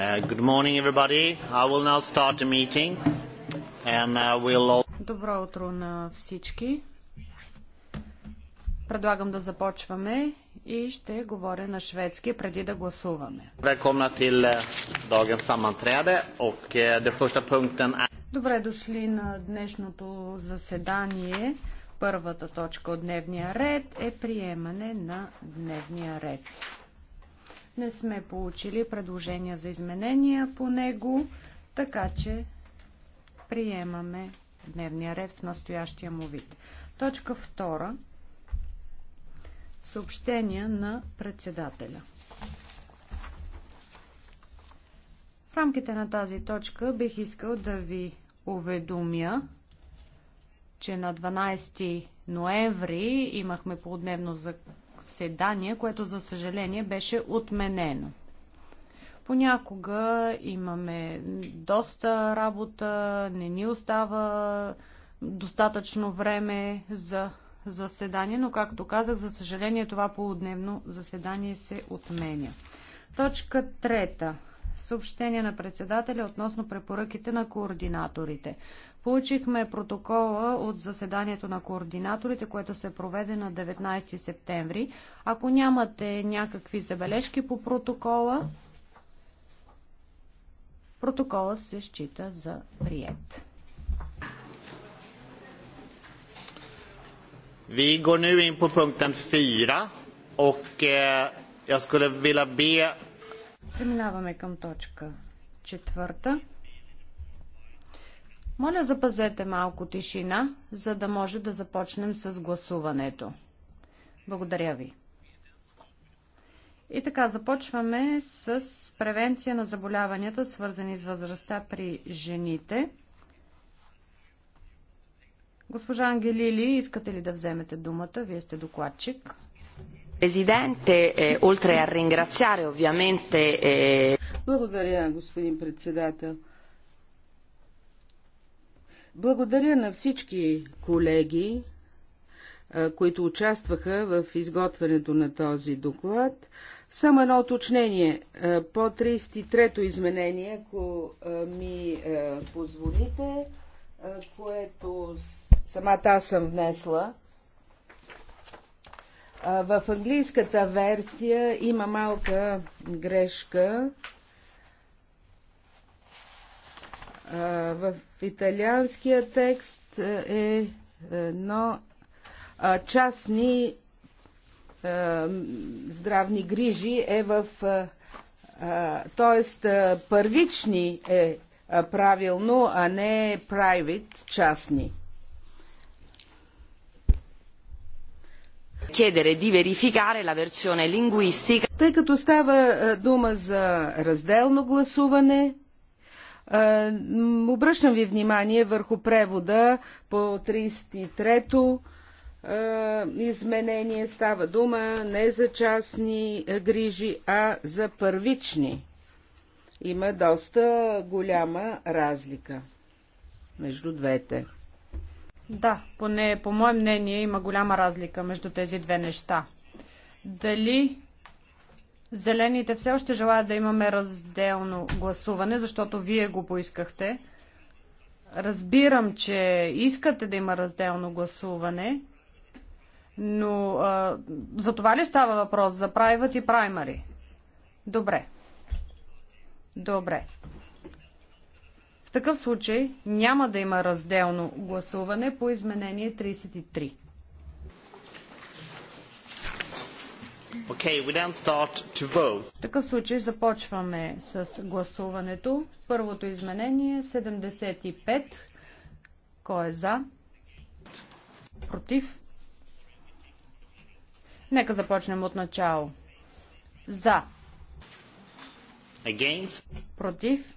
Uh, good morning, everybody. I will now start the meeting and uh, we'll... Добро утро на всички. Предлагам да започваме и ще говоря на шведски преди да гласуваме. Uh, Добре дошли на днешното заседание. Първата точка от дневния ред е приемане на дневния ред. Не сме получили предложения за изменения по него, така че приемаме дневния ред в настоящия му вид. Точка 2. Съобщения на председателя. В рамките на тази точка бих искал да ви уведомя, че на 12 ноември имахме дневно заседание, което за съжаление беше отменено. Понякога имаме доста работа, не ни остава достатъчно време за заседание, но както казах, за съжаление това полудневно заседание се отменя. Точка трета. Съобщение на председателя относно препоръките на координаторите. Получихме протокола от заседанието на координаторите, което се проведе на 19 септември. Ако нямате някакви забележки по протокола, протокола се счита за прият. Vi går nu in på punkten 4 och eh, jag skulle vilja be... Преминаваме към точка моля, запазете малко тишина, за да може да започнем с гласуването. Благодаря ви. И така, започваме с превенция на заболяванията, свързани с възрастта при жените. Госпожа Ангелили, искате ли да вземете думата? Вие сте докладчик. Президенте, е, oltre a ringraziare Е... Благодаря, господин председател. Благодаря на всички колеги, които участваха в изготвянето на този доклад. Само едно уточнение. По 33-то изменение, ако ми позволите, което самата аз съм внесла, в английската версия има малка грешка. В в италианския текст е едно частни здравни грижи е в т.е. първични е правилно, а не private, частни. chiedere di verificare la versione linguistica. Тъй като става дума за разделно гласуване, е, обръщам ви внимание върху превода по 33-то е, изменение. Става дума не за частни е, грижи, а за първични. Има доста голяма разлика между двете. Да, поне по мое мнение има голяма разлика между тези две неща. Дали Зелените все още желаят да имаме разделно гласуване, защото вие го поискахте. Разбирам, че искате да има разделно гласуване, но а, за това ли става въпрос? За private и primary? Добре. Добре. В такъв случай няма да има разделно гласуване по изменение 33. Okay, we start to vote. В такъв случай започваме с гласуването. Първото изменение 75. Е Кой е за? Против? Нека започнем от начало. За. Against. Против.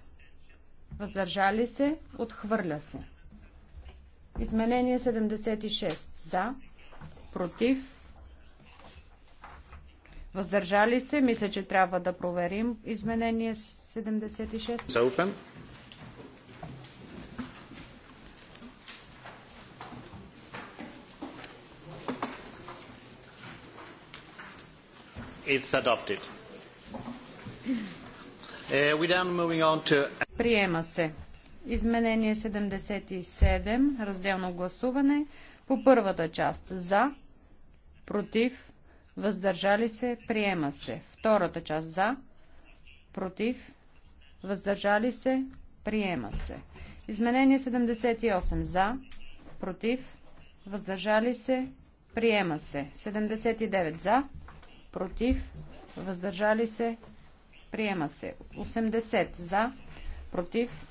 Въздържали се. Отхвърля се. Изменение 76. За. Против въздържали се. Мисля, че трябва да проверим изменение 76. It's adopted. Uh, we then moving on to... Приема се. Изменение 77, разделно гласуване. По първата част за, против, въздържали се, приема се. Втората част за, против, въздържали се, приема се. Изменение 78 за, против, въздържали се, приема се. 79 за, против, въздържали се, приема се. 80 за, против,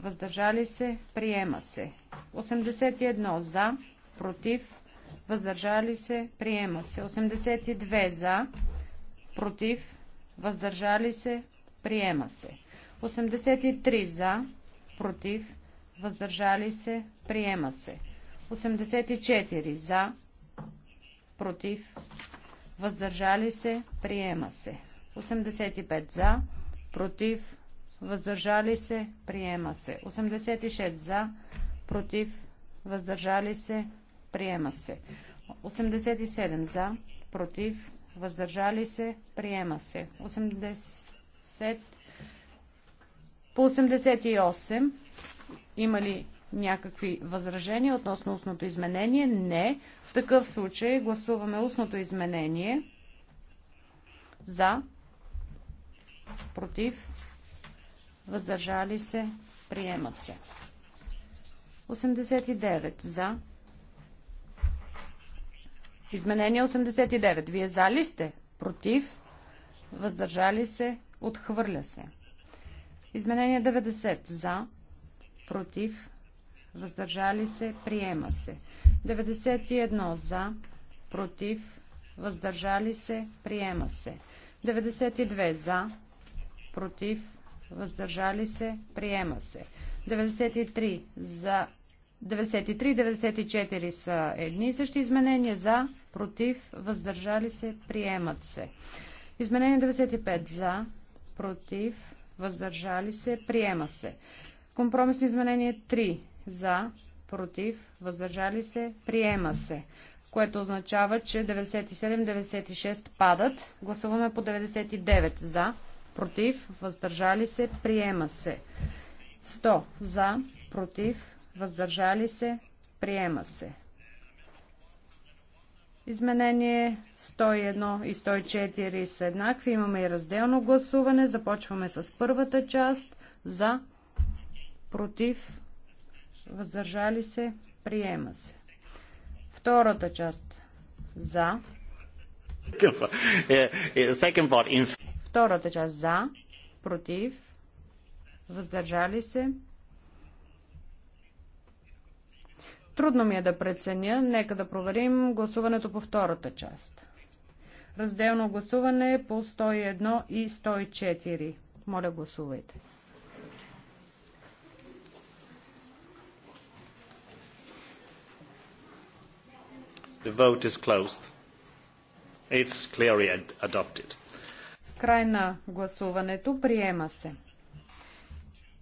въздържали се, приема се. 81 за, против, въздържали се, приема се. 82 за, против, въздържали се, приема се. 83 за, против, въздържали се, приема се. 84 за, против, въздържали се, приема се. 85 за, против, въздържали се, приема се. 86 за, против, въздържали се, Приема се. 87 за, против, въздържали се, приема се. 80 по 88 има ли някакви възражения относно устното изменение? Не. В такъв случай гласуваме устното изменение за, против, въздържали се, приема се. 89 за, Изменение 89. Вие за ли сте? Против? Въздържали се? Отхвърля се. Изменение 90. За? Против? Въздържали се? Приема се. 91. За? Против? Въздържали се? Приема се. 92. За? Против? Въздържали се? Приема се. 93. За? 93 и 94 са едни и същи изменения за, против, въздържали се, приемат се. Изменение 95 за, против, въздържали се, приема се. Компромисно изменение 3 за, против, въздържали се, приема се което означава, че 97-96 падат. Гласуваме по 99 за, против, въздържали се, приема се. 100 за, против, въздържали се, приема се. Изменение 101 и 104 са еднакви. Имаме и разделно гласуване. Започваме с първата част. За, против, въздържали се, приема се. Втората част. За. Втората част. За, против, въздържали се, Трудно ми е да преценя. Нека да проверим гласуването по втората част. Разделно гласуване по 101 и 104. Моля, гласувайте. The vote is closed. It's clearly adopted. Край на гласуването. Приема се.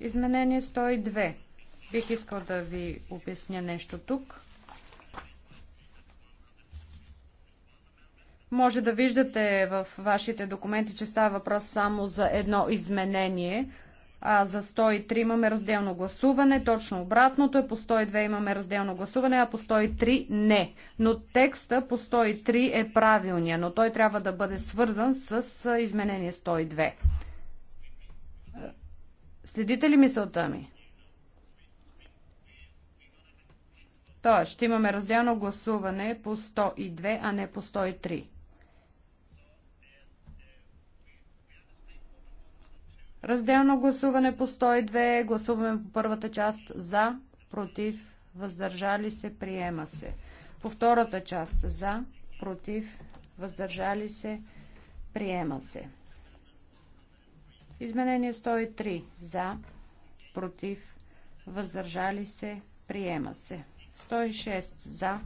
Изменение 102. Бих искал да ви обясня нещо тук. Може да виждате в вашите документи, че става въпрос само за едно изменение, а за 103 имаме разделно гласуване. Точно обратното е по 102 имаме разделно гласуване, а по 103 не. Но текста по 103 е правилния, но той трябва да бъде свързан с изменение 102. Следите ли мисълта ми? Тоест, ще имаме разделно гласуване по 102, а не по 103. Разделно гласуване по 102. Гласуваме по първата част за, против, въздържали се, приема се. По втората част за, против, въздържали се, приема се. Изменение 103. За, против, въздържали се, приема се. 106 за,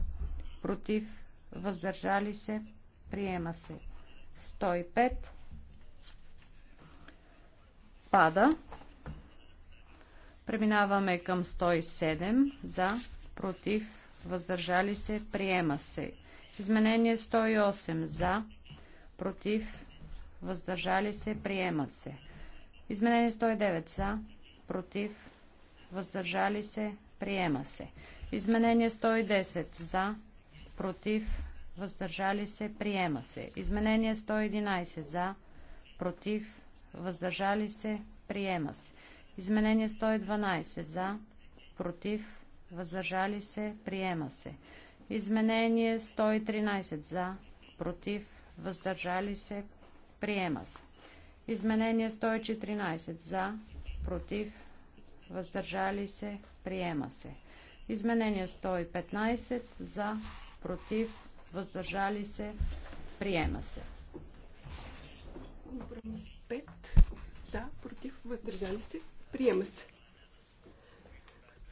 против, въздържали се, приема се. 105 пада. Преминаваме към 107 за, против, въздържали се, приема се. Изменение 108 за, против, въздържали се, приема се. Изменение 109 за, против, въздържали се, приема се. Изменение 110 за, против, въздържали се, приема се. Изменение 111 за, против, въздържали се, приема се. Изменение 112 за, против, въздържали се, приема се. Изменение 113 за, против, въздържали се, приема се. Изменение 114 за, против, въздържали се, приема се. Изменение 115 за, против, въздържали се, приема се. Компромис 5 за, против, въздържали се, приема се.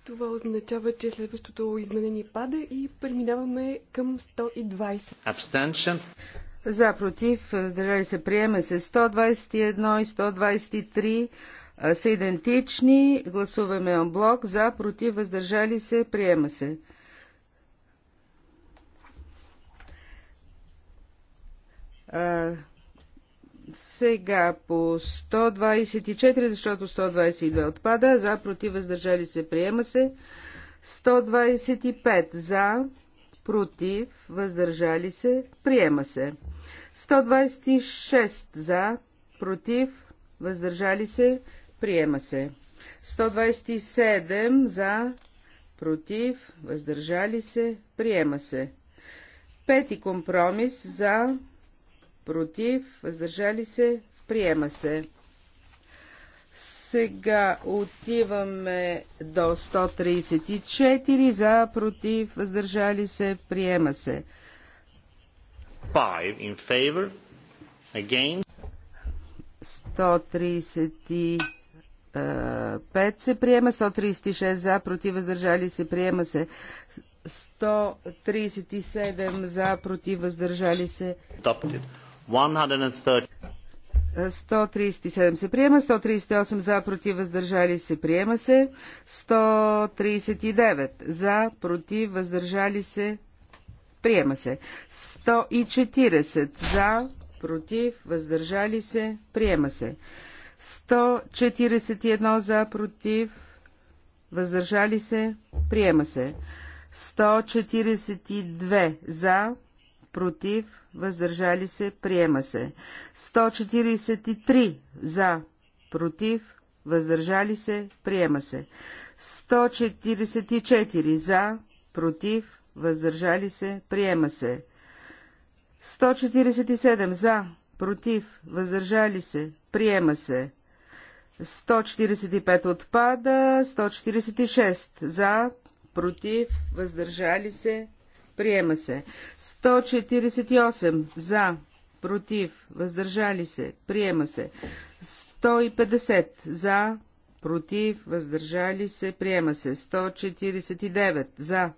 Това означава, че следващото изменение пада и преминаваме към 120. Абстеншън. За, против, въздържали се, приема се 121 и 123 са идентични. Гласуваме блок за, против, въздържали се, приема се. А, сега по 124, защото 122 отпада, за, против, въздържали се, приема се. 125 за, против, въздържали се, приема се. 126 за, против, въздържали се, Приема се. 127 за, против, въздържали се, приема се. Пети компромис за, против, въздържали се, приема се. Сега отиваме до 134 за, против, въздържали се, приема се. 5 in favor, Again. 5 се приема, 136 за, против въздържали се, приема се 137 за, против въздържали се. 137 се приема, 138 за, против въздържали се, приема се 139 за, против въздържали се, приема се 140 за, против въздържали се, приема се 141 за, против, въздържали се, приема се. 142 за, против, въздържали се, приема се. 143 за, против, въздържали се, приема се. 144 за, против, въздържали се, приема се. 147 за, против, въздържали се, Приема се. 145 отпада, 146 за, против, въздържали се, приема се. 148 за, против, въздържали се, приема се. 150 за, против, въздържали се, приема се. 149 за,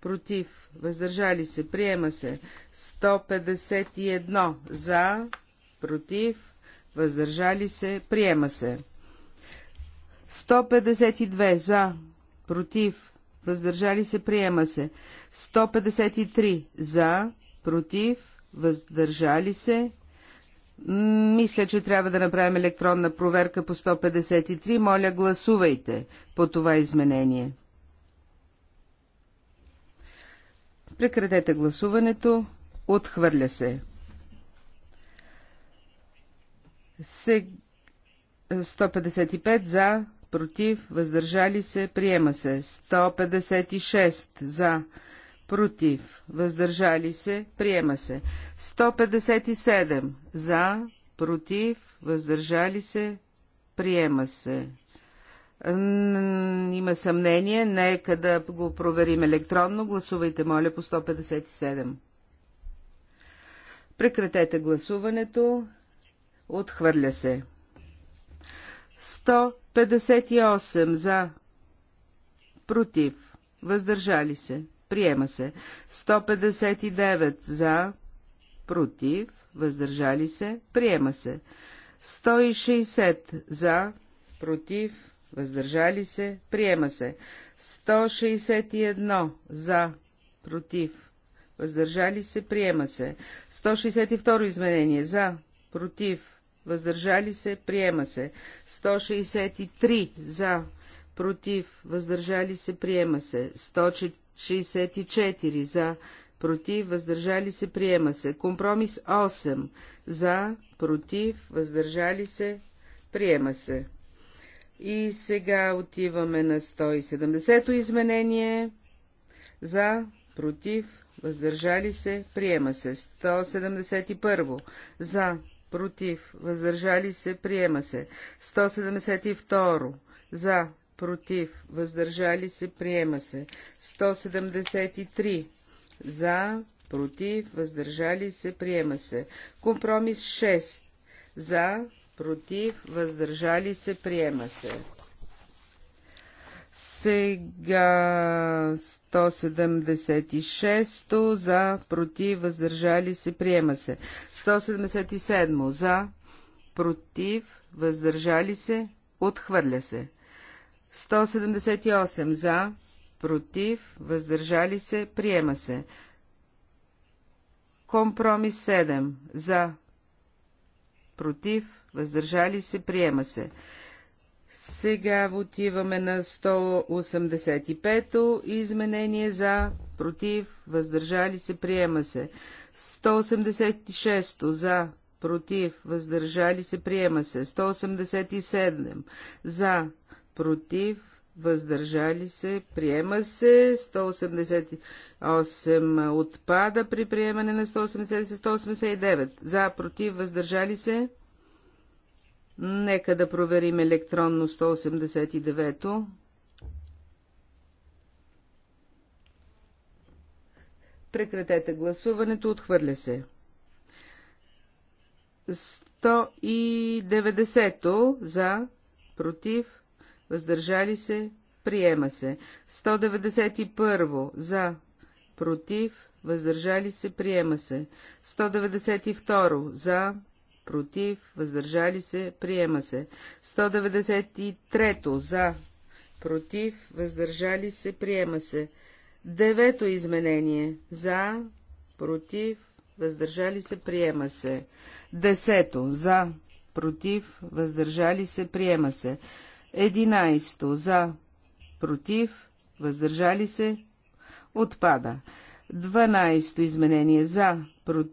против, въздържали се, приема се. 151 за, против, въздържали се, приема се. 152 за, против, въздържали се, приема се. 153 за, против, въздържали се. Мисля, че трябва да направим електронна проверка по 153. Моля, гласувайте по това изменение. Прекратете гласуването. Отхвърля се. 155 е, за, против, въздържали се, приема се. 156 за, против, въздържали се, приема се. 157 за, против, въздържали се, приема се. Има съмнение, нека да го проверим електронно. Гласувайте, моля, по 157. Прекратете гласуването. Отхвърля се. 158 за. Против. Въздържали се. Приема се. 159 за. Против. Въздържали се. Приема се. 160 за. Против. Въздържали се. Приема се. 161 за. Против. Въздържали се. Приема се. 162 изменение за. Против въздържали се, приема се. 163 за, против, въздържали се, приема се. 164 за, против, въздържали се, приема се. Компромис 8 за, против, въздържали се, приема се. И сега отиваме на 170-то изменение. За, против, въздържали се, приема се. 171. За, против, въздържали се, приема се. 172 за, против, въздържали се, приема се. 173 за, против, въздържали се, приема се. Компромис 6 за, против, въздържали се, приема се. Сега 176 за, против, въздържали се, приема се. 177 за, против, въздържали се, отхвърля се. 178 за, против, въздържали се, приема се. Компромис 7 за, против, въздържали се, приема се. Сега отиваме на 185-то изменение за, против, въздържали се, приема се. 186-то за, против, въздържали се, приема се. 187 за, против, въздържали се, приема се. 188 отпада при приемане на 180, 189 за, против, въздържали се, Нека да проверим електронно 189-то. Прекратете гласуването, отхвърля се. 190-то за, против, въздържали се, приема се. 191 за, против, въздържали се, приема се. 192 за, против, въздържали се, приема се. 193 за, против, въздържали се, приема се. Девето изменение за, против, въздържали се, приема се. Десето за, против, въздържали се, приема се. Единайсто за, против, въздържали се, отпада. Дванайсто изменение за, против,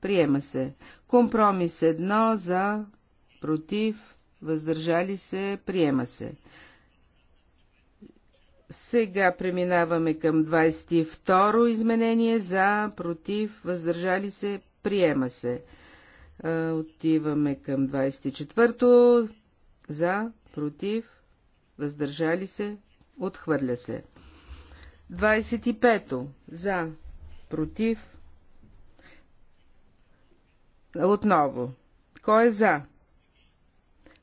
Приема се. Компромис 1 за, против, въздържали се, приема се. Сега преминаваме към 22-ро изменение за, против, въздържали се, приема се. Отиваме към 24-то за, против, въздържали се, отхвърля се. 25-то за, против, отново. Кой е за?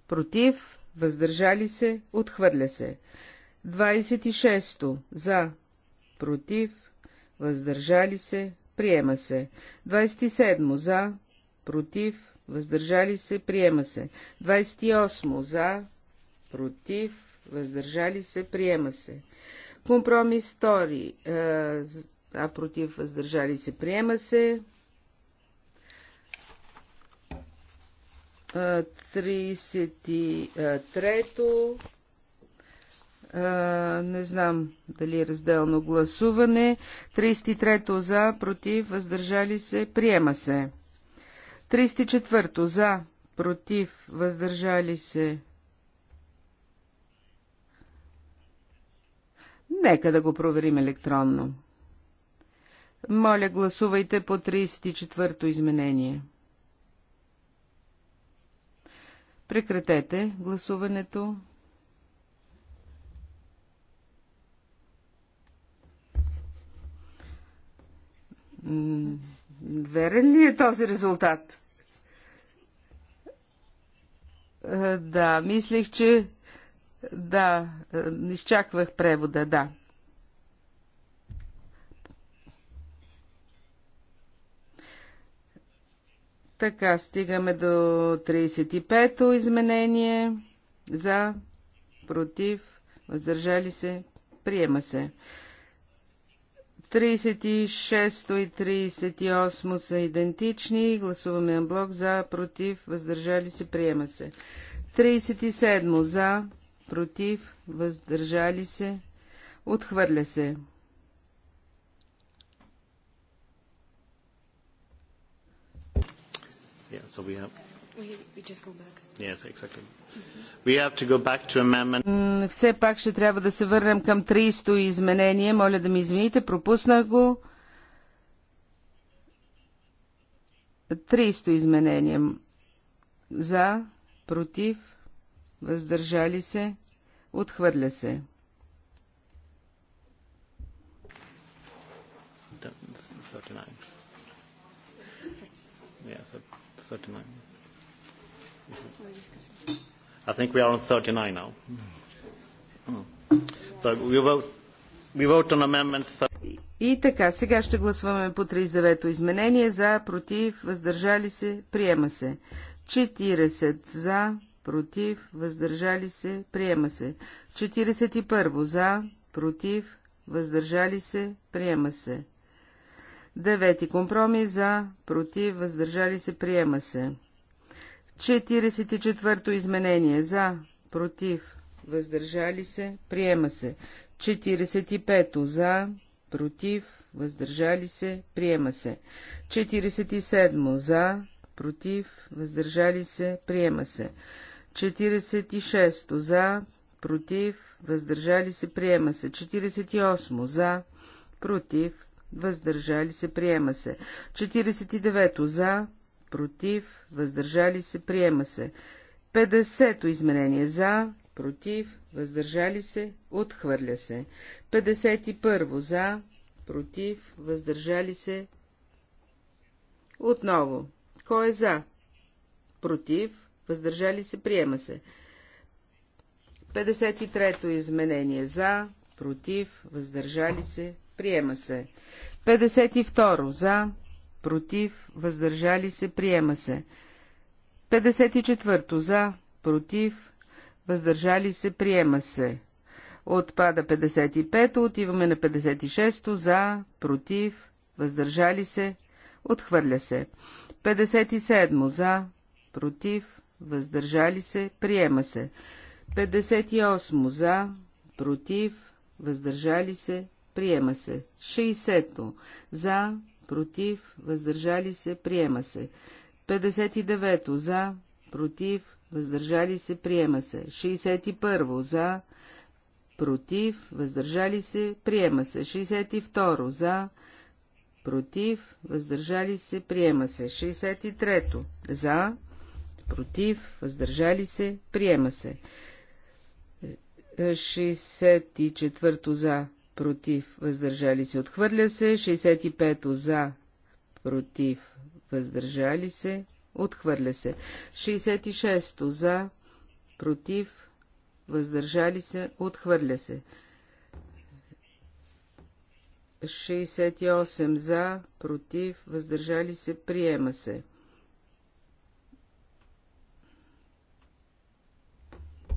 Против, въздържали се, отхвърля се. 26. За. Против, въздържали се, приема се. 27. За. Против, въздържали се, приема се. 28. За. Против, въздържали се, приема се. Компромис втори. Е, а против, въздържали се, приема се. 33-то. Не знам дали е разделно гласуване. 33-то за, против, въздържали се, приема се. 34-то за, против, въздържали се. Нека да го проверим електронно. Моля, гласувайте по 34-то изменение. Прекратете гласуването. Верен ли е този резултат? Е, да, мислих, че да, е, изчаквах превода, да. Така, стигаме до 35-то изменение. За, против, въздържали се, приема се. 36 и 38 са идентични. Гласуваме на блок за, против, въздържали се, приема се. 37 за, против, въздържали се, отхвърля се. Yeah, so we have... Yes, exactly. to to Все пак ще трябва да се върнем към 30-то изменение. Моля да ми извините, пропуснах го. 30-то изменение. За, против, въздържали се, отхвърля се. 39. I think we are on 39 now. Oh. So we vote, we vote on amendment и така, сега ще гласуваме по 39-то изменение. За, против, въздържали се, приема се. 40 за, против, въздържали се, приема се. 41 за, против, въздържали се, приема се. Девети компромис за, против, въздържали се, приема се. 44-то изменение за, против, въздържали се, приема се. 45-то за, против, въздържали се, приема се. 47 за, против, въздържали се, приема се. 46 за, против, въздържали се, приема се. 48 за, против, въздържали се, приема се. 49-то за, против, въздържали се, приема се. 50-то изменение за, против, въздържали се, отхвърля се. 51 за, против, въздържали се. Отново. Кой е за? Против, въздържали се, приема се. 53-то изменение за, против, въздържали се, Приема се. 52. За. Против. Въздържали се. Приема се. 54. За. Против. Въздържали се. Приема се. Отпада 55. Отиваме на 56. За. Против. Въздържали се. Отхвърля се. 57. За. Против. Въздържали се. Приема се. 58. За. Против. Въздържали се приема се. 60 за, против, въздържали се, приема се. 59 за, против, въздържали се, приема се. 61 за, против, въздържали се, приема се. 62 за, против, въздържали се, приема се. 63 за, против, въздържали се, приема се. 64 за, против, въздържали се, отхвърля се, 65 за, против, въздържали се, отхвърля се, 66 за, против, въздържали се, отхвърля се, 68 за, против, въздържали се, приема се.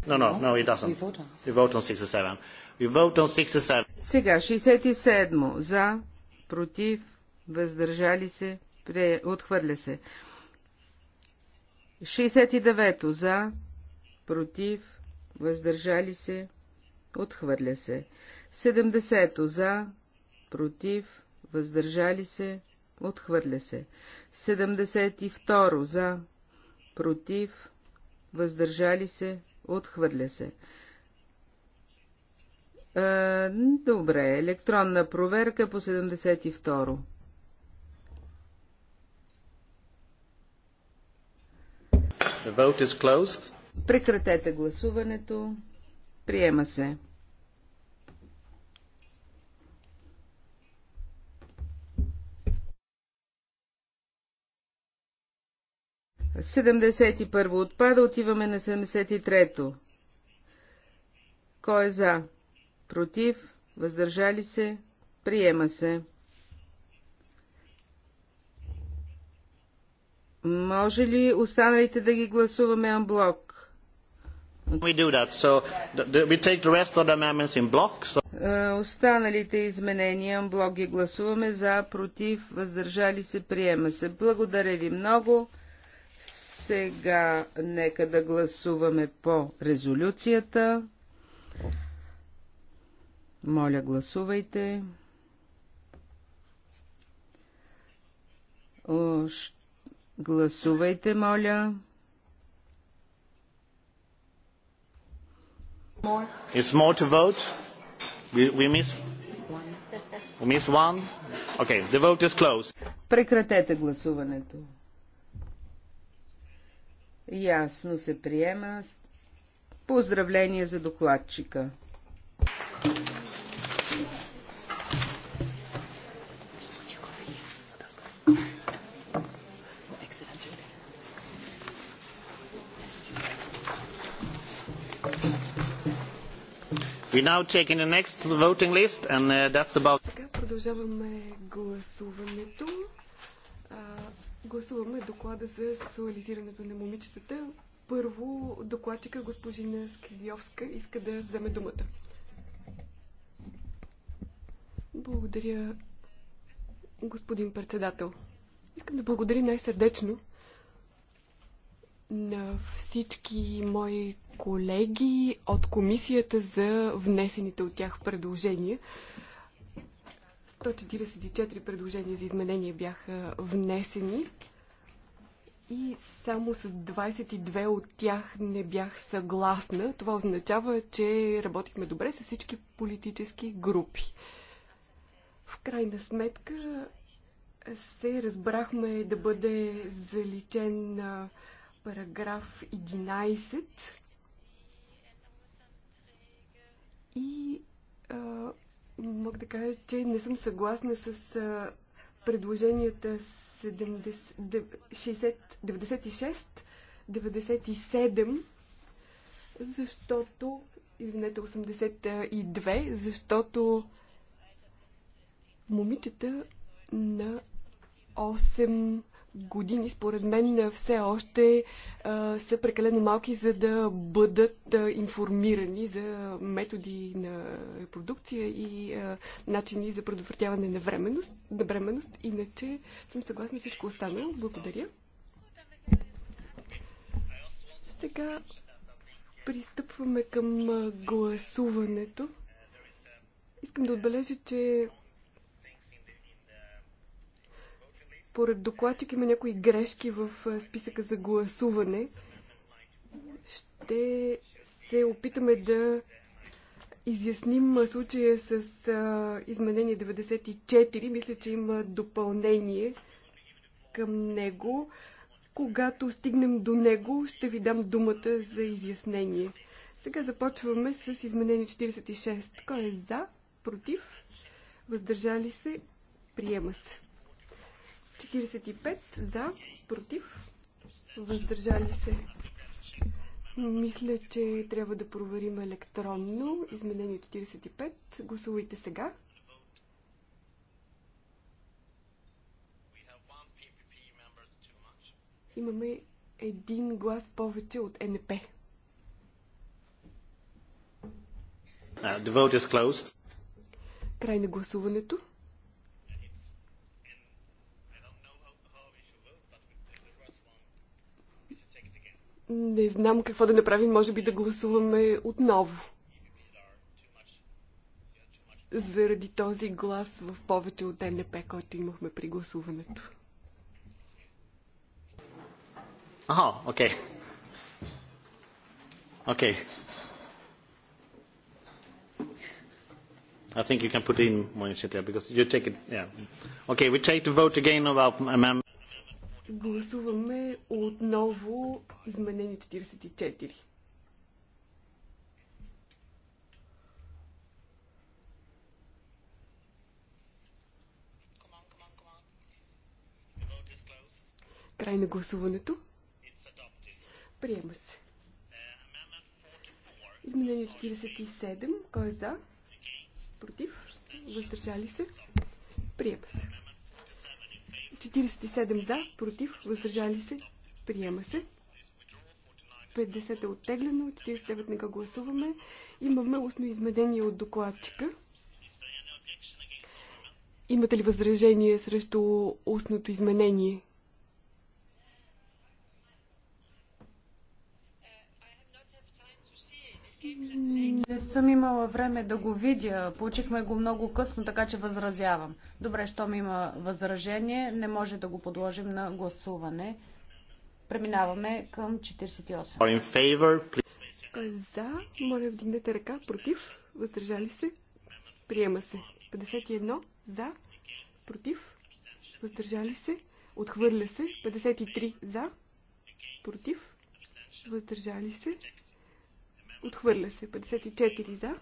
No, no, no, it doesn't. We vote on 67. Сега 67 за, против, въздържали се, пре, отхвърля се. 69 за, против, въздържали се, отхвърля се. 70 за, против, въздържали се, отхвърля се. 72 за, против, въздържали се, отхвърля се. Е, добре, електронна проверка по 72-ро. The vote is closed. Прекратете гласуването. Приема се. Седемдесет и първо отпада, отиваме на седемдесет и трето. Кой е за? против, въздържали се, приема се. Може ли останалите да ги гласуваме анблок? Е, останалите изменения анблок ги гласуваме за, против, въздържали се, приема се. Благодаря ви много. Сега нека да гласуваме по резолюцията. Моля, гласувайте. Още Гласувайте, моля. It's more to vote. We, we miss We miss one. Okay, the vote is closed. Прекратете гласуването. Ясно се приема. Поздравление за докладчика. Сега продължаваме гласуването. гласуваме доклада за сексуализирането на момичетата. Първо докладчика госпожина Скидиовска иска да вземе думата. Благодаря, господин председател. Искам да благодаря най-сърдечно на всички мои колеги от комисията за внесените от тях предложения. 144 предложения за изменения бяха внесени и само с 22 от тях не бях съгласна. Това означава, че работихме добре с всички политически групи. В крайна сметка се разбрахме да бъде заличен параграф 11 и а, мога да кажа, че не съм съгласна с а, предложенията 70, 96, 97, защото, извинете, 82, защото момичета на 8 години, според мен, все още а, са прекалено малки, за да бъдат а, информирани за методи на репродукция и а, начини за предотвратяване на временност, на бременност. Иначе съм съгласна всичко останало. Благодаря. Сега пристъпваме към гласуването. Искам да отбележа, че Според докладчик има някои грешки в списъка за гласуване. Ще се опитаме да изясним случая с а, изменение 94. Мисля, че има допълнение към него. Когато стигнем до него, ще ви дам думата за изяснение. Сега започваме с изменение 46. Кой е за? Против? Въздържали се? Приема се. 45 за, против, въздържали се. Мисля, че трябва да проверим електронно изменение 45. Гласувайте сега. Имаме един глас повече от НП. Uh, Край на гласуването. Не знам какво да направим. Може би да гласуваме отново. Заради този глас в повече от НП, който имахме при гласуването. Аха, окей. Окей. I think you can put in more initiative because you take it. Yeah. Okay, we take the vote again of our amendment. Гласуваме отново изменение 44. Край на гласуването. Приема се. Изменение 47. Кой е за? Против? Въздържали се? Приема се. 47 за, против, въздържали се, приема се. 50 е оттеглено, 49 нека гласуваме. Имаме устно изменение от докладчика. Имате ли възражение срещу устното изменение? Не съм имала време да го видя. Получихме го много късно, така че възразявам. Добре, щом има възражение, не може да го подложим на гласуване. Преминаваме към 48. За, моля вдигнете ръка. Против, въздържали се. Приема се. 51. За, против, въздържали се. Отхвърля се. 53. За, против, въздържали се. Отхвърля се. 54 за.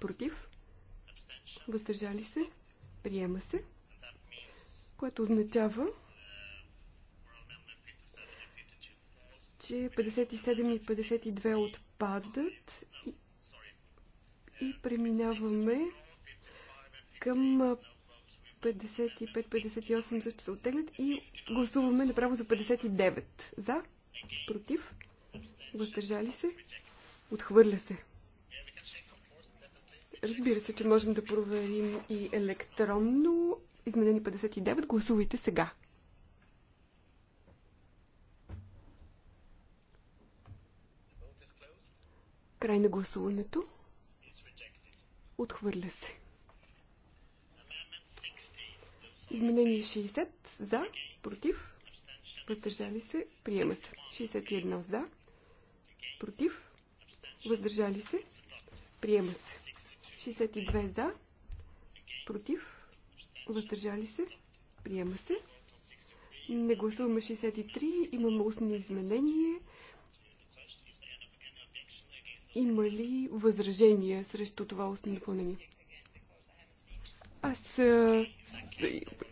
Против. Въздържали се. Приема се. Което означава, че 57 и 52 отпадат и, и преминаваме към 55-58 също се оттеглят и гласуваме направо за 59. За? Против? Въздържали се? Отхвърля се. Разбира се, че можем да проверим и електронно. Изменени 59. Гласувайте сега. Край на гласуването. Отхвърля се. Изменени 60 за, против, въздържали се, приема се. 61 за, против, въздържали се, приема се. 62 за, против, въздържали се, приема се. Не гласуваме 63, имаме устно изменение. Има ли възражения срещу това устно допълнение? Аз а,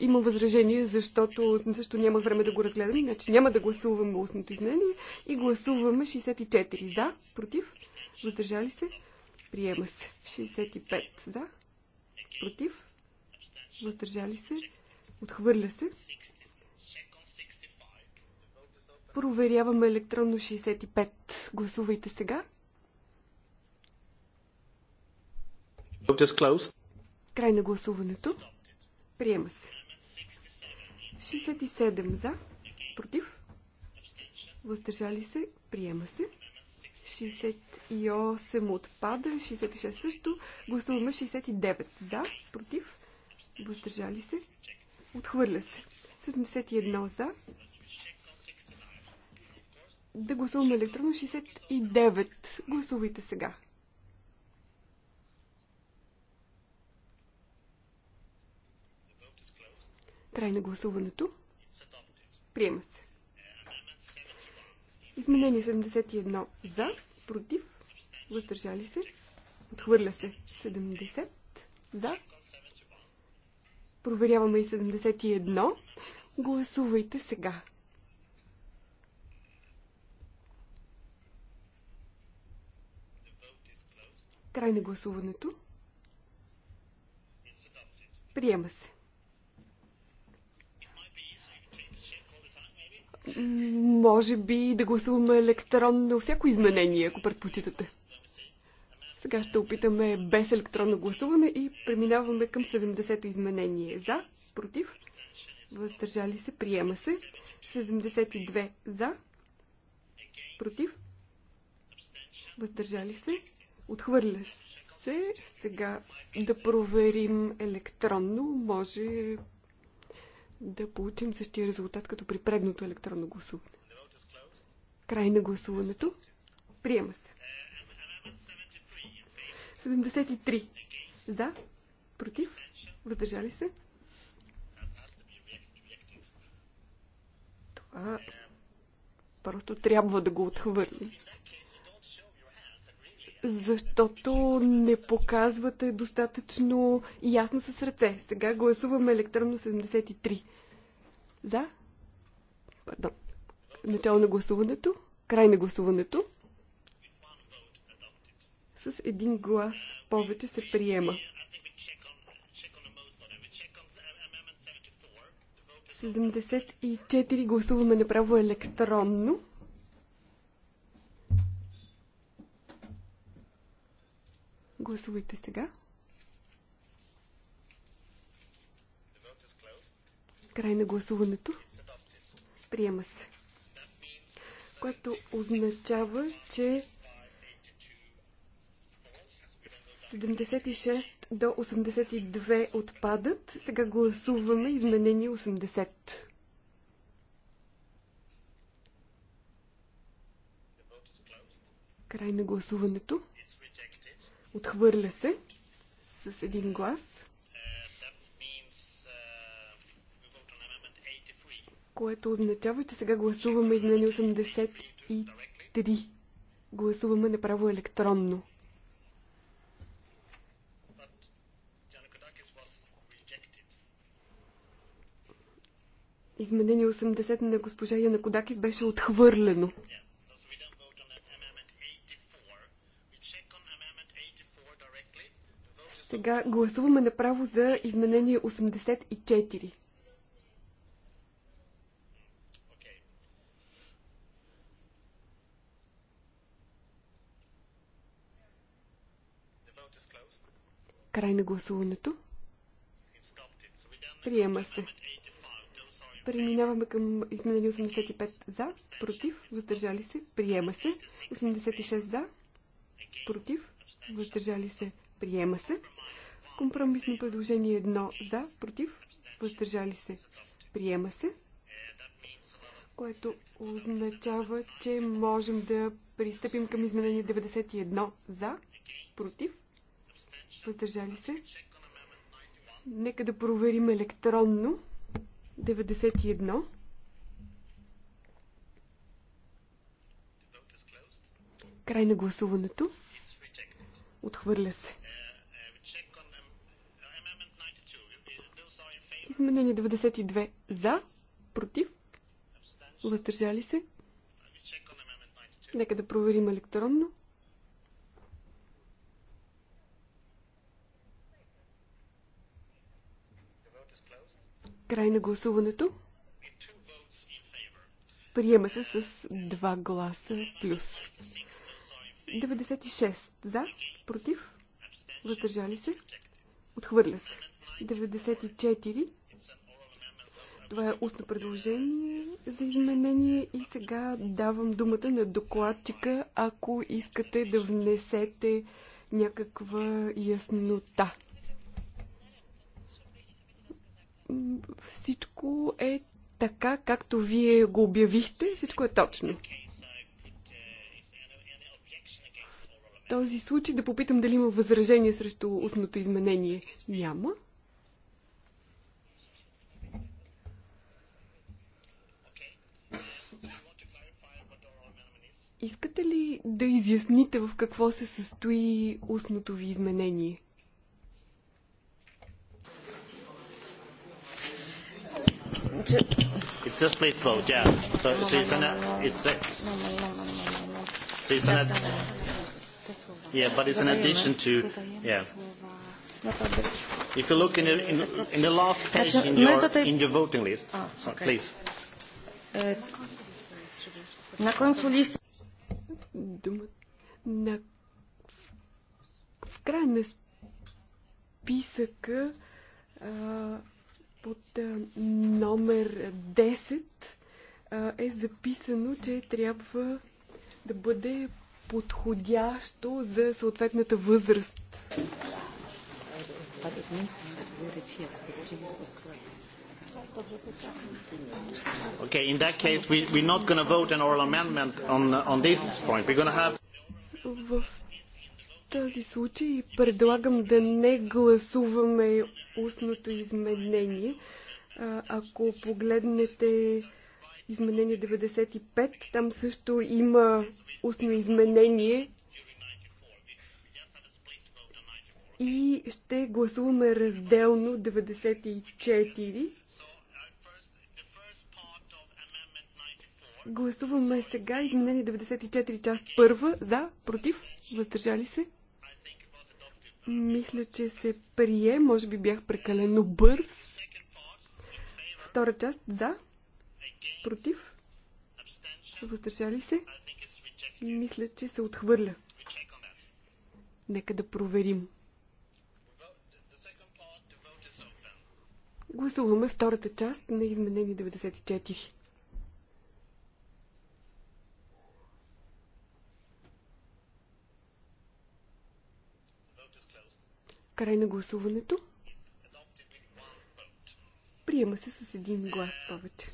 имам възражение, защото също нямах време да го разгледам, Значи няма да гласуваме устното изменение и гласуваме 64 за, против, въздържали се, приема се. 65 за, против, въздържали се, отхвърля се. Проверяваме електронно 65. Гласувайте сега. Край на гласуването. Приема се. 67 за, против, въздържали се, приема се. 68 отпада, 66 също. Гласуваме 69 за, против, въздържали се, отхвърля се. 71 за. Да гласуваме електронно 69. Гласувайте сега. Край на гласуването. Приема се. Изменение 71 за, против, въздържали се, отхвърля се 70 за. Проверяваме и 71. Гласувайте сега. Край на гласуването. Приема се. Може би да гласуваме електронно всяко изменение, ако предпочитате. Сега ще опитаме без електронно гласуване и преминаваме към 70-то изменение. За, против, въздържали се, приема се. 72 за, против, въздържали се, отхвърля се. Сега да проверим електронно. Може да получим същия резултат като при предното електронно гласуване. Край на гласуването. Приема се. 73. За. Против. Въздържали се. Това просто трябва да го отхвърли защото не показвате достатъчно ясно с ръце. Сега гласуваме електронно 73. За? Пардон. Начало на гласуването. Край на гласуването. С един глас повече се приема. 74 гласуваме направо електронно. Гласувайте сега. Край на гласуването. Приема се. Което означава, че 76 до 82 отпадат. Сега гласуваме изменение 80. Край на гласуването. Отхвърля се с един глас. Което означава, че сега гласуваме измени 83. Гласуваме направо електронно. Изменение 80 на госпожа Янакодакис беше отхвърлено. Сега гласуваме направо за изменение 84. Край на гласуването. Приема се. Преминаваме към изменени 85 за, против, въздържали се, приема се. 86 за, против, въздържали се, Приема се. Компромисно предложение 1 за, против, въздържали се. Приема се. Което означава, че можем да пристъпим към изменение 91 за, против, въздържали се. Нека да проверим електронно. 91. Край на гласуването. Отхвърля се. Изменение 92 за, против, въздържали се. Нека да проверим електронно. Край на гласуването. Приема се с два гласа плюс. 96 за, против, въздържали се, отхвърля се. 94 това е устно предложение за изменение и сега давам думата на докладчика, ако искате да внесете някаква яснота. Всичко е така, както вие го обявихте, всичко е точно. В този случай да попитам дали има възражение срещу устното изменение. Няма. Искате ли да изясните в какво се състои устното ви изменение? yeah. but it's an addition to, yeah. If you look in the, in, in the last page in your, in your voting list, ah, please. Na końcu listy дума. На... В край на списъка а, под а, номер 10 а, е записано, че трябва да бъде подходящо за съответната възраст. Okay, in that case, we, we're not going to vote an oral amendment on, on this point. We're going to have... В този случай предлагам да не гласуваме устното изменение. Ако погледнете изменение 95, там също има устно изменение. И ще гласуваме разделно 94 Гласуваме сега изменение 94 част първа. За, против, въздържали се. Мисля, че се прие. Може би бях прекалено бърз. Втора част за, против, въздържали се. Мисля, че се отхвърля. Нека да проверим. Гласуваме втората част на изменение 94. Край на гласуването. Приема се с един глас повече.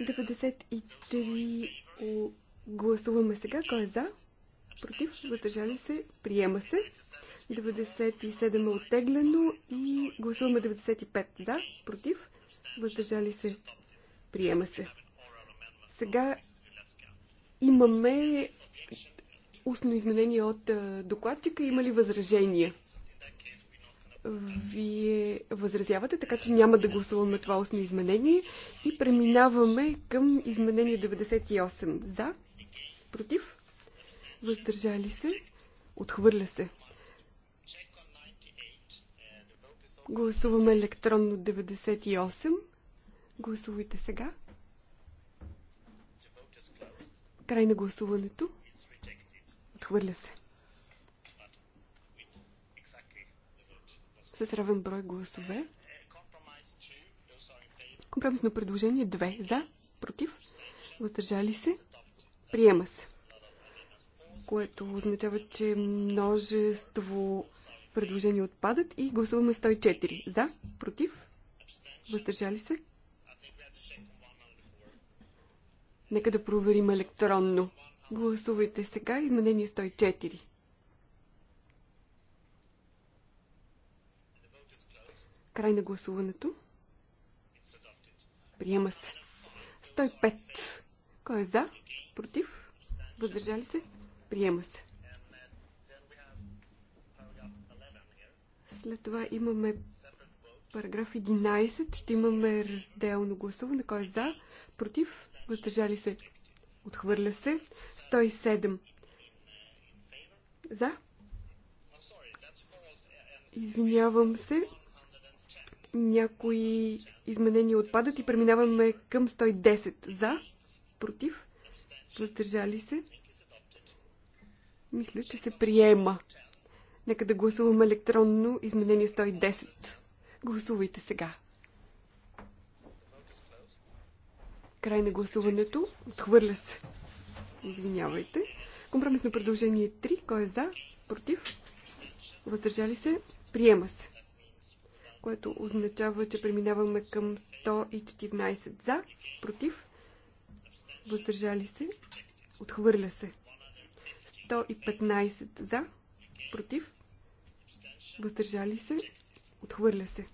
93 гласуваме сега. Кой е за? Против? Въздържали се? Приема се. 97 е оттеглено и гласуваме 95 за, да, против, въздържали се, приема се. Сега имаме устно изменение от докладчика. Има ли възражения? Вие възразявате, така че няма да гласуваме това устно изменение и преминаваме към изменение 98. За? Против? Въздържали се? Отхвърля се. Гласуваме електронно 98. Гласувайте сега. Край на гласуването. Отхвърля се. С равен брой гласове. Компромисно предложение 2. За, против, въздържали се, приема се. Което означава, че множество предложения отпадат и гласуваме 104. За, против, въздържали се. Нека да проверим електронно. Гласувайте сега. Изменение 104. Край на гласуването. Приема се. 105. Кой е за? Против? Въздържали се? Приема се. След това имаме параграф 11. Ще имаме разделно гласуване. Кой е за? Против? Въздържали се? Отхвърля се. 107. За. Извинявам се. Някои изменения отпадат и преминаваме към 110. За. Против. Въздържали се. Мисля, че се приема. Нека да гласуваме електронно изменение 110. Гласувайте сега. Край на гласуването. Отхвърля се. Извинявайте. Компромисно предложение 3. Кой е за? Против? Въздържали се? Приема се. Което означава, че преминаваме към 114 за, против, въздържали се, отхвърля се. 115 за, против, въздържали се, отхвърля се.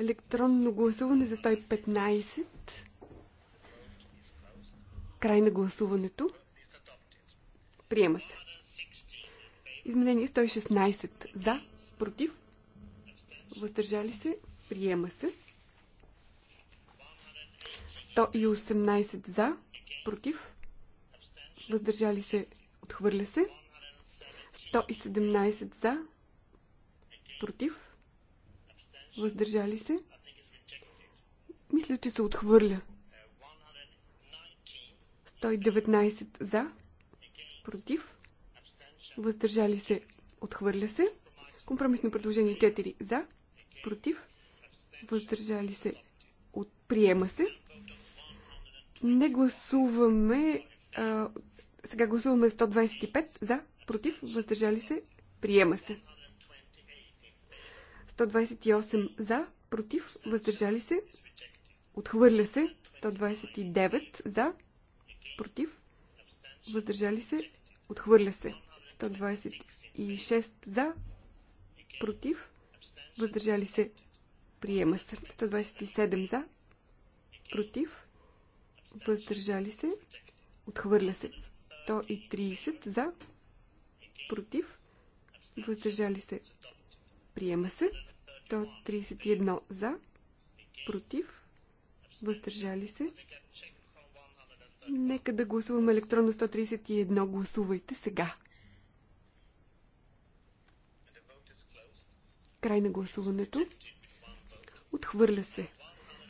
Електронно гласуване за 115. Край на гласуването. Приема се. Изменение 116. За. Против. Въздържали се. Приема се. 118 за. Против. Въздържали се. Отхвърля се. 117 за. Против въздържали се. Мисля, че се отхвърля. 119 за, против, въздържали се, отхвърля се. Компромисно предложение 4 за, против, въздържали се, от, приема се. Не гласуваме, а, сега гласуваме 125 за, против, въздържали се, приема се. 128 за, против, въздържали се, отхвърля се. 129 за, против, въздържали се, отхвърля се. 126 за, против, въздържали се, приема се. 127 за, против, въздържали се, отхвърля се. 130 за, против, въздържали се, Приема се. 131 за. Против. Въздържали се. Нека да гласуваме електронно 131. Гласувайте сега. Край на гласуването. Отхвърля се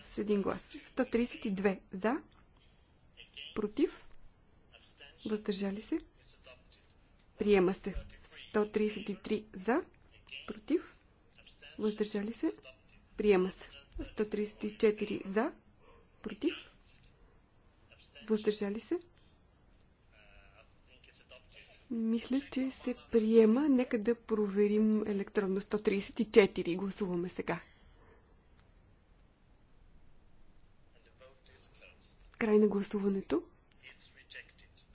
с един глас. 132 за. Против. Въздържали се. Приема се. 133 за против, въздържали се, приема се. 134 за, против, въздържали се. Мисля, че се приема. Нека да проверим електронно 134. Гласуваме сега. Край на гласуването.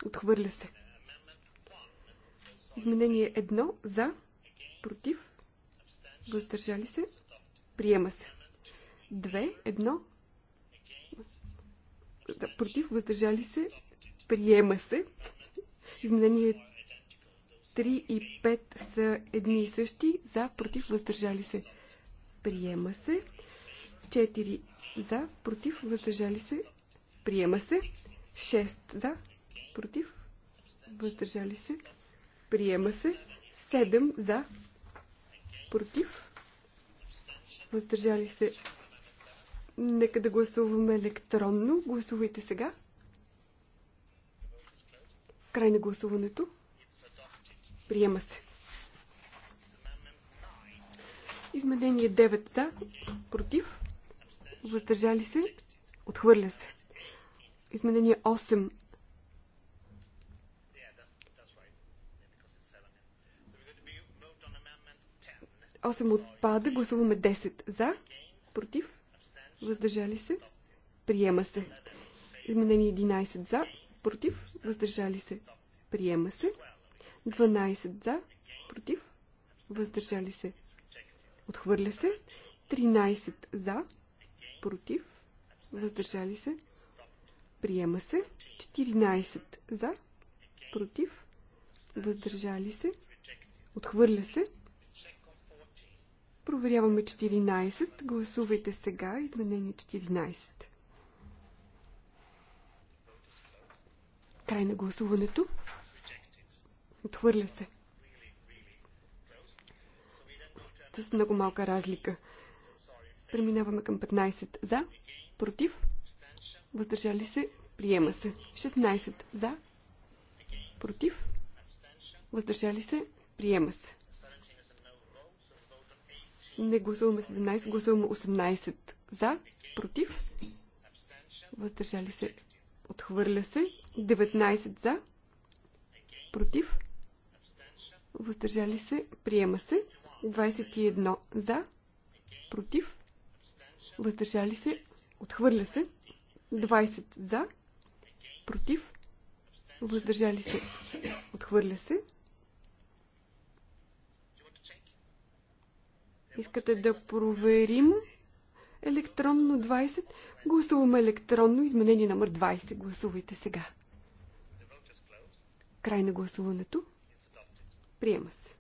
Отхвърля се. Изменение 1 за, против, Въздържали се? Приема се. 2, Едно. Да, против, въздържали се? Приема се. Изменение 3 и 5 са едни и същи. За, против, въздържали се. Приема се. 4 за, против, въздържали се. Приема се. 6 за, против, въздържали се. Приема се. 7 за, против, въздържали се. Нека да гласуваме електронно. Гласувайте сега. Край на гласуването. Приема се. Изменение 9 да. против, въздържали се, отхвърля се. Изменение 8 8 отпада. Гласуваме 10 за. Против. Въздържали се. Приема се. Изменение 11 за. Против. Въздържали се. Приема се. 12 за. Против. Въздържали се. Отхвърля се. 13 за. Против. Въздържали се. Приема се. 14 за. Против. Въздържали се. Отхвърля се. Проверяваме 14. Гласувайте сега. Изменение 14. Край на гласуването. Отхвърля се. С много малка разлика. Преминаваме към 15 за, против, въздържали се, приема се. 16 за, против, въздържали се, приема се. Не гласуваме 17, гласуваме 18 за, против, въздържали се, отхвърля се, 19 за, против, въздържали се, приема се, 21 за, против, въздържали се, отхвърля се, 20 за, против, въздържали се, отхвърля се, Искате да проверим електронно 20? Гласуваме електронно. Изменение номер 20. Гласувайте сега. Край на гласуването. Приема се.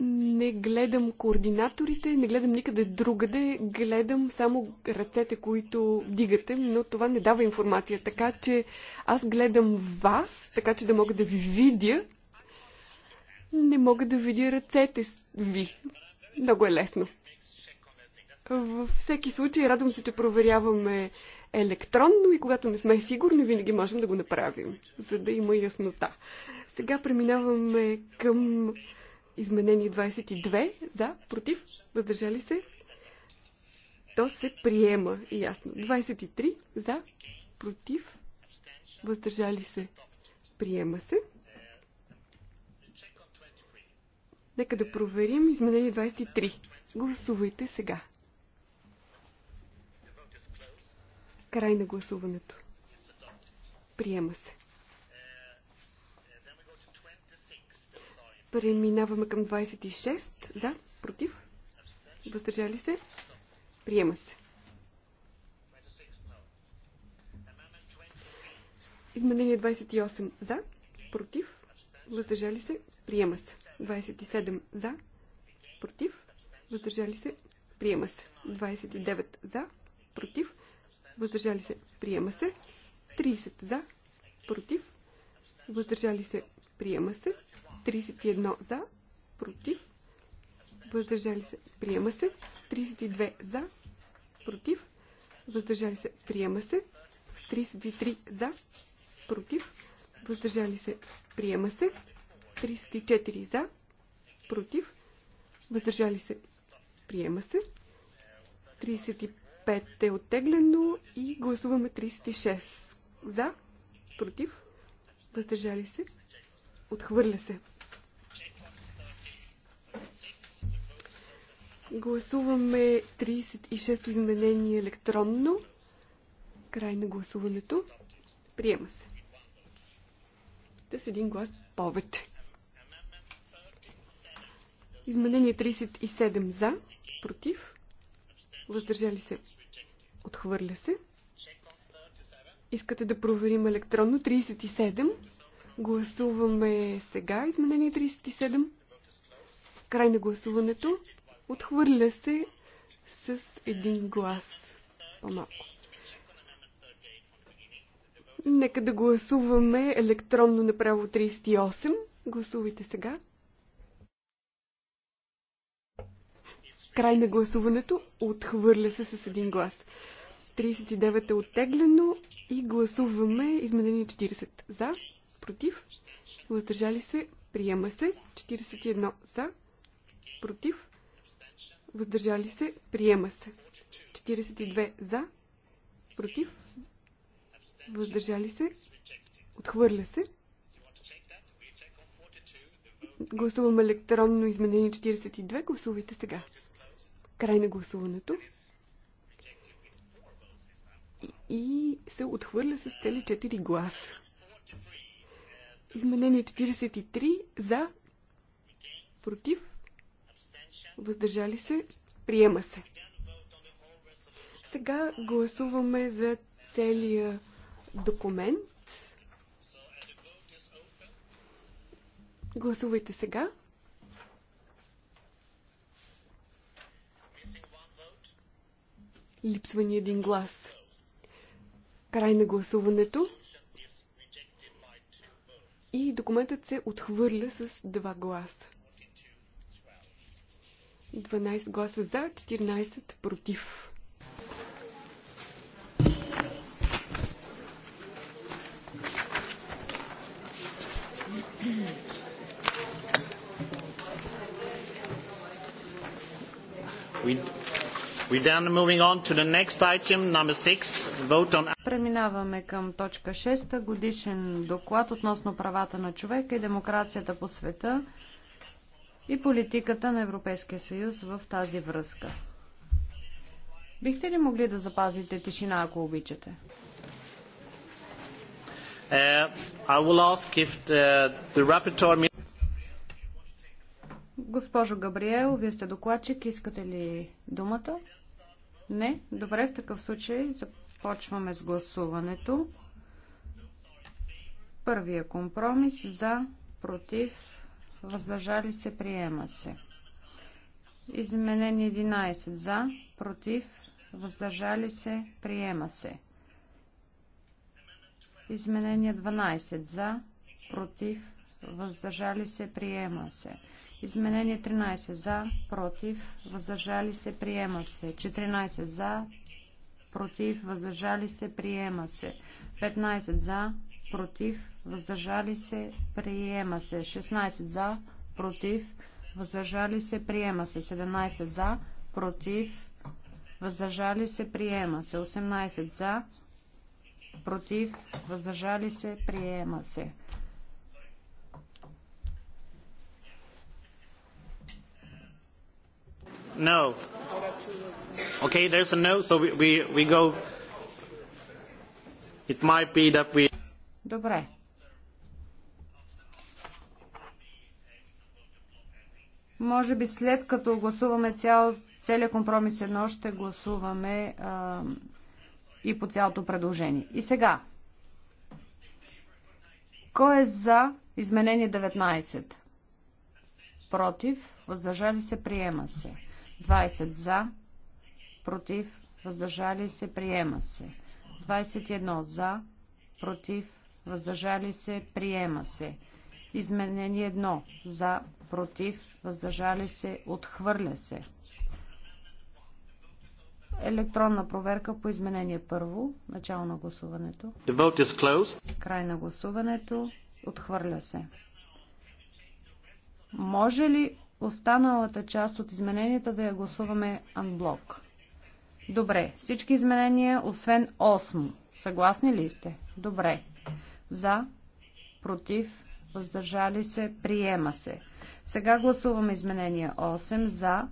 не гледам координаторите, не гледам никъде другаде, гледам само ръцете, които дигате, но това не дава информация. Така че аз гледам вас, така че да мога да ви видя. Не мога да видя ръцете ви. Много е лесно. Във всеки случай, радвам се, че проверяваме електронно и когато не сме сигурни, винаги можем да го направим, за да има яснота. Сега преминаваме към Изменение 22 за, против, въздържали се. То се приема ясно. 23 за, против, въздържали се. Приема се. Нека да проверим изменение 23. Гласувайте сега. Край на гласуването. Приема се. Преминаваме към 26. За, против. Въздържали се. Приема се. Изменение 28 за, против, въздържали се, приема се. 27 за, против, въздържали се, приема се. 29 за, против, въздържали се, приема се. 30 за, против, въздържали се, приема се. 31 за, против, въздържали се, приема се. 32 за, против, въздържали се, приема се. 33 за, против, въздържали се, приема се. 34 за, против, въздържали се, приема се. 35 е оттеглено и гласуваме 36 за, против, въздържали се, Отхвърля се. Гласуваме 36-то изменение електронно. Край на гласуването. Приема се. Да с един глас повече. Изменение 37 за, против, въздържали се, отхвърля се. Искате да проверим електронно 37. Гласуваме сега изменение 37. Край на гласуването. Отхвърля се с един глас по-малко. Нека да гласуваме електронно направо 38. Гласувайте сега. Край на гласуването. Отхвърля се с един глас. 39 е оттеглено и гласуваме изменение 40. За против, въздържали се, приема се. 41 за, против, въздържали се, приема се. 42 за, против, въздържали се, отхвърля се. Гласувам електронно изменение 42. Гласувайте сега. Край на гласуването. и се отхвърля с цели 4 гласа. Изменение 43 за, против, въздържали се, приема се. Сега гласуваме за целия документ. Гласувайте сега. Липсва ни един глас. Край на гласуването и документът се отхвърля с два гласа. 12 гласа за, 14 против. Преминаваме към точка 6. Годишен доклад относно правата на човека и демокрацията по света и политиката на Европейския съюз в тази връзка. Бихте ли могли да запазите тишина, ако обичате? Uh, uh, Госпожо Габриел, вие сте докладчик, искате ли думата? Не? Добре, в такъв случай започваме с гласуването. Първия компромис за, против, въздържали се, приема се. Изменение 11 за, против, въздържали се, приема се. Изменение 12 за, против, въздържали се, приема се. Изменение 13 за, против, въздържали се, приема се. 14 за, против, въздържали се, приема се. 15 за, против, въздържали се, приема се. 16 за, против, въздържали се, приема се. 17 за, против, въздържали се, приема се. 18 за, против, въздържали се, приема се. No. Okay, there's a no, so we, we, we go. It might be that we... Добре. Може би след като гласуваме цял, целият компромис едно, ще гласуваме а, и по цялото предложение. И сега. Кой е за изменение 19? Против? Въздържали се? Приема се. 20 за, против, въздържали се, приема се. 21 за, против, въздържали се, приема се. Изменение 1 за, против, въздържали се, отхвърля се. Електронна проверка по изменение първо. Начало на гласуването. The vote is closed. Край на гласуването. Отхвърля се. Може ли останалата част от измененията да я гласуваме анблок. Добре. Всички изменения, освен 8. Съгласни ли сте? Добре. За, против, въздържали се, приема се. Сега гласуваме изменения 8. За,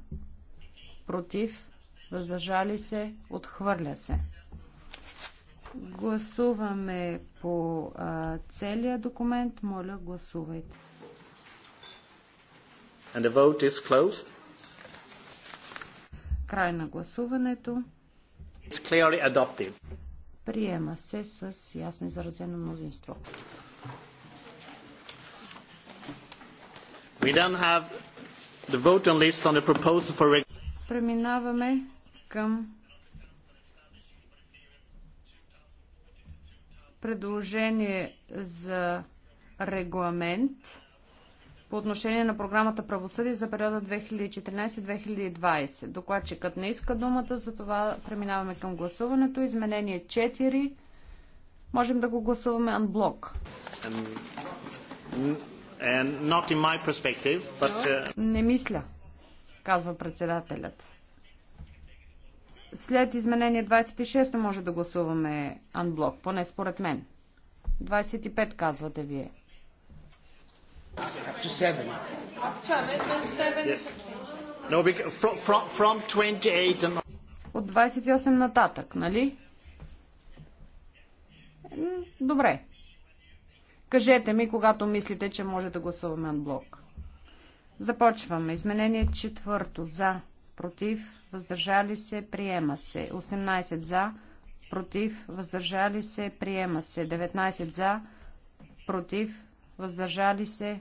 против, въздържали се, отхвърля се. Гласуваме по а, целия документ. Моля, гласувайте. And the vote is closed. Край на гласуването. It's clearly adopted. Приема се с ясно изразено мнозинство. We then have the list on the proposal for Преминаваме към предложение за регламент по отношение на програмата Правосъдие за периода 2014-2020. Докладчикът не иска думата, за това преминаваме към гласуването. Изменение 4. Можем да го гласуваме анблок. But... Uh, не мисля, казва председателят. След изменение 26 може да гласуваме анблок, поне според мен. 25 казвате вие. Up to seven. No, from, from, from 28 and... От 28 нататък, нали? Добре. Кажете ми, когато мислите, че може да гласуваме от блок. Започваме. Изменение четвърто. За. Против. Въздържали се. Приема се. 18 за. Против. Въздържали се. Приема се. 19 за. Против. Въздържали се.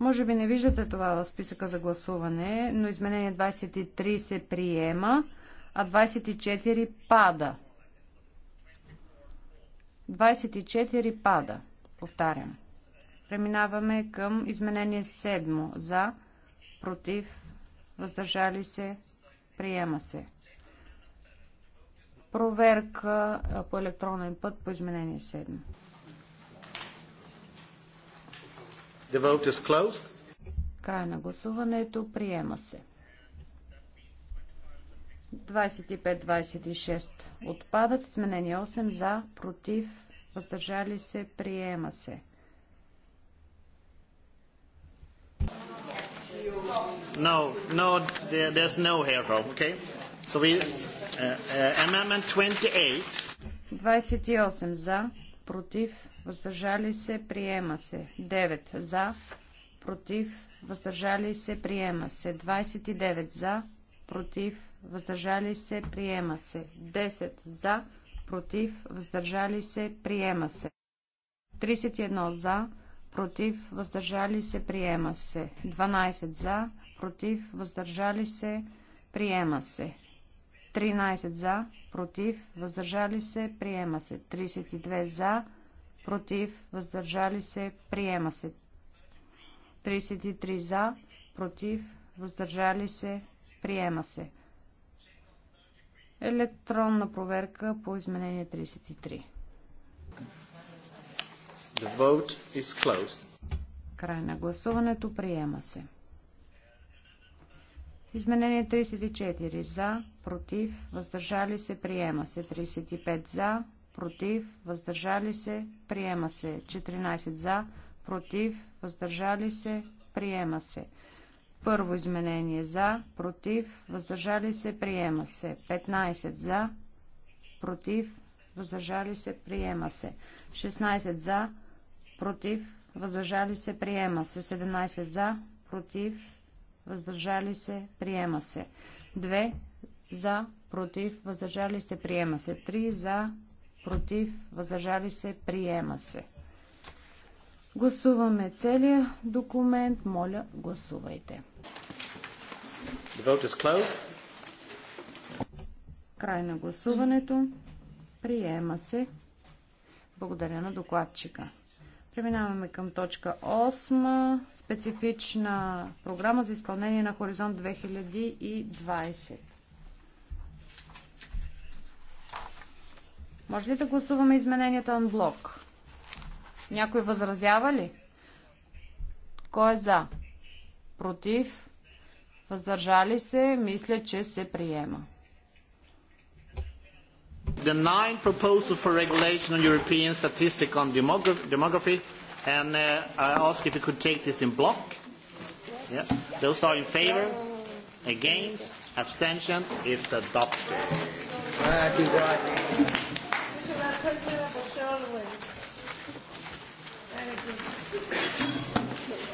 Може би не виждате това в списъка за гласуване, но изменение 23 се приема, а 24 пада. 24 пада. Повтарям. Преминаваме към изменение 7. За, против, въздържали се, приема се. Проверка по електронен път по изменение 7. The vote is closed. Край на гласуването. Приема се. 25-26 отпадат. сменени 8 за, против, въздържали се, приема се. No, no, there, there's no hero, okay? So we, uh, uh, amendment 28. 28 за, против, въздържали се, приема се. 9 за, против, въздържали се, приема се. 29 за, против, въздържали се, приема се. 10 за, против, въздържали се, приема се. 31 за, против, въздържали се, приема се. 12 за, против, въздържали се, приема се. 13 за, против, въздържали се, приема се. 32 за, против, въздържали се, приема се. 33 за, против, въздържали се, приема се. Електронна проверка по изменение 33. The vote is closed. Край на гласуването приема се. Изменение 34 за, против, въздържали се, приема се. 35 за, против, въздържали се, приема се. 14 за, против, въздържали се, приема се. Първо изменение за, против, въздържали се, приема се. 15 за, против, въздържали се, приема се. 16 за, против, въздържали се, приема се. 17 за, против, въздържали се, приема се. 2 за, против, въздържали се, приема се. 3 за, против, въздържали се, приема се. Гласуваме целия документ. Моля, гласувайте. The vote is closed. Край на гласуването. Приема се. Благодаря на докладчика. Преминаваме към точка 8. Специфична програма за изпълнение на Хоризонт 2020. Може ли да гласуваме измененията на блок? Някой възразява ли? Кой е за? Против? Въздържали се? Мисля, че се приема the nine proposals for regulation on European statistics on demography, and I ask if you could take this in block. Yeah. Those are in favor, against, abstention, it's adopted. Thank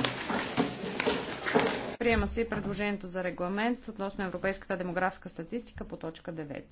you. Приема се и предложението за регламент относно европейската демографска статистика по точка 9.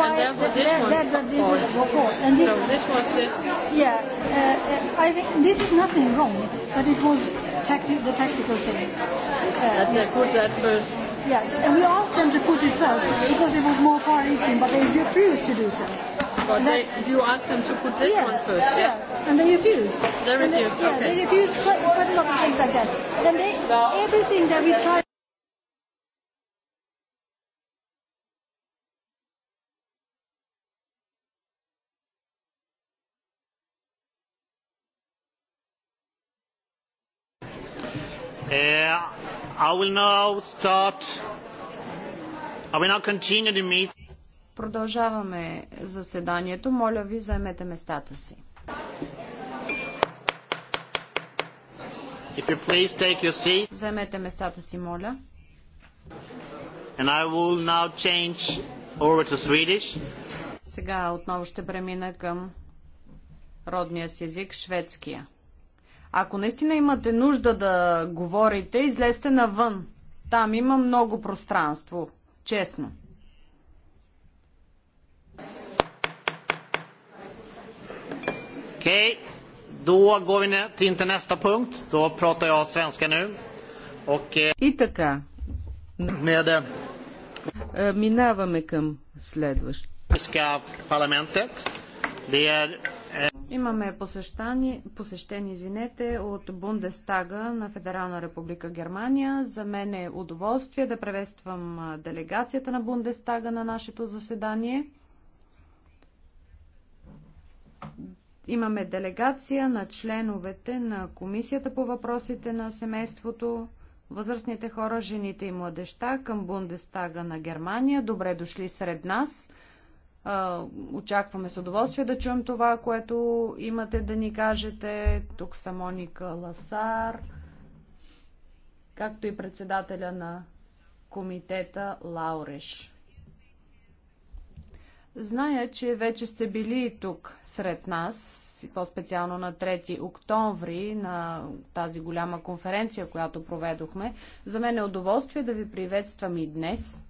why and then this that, one that, that this is a And this so one. this was this. Yeah, uh, I think this is nothing wrong, but it was tacti- the tactical thing. Uh, that they put that first. Yeah, and we asked them to put it first because it was more far eastern, but they refused to do so. But they, you asked them to put this yeah, one first, yeah. Yeah. And they refused. They refused. And they, okay. Yeah, they refused quite, quite a lot of things like that. And they, everything that we tried. I will now start. I will now continue the meeting. Продължаваме заседанието. Моля ви, заемете местата си. If you please take your seat. Заемете местата си, моля. And I will now change over to Swedish. Сега отново ще премина към родния си език, шведския. Ако наистина имате нужда да говорите, излезте навън. Там има много пространство. Честно. Okej, okay. då går vi in till nästa punkt. Då pratar jag svenska nu. Och, eh, И така. Med, eh, е, Минаваме към следващ. Парламентet. Det är, eh, Имаме посещани, посещени извинете, от Бундестага на Федерална република Германия. За мен е удоволствие да приветствам делегацията на Бундестага на нашето заседание. Имаме делегация на членовете на Комисията по въпросите на семейството, възрастните хора, жените и младеща към Бундестага на Германия. Добре дошли сред нас. Очакваме с удоволствие да чуем това, което имате да ни кажете. Тук са Моника Ласар, както и председателя на комитета Лауреш. Зная, че вече сте били тук сред нас, по-специално на 3 октомври, на тази голяма конференция, която проведохме. За мен е удоволствие да ви приветствам и днес.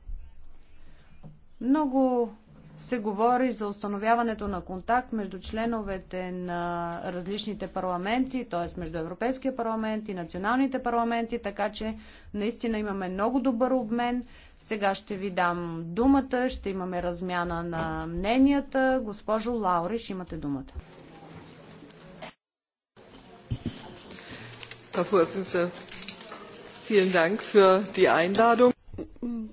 Много се говори за установяването на контакт между членовете на различните парламенти, т.е. между Европейския парламент и националните парламенти, така че наистина имаме много добър обмен. Сега ще ви дам думата, ще имаме размяна на мненията. Госпожо Лауриш, имате думата. Herr Vorsitzender, vielen Dank für die Einladung.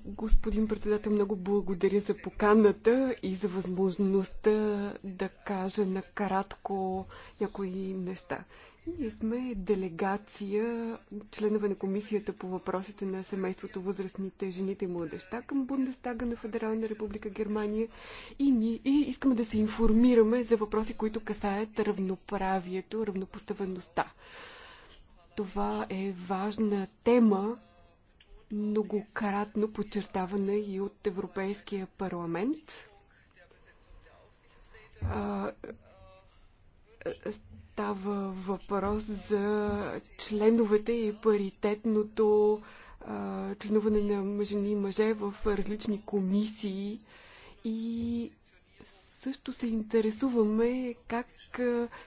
Господин председател, много благодаря за поканата и за възможността да кажа накратко някои неща. Ние сме делегация, членове на комисията по въпросите на семейството, възрастните, жените и младеща към Бундестага на Федерална република Германия и, ни, и искаме да се информираме за въпроси, които касаят равноправието, равнопоставеността. Това е важна тема многократно подчертавана и от Европейския парламент. А, става въпрос за членовете и паритетното а, членуване на мъжени и мъже в различни комисии и също се интересуваме как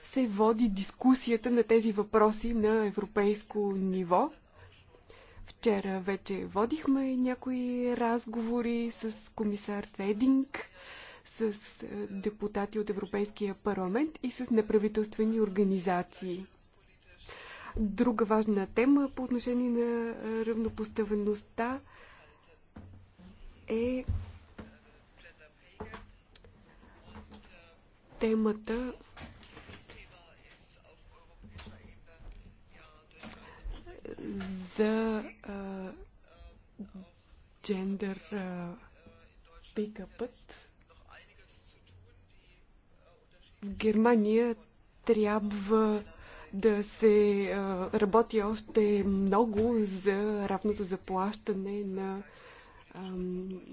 се води дискусията на тези въпроси на европейско ниво. Вчера вече водихме някои разговори с комисар Рединг, с е, депутати от Европейския парламент и с неправителствени организации. Друга важна тема по отношение на е, равнопоставеността е темата за джендър пикапът. пикъпът. В Германия трябва да се а, работи още много за равното заплащане на а,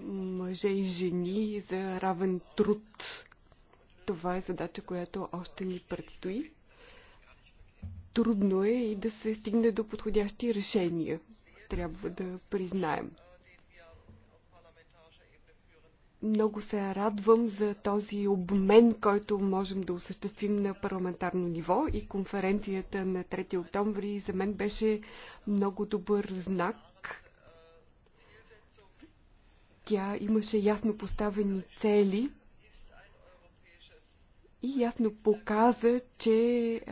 мъже и жени за равен труд. Това е задача, която още ни предстои трудно е и да се стигне до подходящи решения. Трябва да признаем. Много се радвам за този обмен, който можем да осъществим на парламентарно ниво и конференцията на 3 октомври за мен беше много добър знак. Тя имаше ясно поставени цели и ясно показа, че а,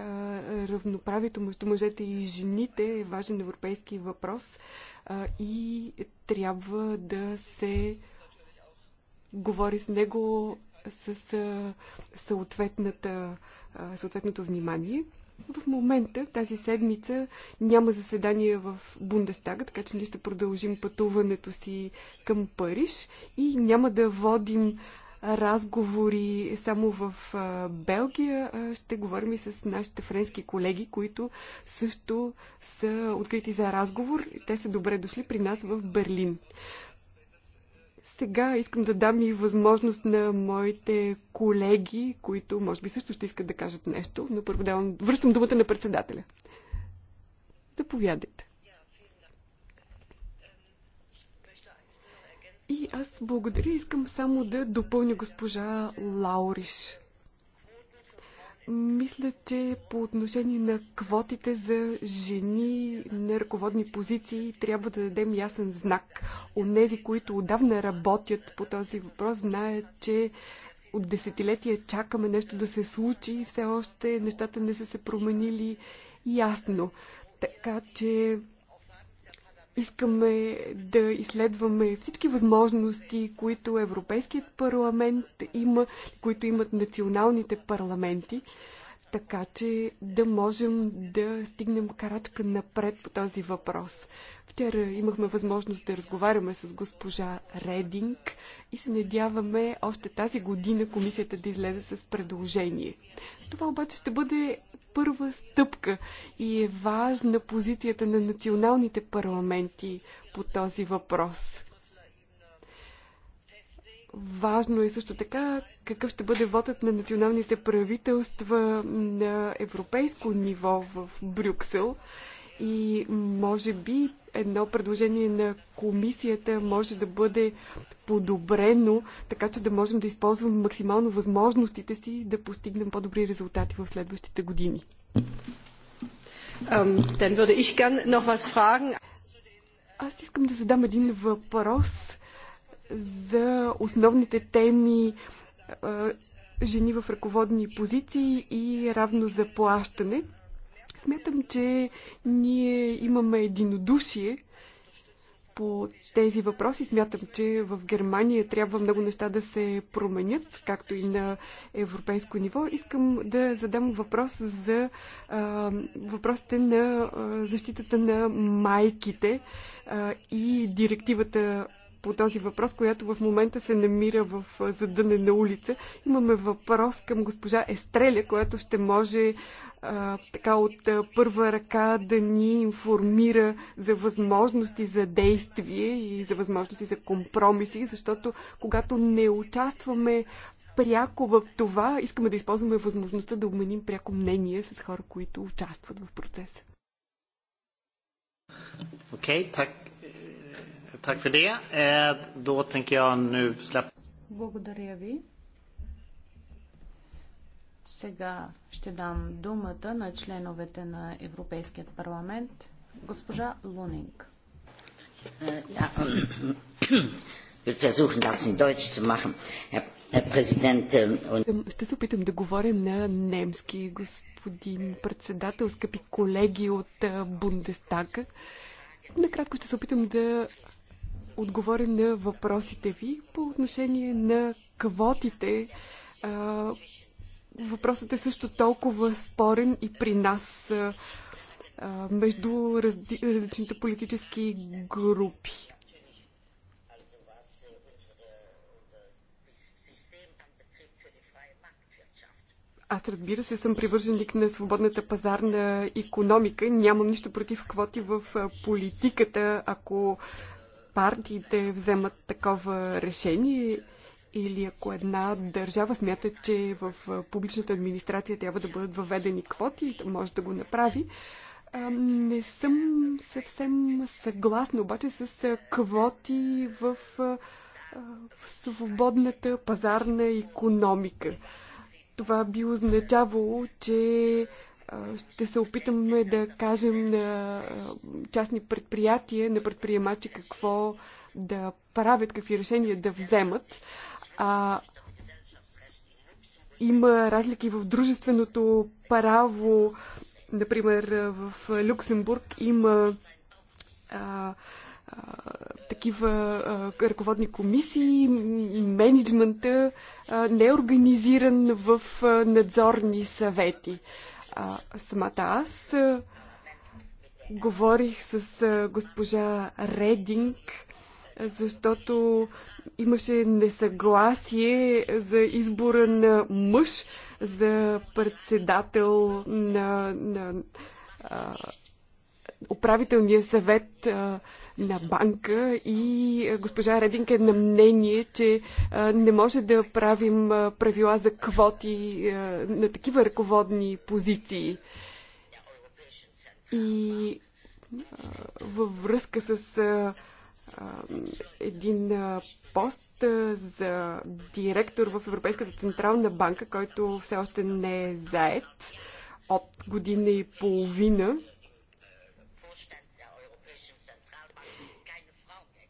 равноправието между мъжете и жените е важен европейски въпрос а, и трябва да се говори с него с а, съответната, а, съответното внимание. В момента, тази седмица, няма заседание в Бундестага, така че ние ще продължим пътуването си към Париж и няма да водим разговори само в Белгия. Ще говорим и с нашите френски колеги, които също са открити за разговор. Те са добре дошли при нас в Берлин. Сега искам да дам и възможност на моите колеги, които може би също ще искат да кажат нещо, но първо давам, връщам думата на председателя. Заповядайте. И аз благодаря. Искам само да допълня госпожа Лауриш. Мисля, че по отношение на квотите за жени на ръководни позиции трябва да дадем ясен знак. Онези, които отдавна работят по този въпрос, знаят, че от десетилетия чакаме нещо да се случи и все още нещата не са се променили ясно. Така че Искаме да изследваме всички възможности, които Европейският парламент има, които имат националните парламенти, така че да можем да стигнем карачка напред по този въпрос. Вчера имахме възможност да разговаряме с госпожа Рединг и се надяваме още тази година комисията да излезе с предложение. Това обаче ще бъде първа стъпка и е важна позицията на националните парламенти по този въпрос. Важно е също така какъв ще бъде водът на националните правителства на европейско ниво в Брюксел. И може би едно предложение на комисията може да бъде подобрено, така че да можем да използваме максимално възможностите си да постигнем по-добри резултати в следващите години. Аз искам да задам един въпрос за основните теми жени в ръководни позиции и равно заплащане. Смятам, че ние имаме единодушие по тези въпроси. Смятам, че в Германия трябва много неща да се променят, както и на европейско ниво. Искам да задам въпрос за а, въпросите на а, защитата на майките а, и директивата по този въпрос, която в момента се намира в задънена улица. Имаме въпрос към госпожа Естреля, която ще може а, така от първа ръка да ни информира за възможности за действие и за възможности за компромиси, защото когато не участваме пряко в това, искаме да използваме възможността да обменим пряко мнение с хора, които участват в процеса. Окей, okay, так Tack för det. Eh, då tänker jag nu släppa... Благодаря ви. Сега ще дам думата на членовете на Европейският парламент. Госпожа Лунинг. Äh, ähm, ähm, ще се опитам да говоря на немски, господин председател, скъпи колеги от Бундестага. Накратко ще се опитам да отговоря на въпросите ви по отношение на квотите. Въпросът е също толкова спорен и при нас между различните политически групи. Аз разбира се съм привърженик на свободната пазарна економика. Нямам нищо против квоти в политиката, ако партиите вземат такова решение или ако една държава смята, че в публичната администрация трябва да бъдат въведени квоти, може да го направи. Не съм съвсем съгласна обаче с квоти в свободната пазарна економика. Това би означавало, че ще се опитаме да кажем на частни предприятия, на предприемачи какво да правят, какви решения да вземат. А, има разлики в дружественото право. Например, в Люксембург има а, а, такива а, ръководни комисии, менеджмента а, не е организиран в а, надзорни съвети. А, а, самата аз. Говорих с а, госпожа Рединг, защото имаше несъгласие за избора на мъж за председател на, на а, управителния съвет а, на банка и е, госпожа Рединг е на мнение, че е, не може да правим е, правила за квоти на такива ръководни позиции. И във връзка с един пост за директор в Европейската централна банка, който все още не е заед от година и половина.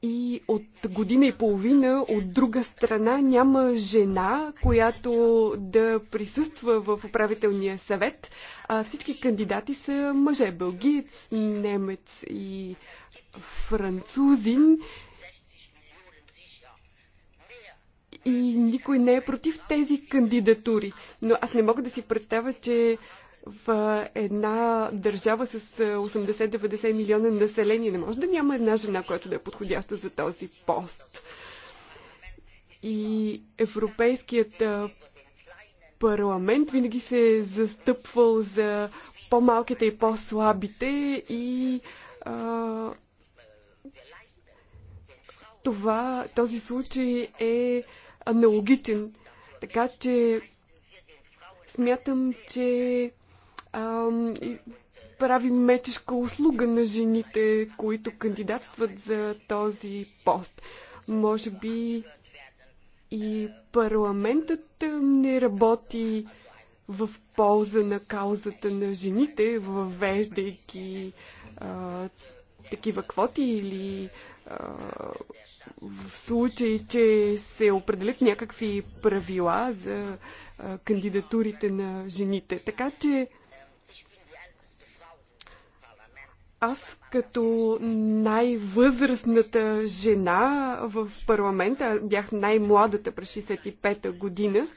И от година и половина от друга страна няма жена, която да присъства в управителния съвет. А всички кандидати са мъже. Бългиец, немец и французин. И никой не е против тези кандидатури. Но аз не мога да си представя, че в една държава с 80-90 милиона население. Не може да няма една жена, която да е подходяща за този пост. И Европейският парламент винаги се е застъпвал за по-малките и по-слабите и а, това, този случай е аналогичен. Така че смятам, че а, прави мечешка услуга на жените, които кандидатстват за този пост. Може би и парламентът не работи в полза на каузата на жените, въвеждайки а, такива квоти или а, в случай, че се определят някакви правила за а, кандидатурите на жените. Така че Аз като най-възрастната жена в парламента, бях най-младата през 65-та година,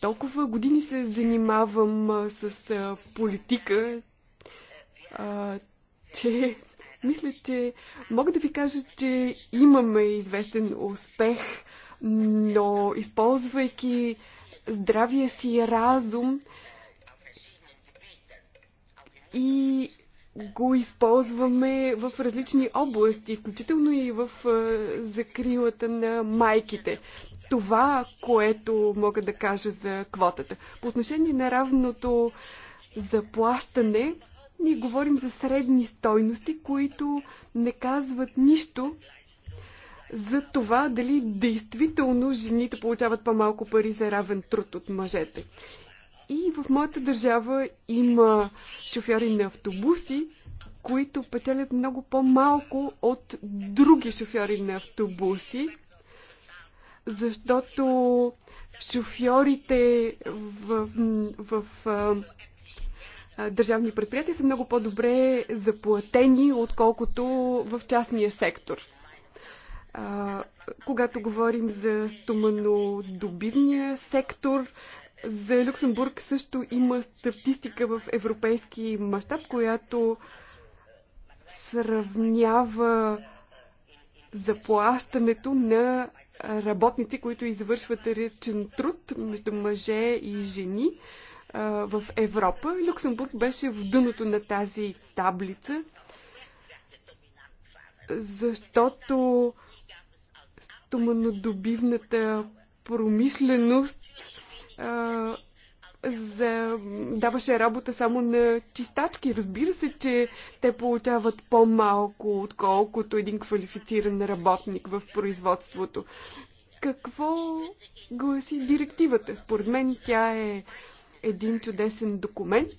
толкова години се занимавам с политика, че мисля, че мога да ви кажа, че имаме известен успех, но използвайки здравия си разум и го използваме в различни области, включително и в закрилата на майките. Това, което мога да кажа за квотата. По отношение на равното заплащане, ние говорим за средни стойности, които не казват нищо за това дали действително жените получават по-малко пари за равен труд от мъжете. И в моята държава има шофьори на автобуси, които печелят много по-малко от други шофьори на автобуси, защото шофьорите в, в, в държавни предприятия са много по-добре заплатени, отколкото в частния сектор. когато говорим за стоманодобивния сектор, за Люксембург също има статистика в европейски мащаб, която сравнява заплащането на работници, които извършват речен труд между мъже и жени в Европа. Люксембург беше в дъното на тази таблица, защото стоманодобивната промишленост за, даваше работа само на чистачки. Разбира се, че те получават по-малко, отколкото един квалифициран работник в производството. Какво гласи директивата? Според мен тя е един чудесен документ.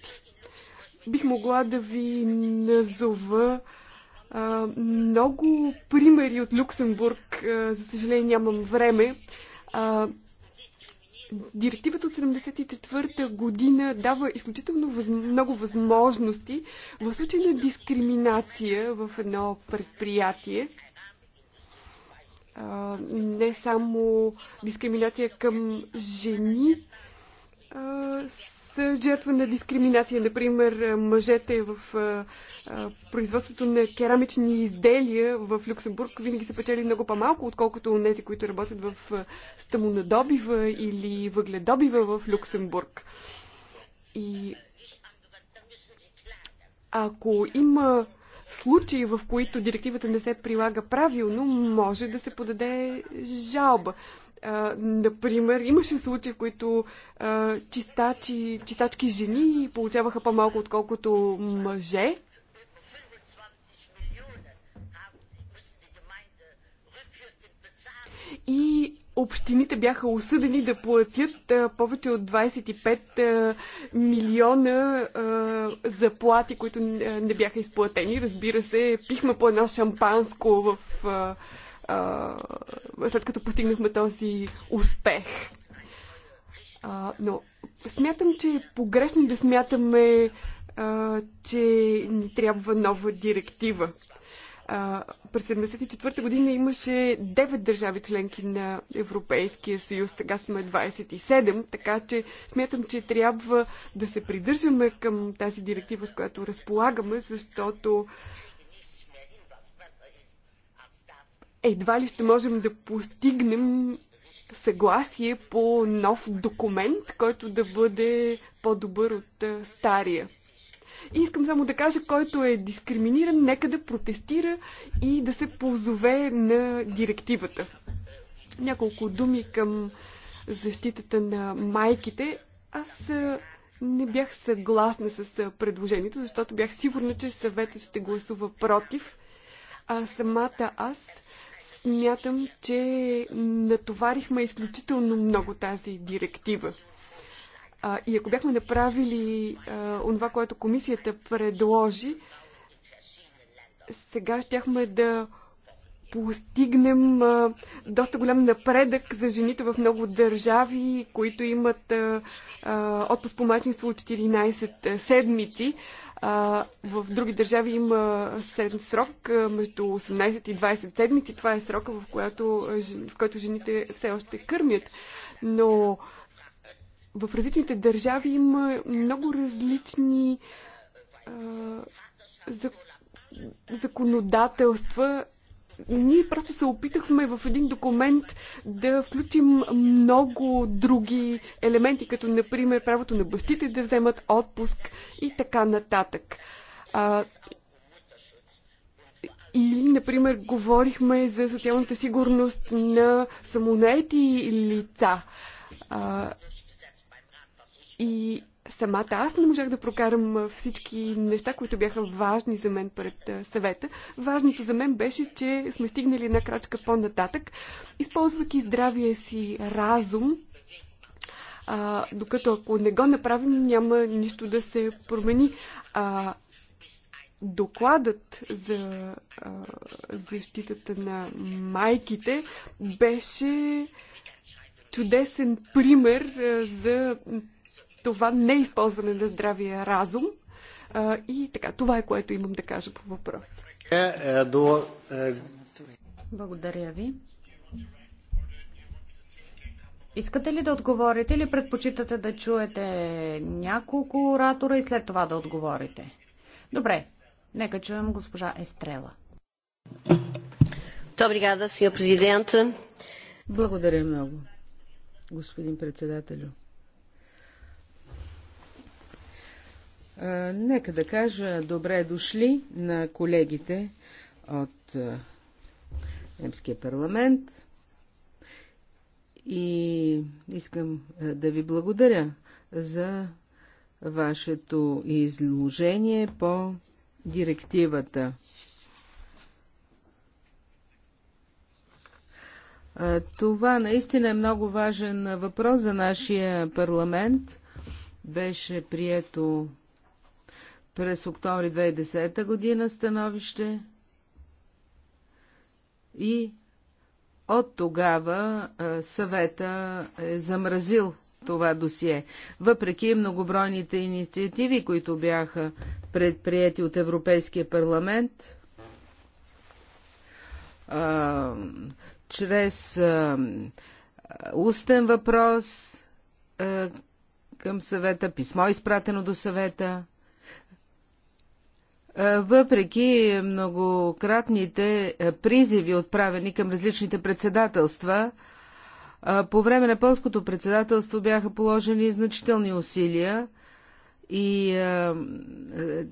Бих могла да ви назова а, много примери от Люксембург. А, за съжаление нямам време. А, Директивата от 74-та година дава изключително въз... много възможности в случай на дискриминация в едно предприятие. А, не само дискриминация към жени са жертва на дискриминация. Например, мъжете в производството на керамични изделия в Люксембург винаги са печели много по-малко, отколкото тези, които работят в стамонадобива или въгледобива в Люксембург. И ако има случаи, в които директивата не се прилага правилно, може да се подаде жалба. А, например, имаше случаи, в които а, чистачи, чистачки жени получаваха по-малко, отколкото мъже. И общините бяха осъдени да платят а, повече от 25 а, милиона а, заплати, които не бяха изплатени. Разбира се, пихме по едно шампанско в а, след като постигнахме този успех. А, но смятам, че е погрешно да смятаме, а, че ни трябва нова директива. А, през 1974 година имаше 9 държави членки на Европейския съюз, сега сме 27, така че смятам, че трябва да се придържаме към тази директива, с която разполагаме, защото едва ли ще можем да постигнем съгласие по нов документ, който да бъде по-добър от стария. И искам само да кажа, който е дискриминиран, нека да протестира и да се позове на директивата. Няколко думи към защитата на майките. Аз не бях съгласна с предложението, защото бях сигурна, че съветът ще гласува против. А самата аз Смятам, че натоварихме изключително много тази директива. А, и ако бяхме направили а, онова, което комисията предложи, сега щяхме да постигнем а, доста голям напредък за жените в много държави, които имат а, а, отпуск по мачинство от 14 седмици. А, в други държави има среден срок между 18 и 20 седмици. Това е срока, в, която, в който жените все още кърмят. Но в различните държави има много различни а, законодателства ние просто се опитахме в един документ да включим много други елементи, като например правото на бащите да вземат отпуск и така нататък. А, или, например, говорихме за социалната сигурност на самонаети лица. А, и самата аз не можах да прокарам всички неща, които бяха важни за мен пред съвета. Важното за мен беше, че сме стигнали една крачка по-нататък, използвайки здравия си разум, а, докато ако не го направим, няма нищо да се промени. А, докладът за а, защитата на майките беше чудесен пример за това неизползване на здравия разум. А, и така, това е което имам да кажа по въпрос. Е, е, е, Благодаря ви. Искате ли да отговорите или предпочитате да чуете няколко оратора и след това да отговорите? Добре, нека чуем госпожа Естрела. Благодаря много, господин председателю. Е, нека да кажа добре дошли на колегите от е, Немския парламент и искам е, да ви благодаря за вашето изложение по директивата. Това наистина е много важен въпрос за нашия парламент. Беше прието през октомври 2010 година становище и от тогава съвета е замразил това досие, въпреки многобройните инициативи, които бяха предприяти от Европейския парламент, а, чрез а, устен въпрос а, към съвета, писмо е изпратено до съвета, е, въпреки многократните е, призиви, отправени към различните председателства, е, по време на пълското председателство бяха положени значителни усилия и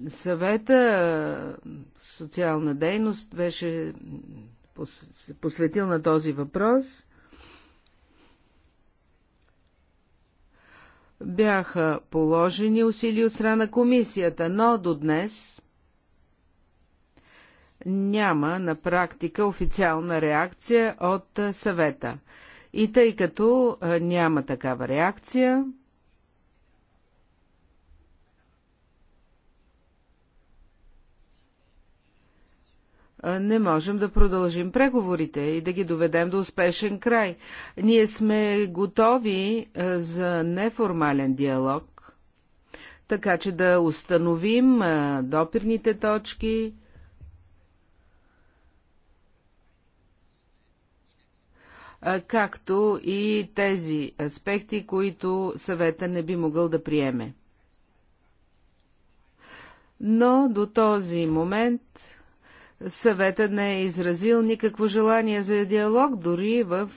съвета социална дейност беше посветил на този въпрос. Бяха положени усилия от страна на комисията, но до днес няма на практика официална реакция от е, съвета. И тъй като е, няма такава реакция, е, не можем да продължим преговорите и да ги доведем до успешен край. Ние сме готови за неформален диалог, така че да установим допирните точки, както и тези аспекти, които съвета не би могъл да приеме. Но до този момент съветът не е изразил никакво желание за диалог, дори в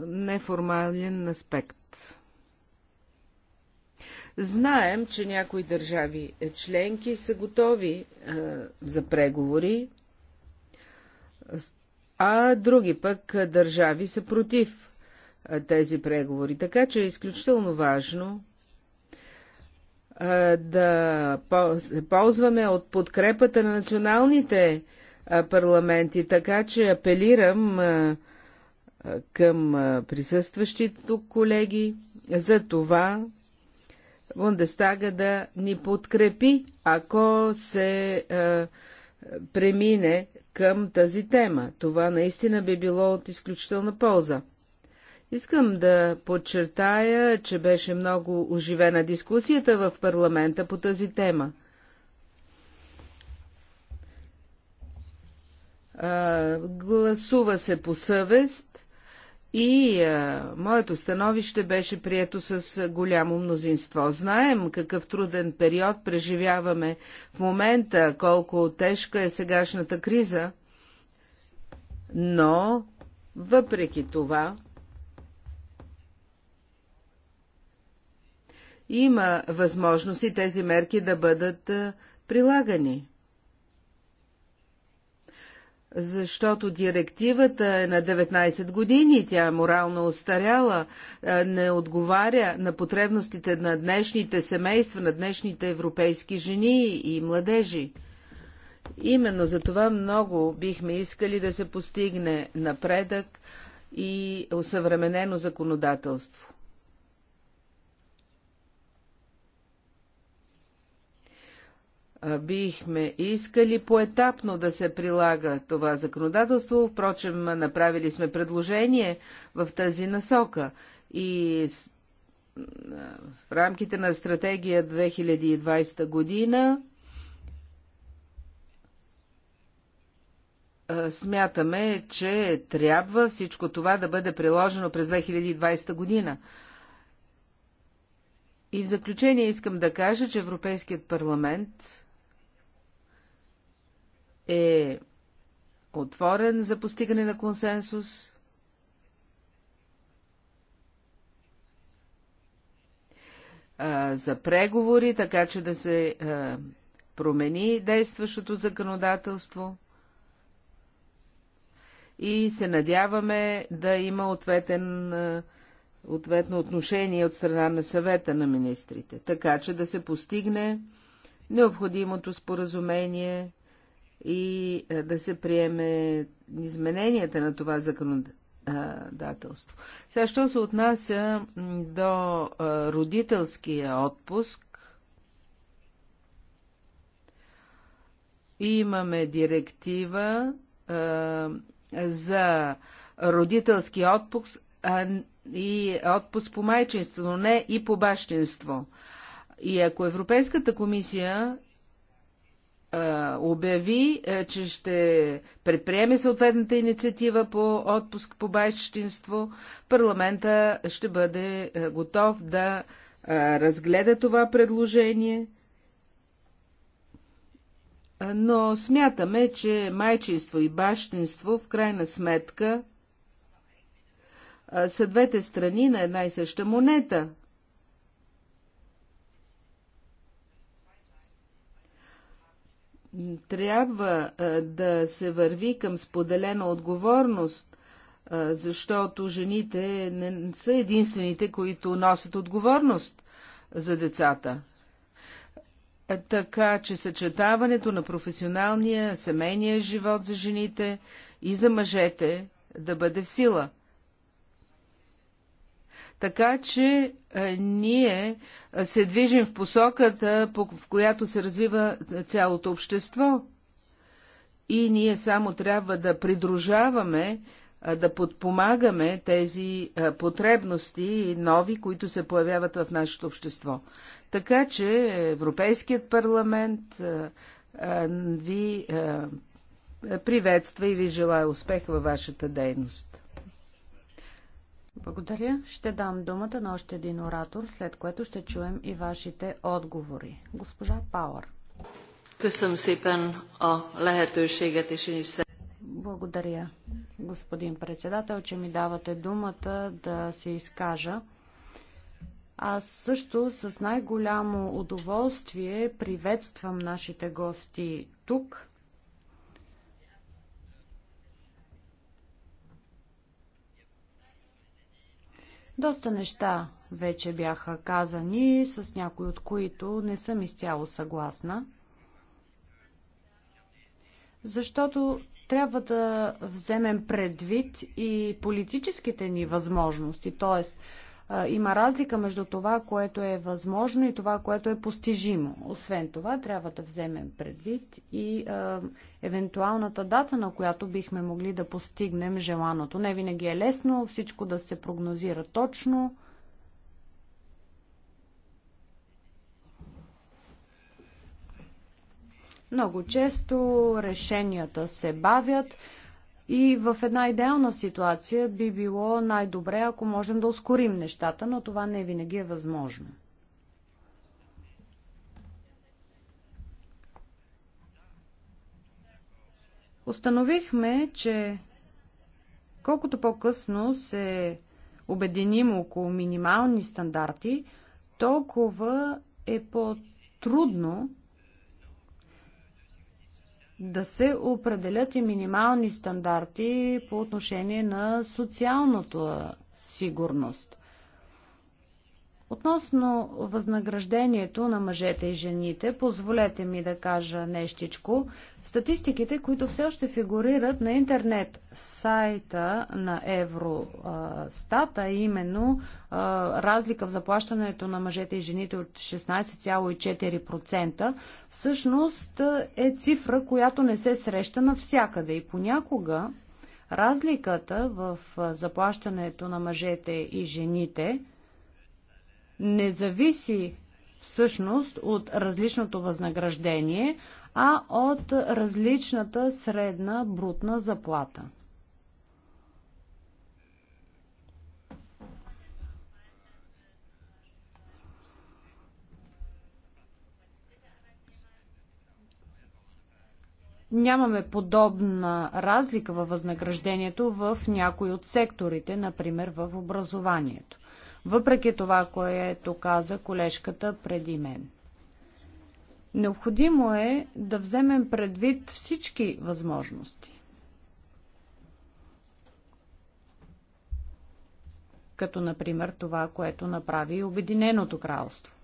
неформален аспект. Знаем, че някои държави членки са готови а, за преговори а други пък държави са против тези преговори. Така че е изключително важно да ползваме от подкрепата на националните парламенти, така че апелирам към присъстващите тук колеги за това Бундестага да ни подкрепи, ако се премине към тази тема. Това наистина би било от изключителна полза. Искам да подчертая, че беше много оживена дискусията в парламента по тази тема. А, гласува се по съвест и а, е, моето становище беше прието с голямо мнозинство. Знаем какъв труден период преживяваме в момента, колко тежка е сегашната криза, но въпреки това има възможности тези мерки да бъдат е, прилагани защото директивата е на 19 години, тя е морално остаряла, е, не отговаря на потребностите на днешните семейства, на днешните европейски жени и младежи. Именно за това много бихме искали да се постигне напредък и усъвременено законодателство. бихме искали поетапно да се прилага това законодателство. Впрочем, направили сме предложение в тази насока и в рамките на стратегия 2020 година смятаме, че трябва всичко това да бъде приложено през 2020 година. И в заключение искам да кажа, че Европейският парламент е отворен за постигане на консенсус. за преговори, така че да се промени действащото законодателство и се надяваме да има ответен, ответно отношение от страна на съвета на министрите, така че да се постигне необходимото споразумение и е, да се приеме измененията на това законодателство. Сега, що се отнася до е, родителския отпуск, имаме директива е, за родителски отпуск и отпуск по майчинство, но не и по бащинство. И ако Европейската комисия обяви, че ще предприеме съответната инициатива по отпуск по байщинство, парламента ще бъде готов да разгледа това предложение. Но смятаме, че майчинство и бащинство в крайна сметка са двете страни на една и съща монета – Трябва да се върви към споделена отговорност, защото жените не са единствените, които носят отговорност за децата. Така че съчетаването на професионалния, семейния живот за жените и за мъжете да бъде в сила. Така че е, ние се движим в посоката, в която се развива цялото общество. И ние само трябва да придружаваме, е, да подпомагаме тези е, потребности и нови, които се появяват в нашето общество. Така че Европейският парламент ви приветства и ви желая успех във вашата дейност. Благодаря. Ще дам думата на още един оратор, след което ще чуем и вашите отговори. Госпожа Пауър. Благодаря, господин председател, че ми давате думата да се изкажа. Аз също с най-голямо удоволствие приветствам нашите гости тук. Доста неща вече бяха казани, с някои от които не съм изцяло съгласна. Защото трябва да вземем предвид и политическите ни възможности, т.е. Има разлика между това, което е възможно и това, което е постижимо. Освен това, трябва да вземем предвид и е, евентуалната дата, на която бихме могли да постигнем желаното. Не винаги е лесно всичко да се прогнозира точно. Много често решенията се бавят. И в една идеална ситуация би било най-добре, ако можем да ускорим нещата, но това не винаги е възможно. Установихме, че колкото по-късно се обединим около минимални стандарти, толкова е по-трудно да се определят и минимални стандарти по отношение на социалната сигурност. Относно възнаграждението на мъжете и жените, позволете ми да кажа нещичко. Статистиките, които все още фигурират на интернет сайта на Евростата, именно разлика в заплащането на мъжете и жените от 16,4%, всъщност е цифра, която не се среща навсякъде и понякога разликата в заплащането на мъжете и жените – не зависи всъщност от различното възнаграждение, а от различната средна брутна заплата. Нямаме подобна разлика във възнаграждението в някои от секторите, например в образованието въпреки това, което каза колежката преди мен. Необходимо е да вземем предвид всички възможности. Като, например, това, което направи Обединеното кралство.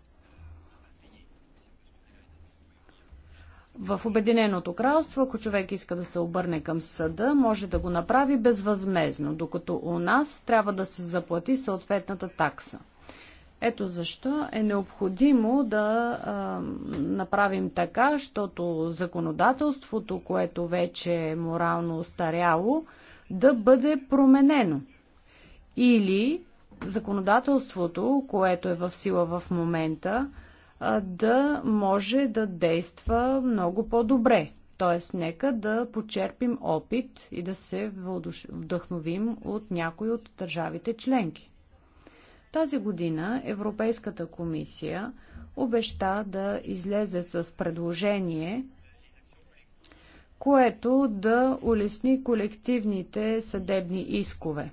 В Обединеното кралство, ако човек иска да се обърне към съда, може да го направи безвъзмезно, докато у нас трябва да се заплати съответната такса. Ето защо е необходимо да а, направим така, защото законодателството, което вече е морално остаряло, да бъде променено. Или законодателството, което е в сила в момента, да може да действа много по-добре. Тоест, нека да почерпим опит и да се вдъхновим от някои от държавите членки. Тази година Европейската комисия обеща да излезе с предложение, което да улесни колективните съдебни искове.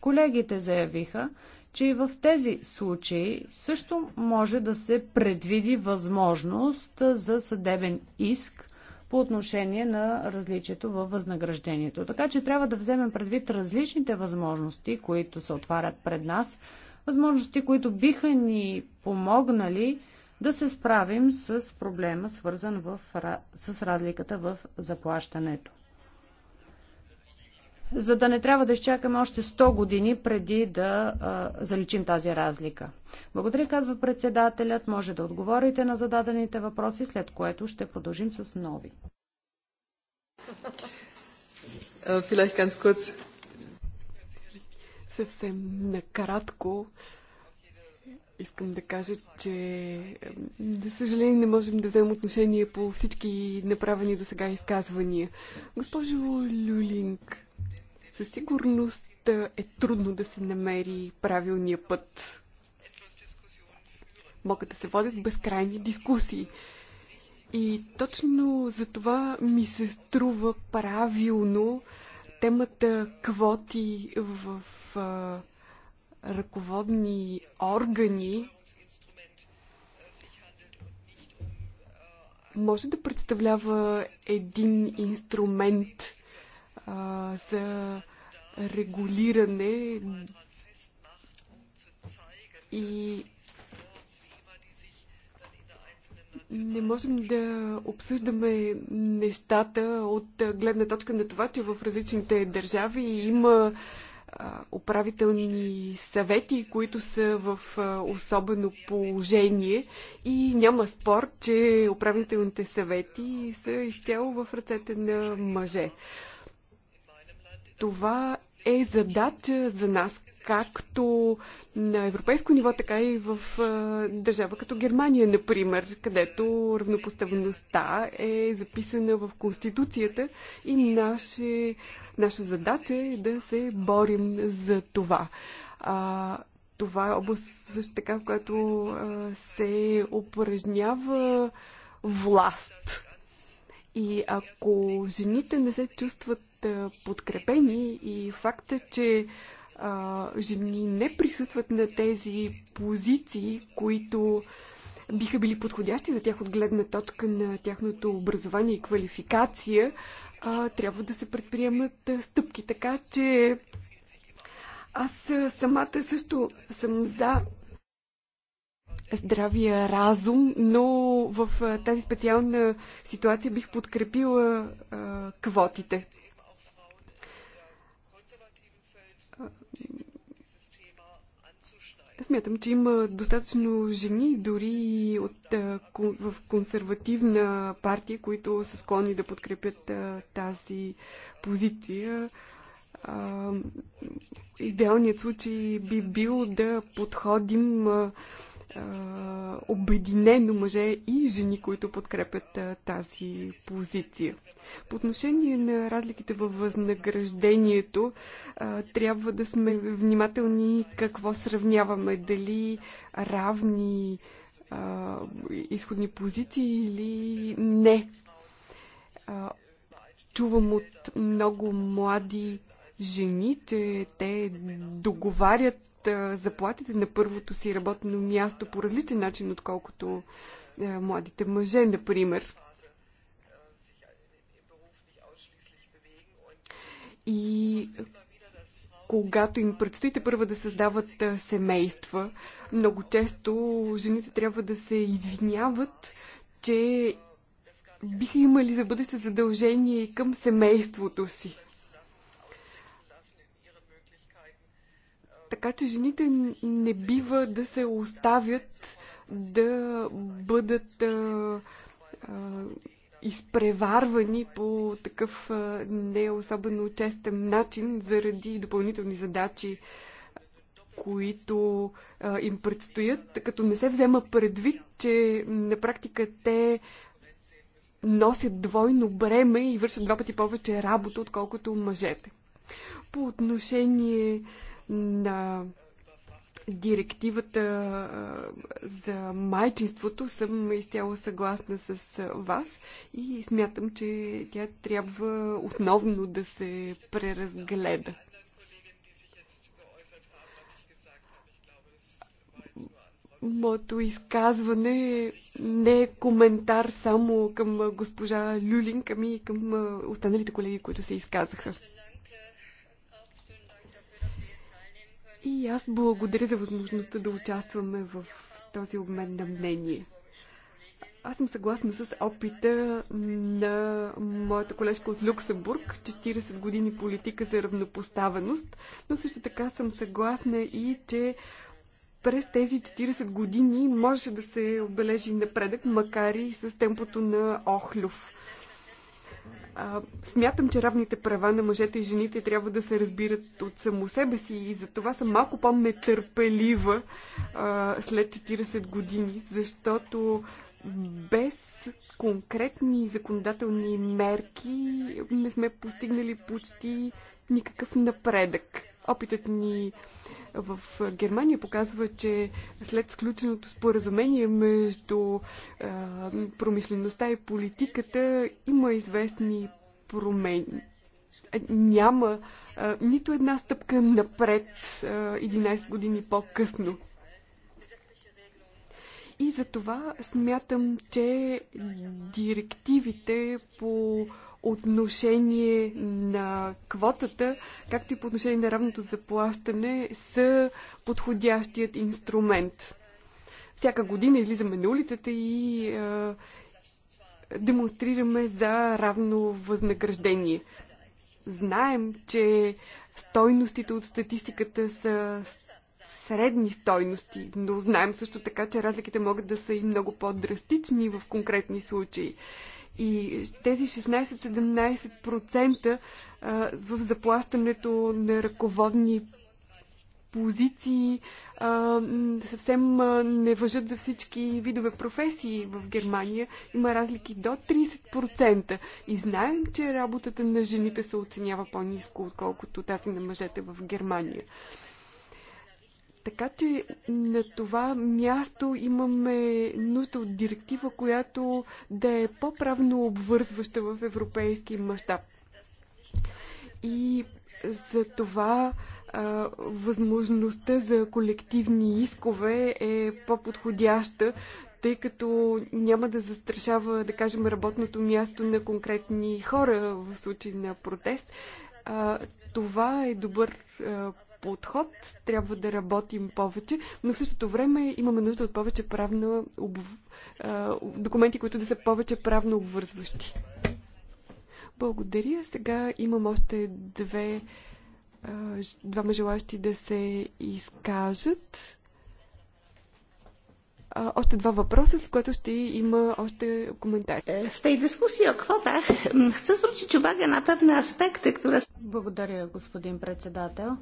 Колегите заявиха, че и в тези случаи също може да се предвиди възможност за съдебен иск по отношение на различието във възнаграждението. Така че трябва да вземем предвид различните възможности, които се отварят пред нас, възможности, които биха ни помогнали да се справим с проблема, свързан в, с разликата в заплащането за да не трябва да изчакаме още 100 години преди да а, заличим тази разлика. Благодаря, казва председателят. Може да отговорите на зададените въпроси, след което ще продължим с нови. Е, Съвсем накратко искам да кажа, че за съжаление не можем да вземем отношение по всички направени до сега изказвания. Госпожо Люлинг, със сигурност е трудно да се намери правилния път. Могат да се водят безкрайни дискусии. И точно за това ми се струва правилно темата квоти в а, ръководни органи може да представлява един инструмент а, за регулиране и не можем да обсъждаме нещата от гледна точка на това, че в различните държави има управителни съвети, които са в особено положение и няма спор, че управителните съвети са изцяло в ръцете на мъже. Това е задача за нас, както на европейско ниво, така и в държава като Германия, например, където равнопоставеността е записана в Конституцията и наше, наша задача е да се борим за това. А, това е област също така, в която а, се упражнява власт. И ако жените не се чувстват подкрепени и факта, че а, жени не присъстват на тези позиции, които биха били подходящи за тях от гледна точка на тяхното образование и квалификация, а, трябва да се предприемат стъпки. Така че аз самата също съм за здравия разум, но в тази специална ситуация бих подкрепила а, квотите. Смятам, че има достатъчно жени, дори от, в консервативна партия, които са склонни да подкрепят тази позиция. Идеалният случай би бил да подходим обединено мъже и жени, които подкрепят тази позиция. По отношение на разликите във възнаграждението, трябва да сме внимателни какво сравняваме. Дали равни изходни позиции или не. Чувам от много млади жени, че те договарят заплатите на първото си работно място по различен начин, отколкото младите мъже, например. И когато им предстоите първа да създават семейства, много често жените трябва да се извиняват, че биха имали за бъдеще задължение към семейството си. Така че жените не бива да се оставят да бъдат а, а, изпреварвани по такъв а, не особено честен начин заради допълнителни задачи, които а, им предстоят, като не се взема предвид, че на практика те носят двойно бреме и вършат два пъти повече работа, отколкото мъжете. По отношение на директивата за майчинството съм изцяло съгласна с вас и смятам, че тя трябва основно да се преразгледа. Моето изказване не е коментар само към госпожа Люлин ами и към останалите колеги, които се изказаха. И аз благодаря за възможността да участваме в този обмен на мнение. Аз съм съгласна с опита на моята колежка от Люксембург, 40 години политика за равнопоставеност, но също така съм съгласна и, че през тези 40 години можеше да се обележи напредък, макар и с темпото на Охлюв. А, смятам, че равните права на мъжете и жените трябва да се разбират от само себе си и за това съм малко по-нетърпелива а, след 40 години, защото без конкретни законодателни мерки не сме постигнали почти никакъв напредък. Опитът ни в Германия показва, че след сключеното споразумение между а, промишлеността и политиката има известни промени. Е, няма а, нито една стъпка напред а, 11 години по-късно. И за това смятам, че директивите по отношение на квотата, както и по отношение на равното заплащане, са подходящият инструмент. Всяка година излизаме на улицата и а, демонстрираме за равно възнаграждение. Знаем, че стойностите от статистиката са средни стойности, но знаем също така, че разликите могат да са и много по-драстични в конкретни случаи. И тези 16-17% в заплащането на ръководни позиции съвсем не въжат за всички видове професии в Германия. Има разлики до 30%. И знаем, че работата на жените се оценява по-низко, отколкото тази на мъжете в Германия. Така че на това място имаме нужда от директива, която да е по-правно обвързваща в европейски мащаб. И за това а, възможността за колективни искове е по-подходяща, тъй като няма да застрашава, да кажем, работното място на конкретни хора в случай на протест. А, това е добър а, подход, трябва да работим повече, но в същото време имаме нужда от повече правна документи, които да са повече правно обвързващи. Благодаря. Сега имам още две двама желащи да се изкажат. Още два въпроса, в които ще има още коментари. Е, в тази дискусия o kwotach chcę zwrócić на na аспекта, които które... Благодаря, господин председател.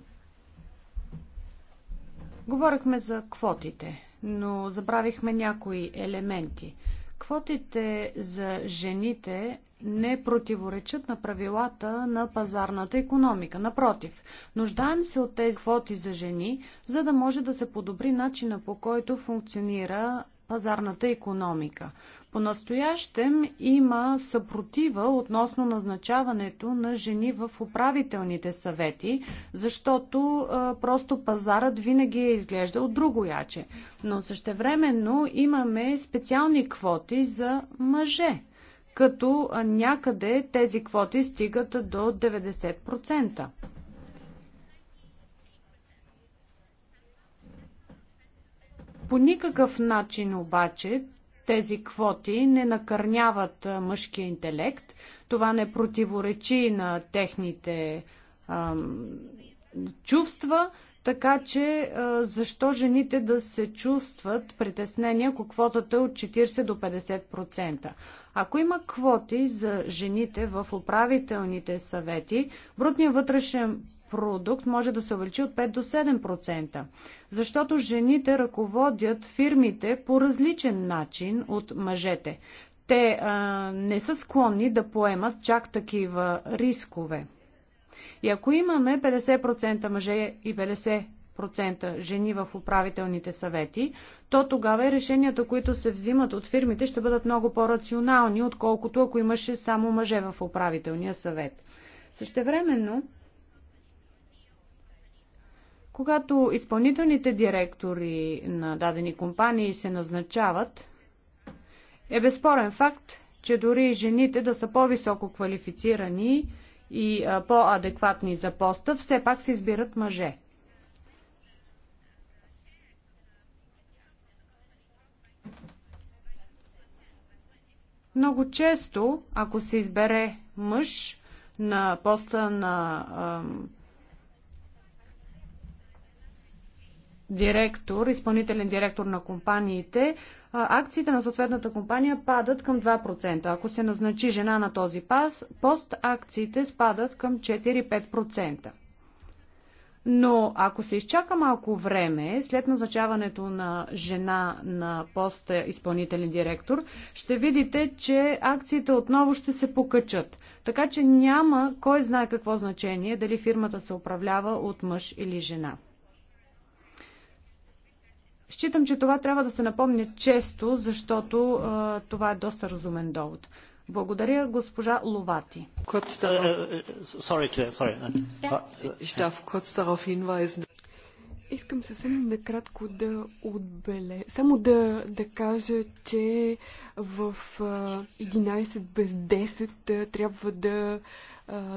Говорихме за квотите, но забравихме някои елементи. Квотите за жените не противоречат на правилата на пазарната економика. Напротив, нуждаем се от тези квоти за жени, за да може да се подобри начина по който функционира пазарната економика. По-настоящем има съпротива относно назначаването на жени в управителните съвети, защото а, просто пазарът винаги е изглеждал другояче. Но същевременно имаме специални квоти за мъже като някъде тези квоти стигат до 90%. По никакъв начин обаче тези квоти не накърняват мъжкия интелект. Това не противоречи на техните ам, чувства, така че а, защо жените да се чувстват притеснени, ако квотата е от 40 до 50%? Ако има квоти за жените в управителните съвети, брутният вътрешен продукт може да се увеличи от 5 до 7%. Защото жените ръководят фирмите по различен начин от мъжете. Те а, не са склонни да поемат чак такива рискове. И ако имаме 50% мъже и 50% жени в управителните съвети, то тогава и решенията, които се взимат от фирмите, ще бъдат много по-рационални, отколкото ако имаше само мъже в управителния съвет. Същевременно, когато изпълнителните директори на дадени компании се назначават, е безспорен факт, че дори жените да са по-високо квалифицирани и по-адекватни за поста, все пак се избират мъже. Много често, ако се избере мъж на поста на ам, директор, изпълнителен директор на компаниите, акциите на съответната компания падат към 2%. Ако се назначи жена на този пас, пост, акциите спадат към 4-5%. Но ако се изчака малко време, след назначаването на жена на поста изпълнителен директор, ще видите, че акциите отново ще се покачат. Така че няма кой знае какво значение дали фирмата се управлява от мъж или жена. Считам, че това трябва да се напомня често, защото а, това е доста разумен довод. Благодаря, госпожа Ловати. Искам съвсем накратко да отбеле. Само да, да кажа, че в 11 без 10 трябва да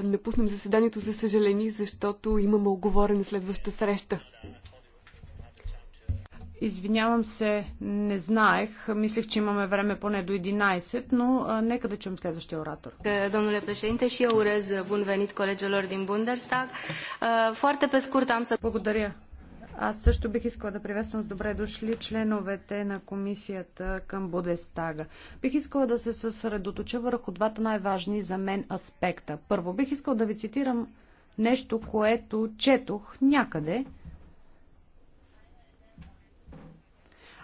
напуснем заседанието за съжаление, защото имаме оговорена следваща среща. Извинявам се, не знаех. Мислех, че имаме време поне до 11, но а, нека да чуем следващия оратор. Domnule е, președinte, și eu urez е, bun venit colegilor din Bundestag. Е, foarte pe scurt am să... Благодаря. Аз също бих искала да приветствам с добре дошли членовете на комисията към Будестага. Бих искала да се съсредоточа върху двата най-важни за мен аспекта. Първо, бих искала да ви цитирам нещо, което четох някъде –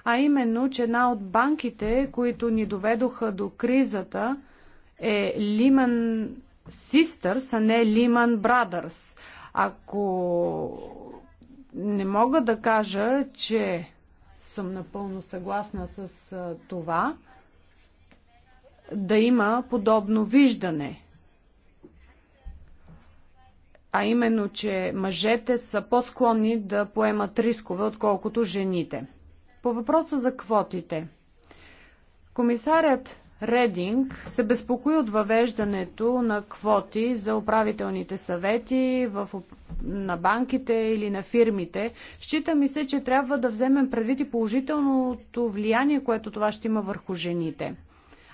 а именно, че една от банките, които ни доведоха до кризата, е Lehman Sisters, а не Lehman Brothers. Ако не мога да кажа, че съм напълно съгласна с това, да има подобно виждане. А именно, че мъжете са по-склонни да поемат рискове, отколкото жените. По въпроса за квотите. Комисарят Рединг се безпокои от въвеждането на квоти за управителните съвети в, на банките или на фирмите. Счита ми се, че трябва да вземем предвид и положителното влияние, което това ще има върху жените.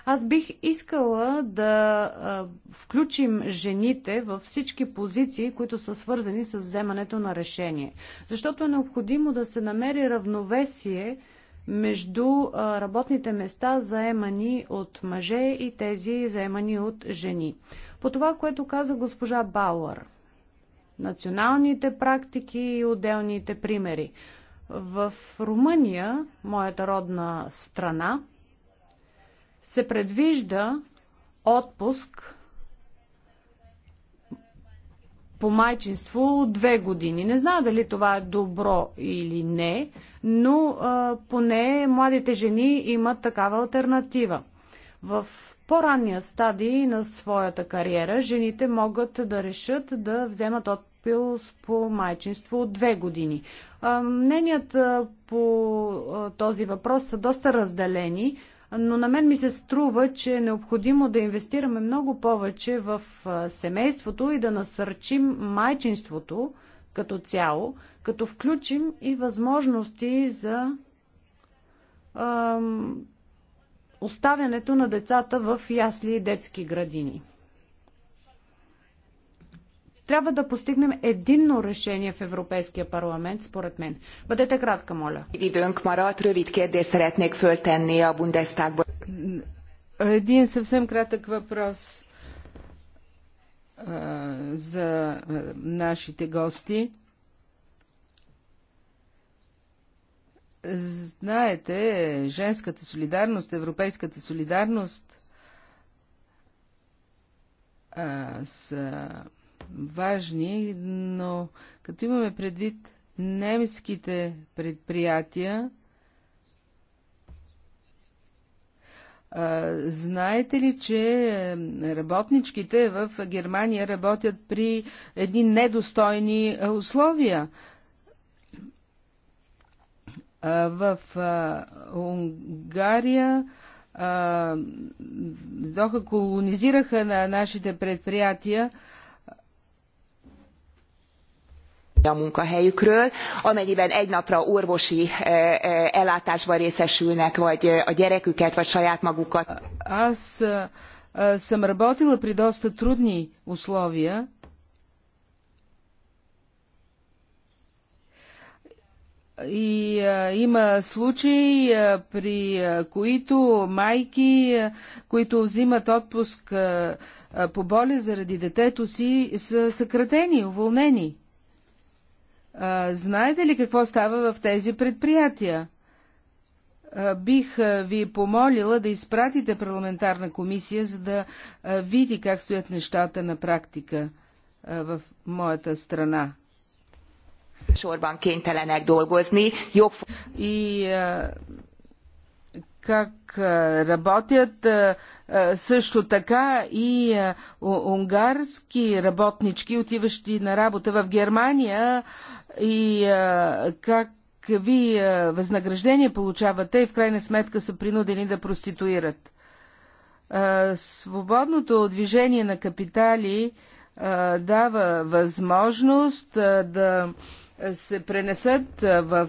Аз бих искала да включим жените във всички позиции, които са свързани с вземането на решение. Защото е необходимо да се намери равновесие между работните места, заемани от мъже и тези, заемани от жени. По това, което каза госпожа Бауър, националните практики и отделните примери. В Румъния, моята родна страна, се предвижда отпуск по майчинство от две години. Не знам дали това е добро или не, но а, поне младите жени имат такава альтернатива. В по-ранния стадий на своята кариера жените могат да решат да вземат отпуск по майчинство от две години. А, мненията по а, този въпрос са доста разделени но на мен ми се струва, че е необходимо да инвестираме много повече в семейството и да насърчим майчинството като цяло, като включим и възможности за оставянето на децата в ясли и детски градини. Трябва да постигнем единно решение в Европейския парламент, според мен. Бъдете кратка, моля. Един съвсем кратък въпрос за нашите гости. Знаете, женската солидарност, европейската солидарност а, са важни, но като имаме предвид немските предприятия, Знаете ли, че е, работничките в Германия работят при едни недостойни е, условия? В Унгария доха колонизираха на нашите предприятия a munkahelyükről amennyiben egy napra orvosi e, e, ellátásban részesülnek vagy e, a gyereküket vagy saját magukat. Аз е, е, съм работила при доста трудни условия. И а, е, има случаи, а, при а, които майки, а, които взимат отпуск а, а, по боле заради детето си, са съкратени, уволнени. А, знаете ли какво става в тези предприятия? А, бих ви помолила да изпратите парламентарна комисия, за да види как стоят нещата на практика а, в моята страна. И а, И как работят също така и унгарски работнички, отиващи на работа в Германия, и а, как какви възнаграждения получават те и в крайна сметка са принудени да проституират. Свободното движение на капитали дава възможност да се пренесат в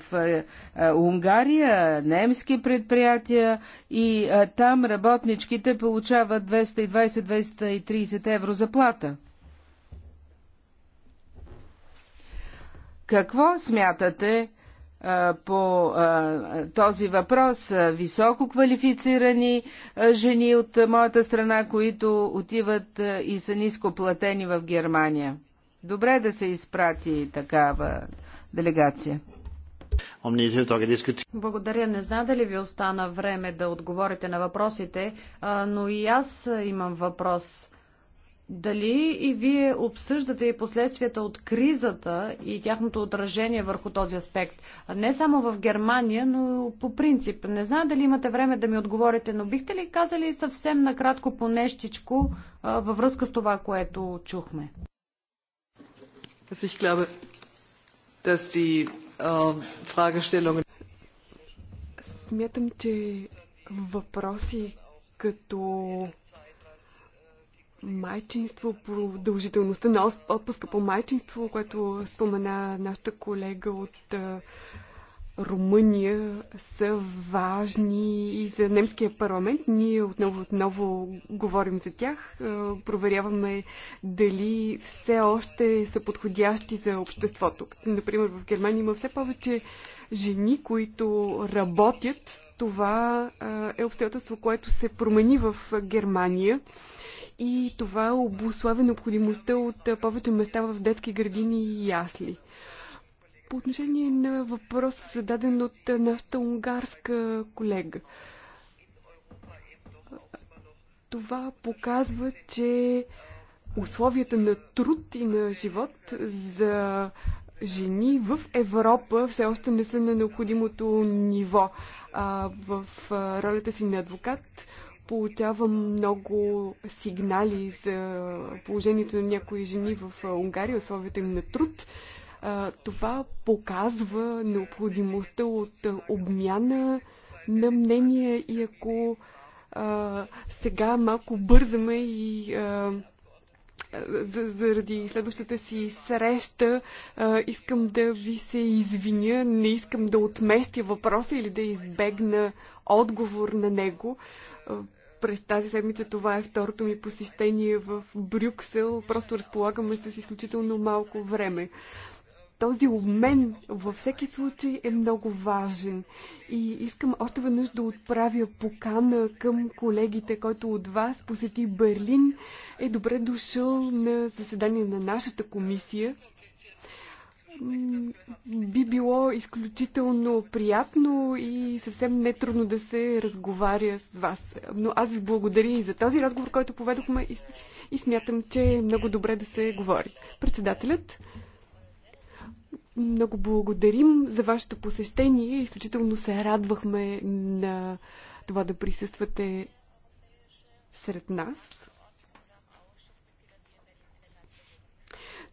Унгария немски предприятия и там работничките получават 220-230 евро заплата. Какво смятате по този въпрос? Високо квалифицирани жени от моята страна, които отиват и са ниско платени в Германия. Добре е да се изпрати такава делегация. Благодаря. Не знам дали ви остана време да отговорите на въпросите, но и аз имам въпрос. Дали и вие обсъждате и последствията от кризата и тяхното отражение върху този аспект? Не само в Германия, но по принцип. Не знам дали имате време да ми отговорите, но бихте ли казали съвсем накратко по нещичко във връзка с това, което чухме? Смятам, че въпроси като майчинство, продължителността на отпуска по майчинство, което спомена нашата колега от Румъния, са важни и за немския парламент. Ние отново отново говорим за тях. Проверяваме дали все още са подходящи за обществото. Например, в Германия има все повече жени, които работят. Това е обстоятелство, което се промени в Германия и това обославя необходимостта от повече места в детски градини и ясли. По отношение на въпрос, зададен от нашата унгарска колега. Това показва, че условията на труд и на живот за жени в Европа все още не са на необходимото ниво. А, в ролята си на адвокат Получавам много сигнали за положението на някои жени в Унгария, условията им на труд. Това показва необходимостта от обмяна на мнение и ако а, сега малко бързаме и а, за, заради следващата си среща а, искам да ви се извиня. Не искам да отместя въпроса или да избегна отговор на него. През тази седмица това е второто ми посещение в Брюксел. Просто разполагаме с изключително малко време този обмен във всеки случай е много важен. И искам още веднъж да отправя покана към колегите, който от вас посети Берлин, е добре дошъл на заседание на нашата комисия би било изключително приятно и съвсем нетрудно да се разговаря с вас. Но аз ви благодаря и за този разговор, който поведохме и, и смятам, че е много добре да се говори. Председателят, много благодарим за вашето посещение. Изключително се радвахме на това да присъствате сред нас.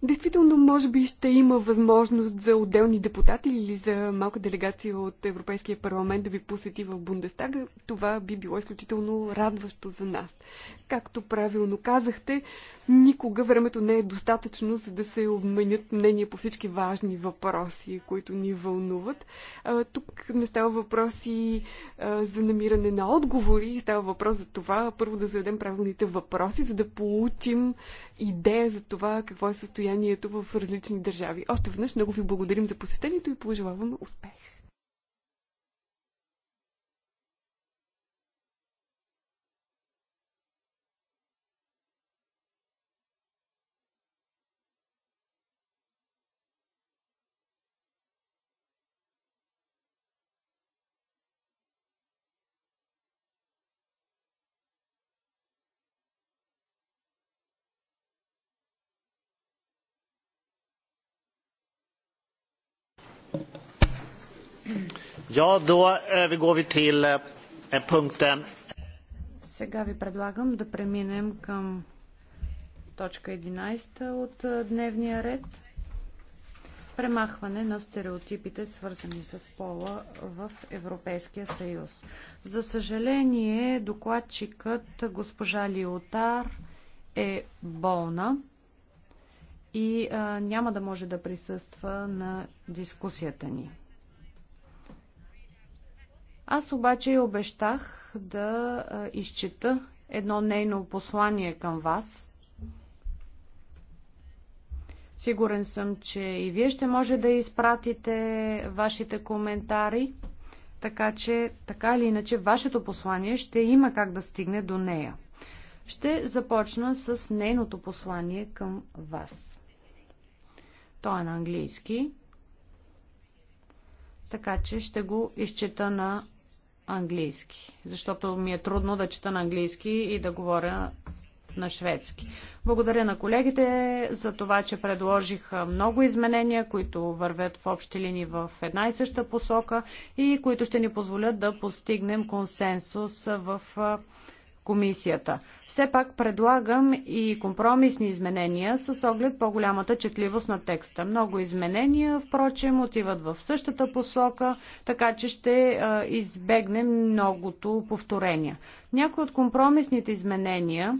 Действително, може би ще има възможност за отделни депутати или за малка делегация от Европейския парламент да ви посети в Бундестага. Това би било изключително радващо за нас. Както правилно казахте, Никога времето не е достатъчно, за да се обменят мнения по всички важни въпроси, които ни вълнуват. А, тук не става въпроси а, за намиране на отговори, става въпрос за това първо да зададем правилните въпроси, за да получим идея за това какво е състоянието в различни държави. Още веднъж много ви благодарим за посещението и пожелавам успех! Eh, eh, Сега ви предлагам да преминем към точка 11 от е, дневния ред. Премахване на стереотипите, свързани с пола в Европейския съюз. За съжаление, докладчикът госпожа Лиотар е болна и а, е, няма да може да присъства на дискусията ни. Аз обаче обещах да изчета едно нейно послание към вас. Сигурен съм, че и вие ще може да изпратите вашите коментари, така че, така или иначе, вашето послание ще има как да стигне до нея. Ще започна с нейното послание към вас. То е на английски, така че ще го изчета на английски, защото ми е трудно да чета на английски и да говоря на шведски. Благодаря на колегите за това, че предложиха много изменения, които вървят в общи линии в една и съща посока и които ще ни позволят да постигнем консенсус в комисията. Все пак предлагам и компромисни изменения с оглед по-голямата четливост на текста. Много изменения, впрочем, отиват в същата посока, така че ще избегнем многото повторения. Някои от компромисните изменения,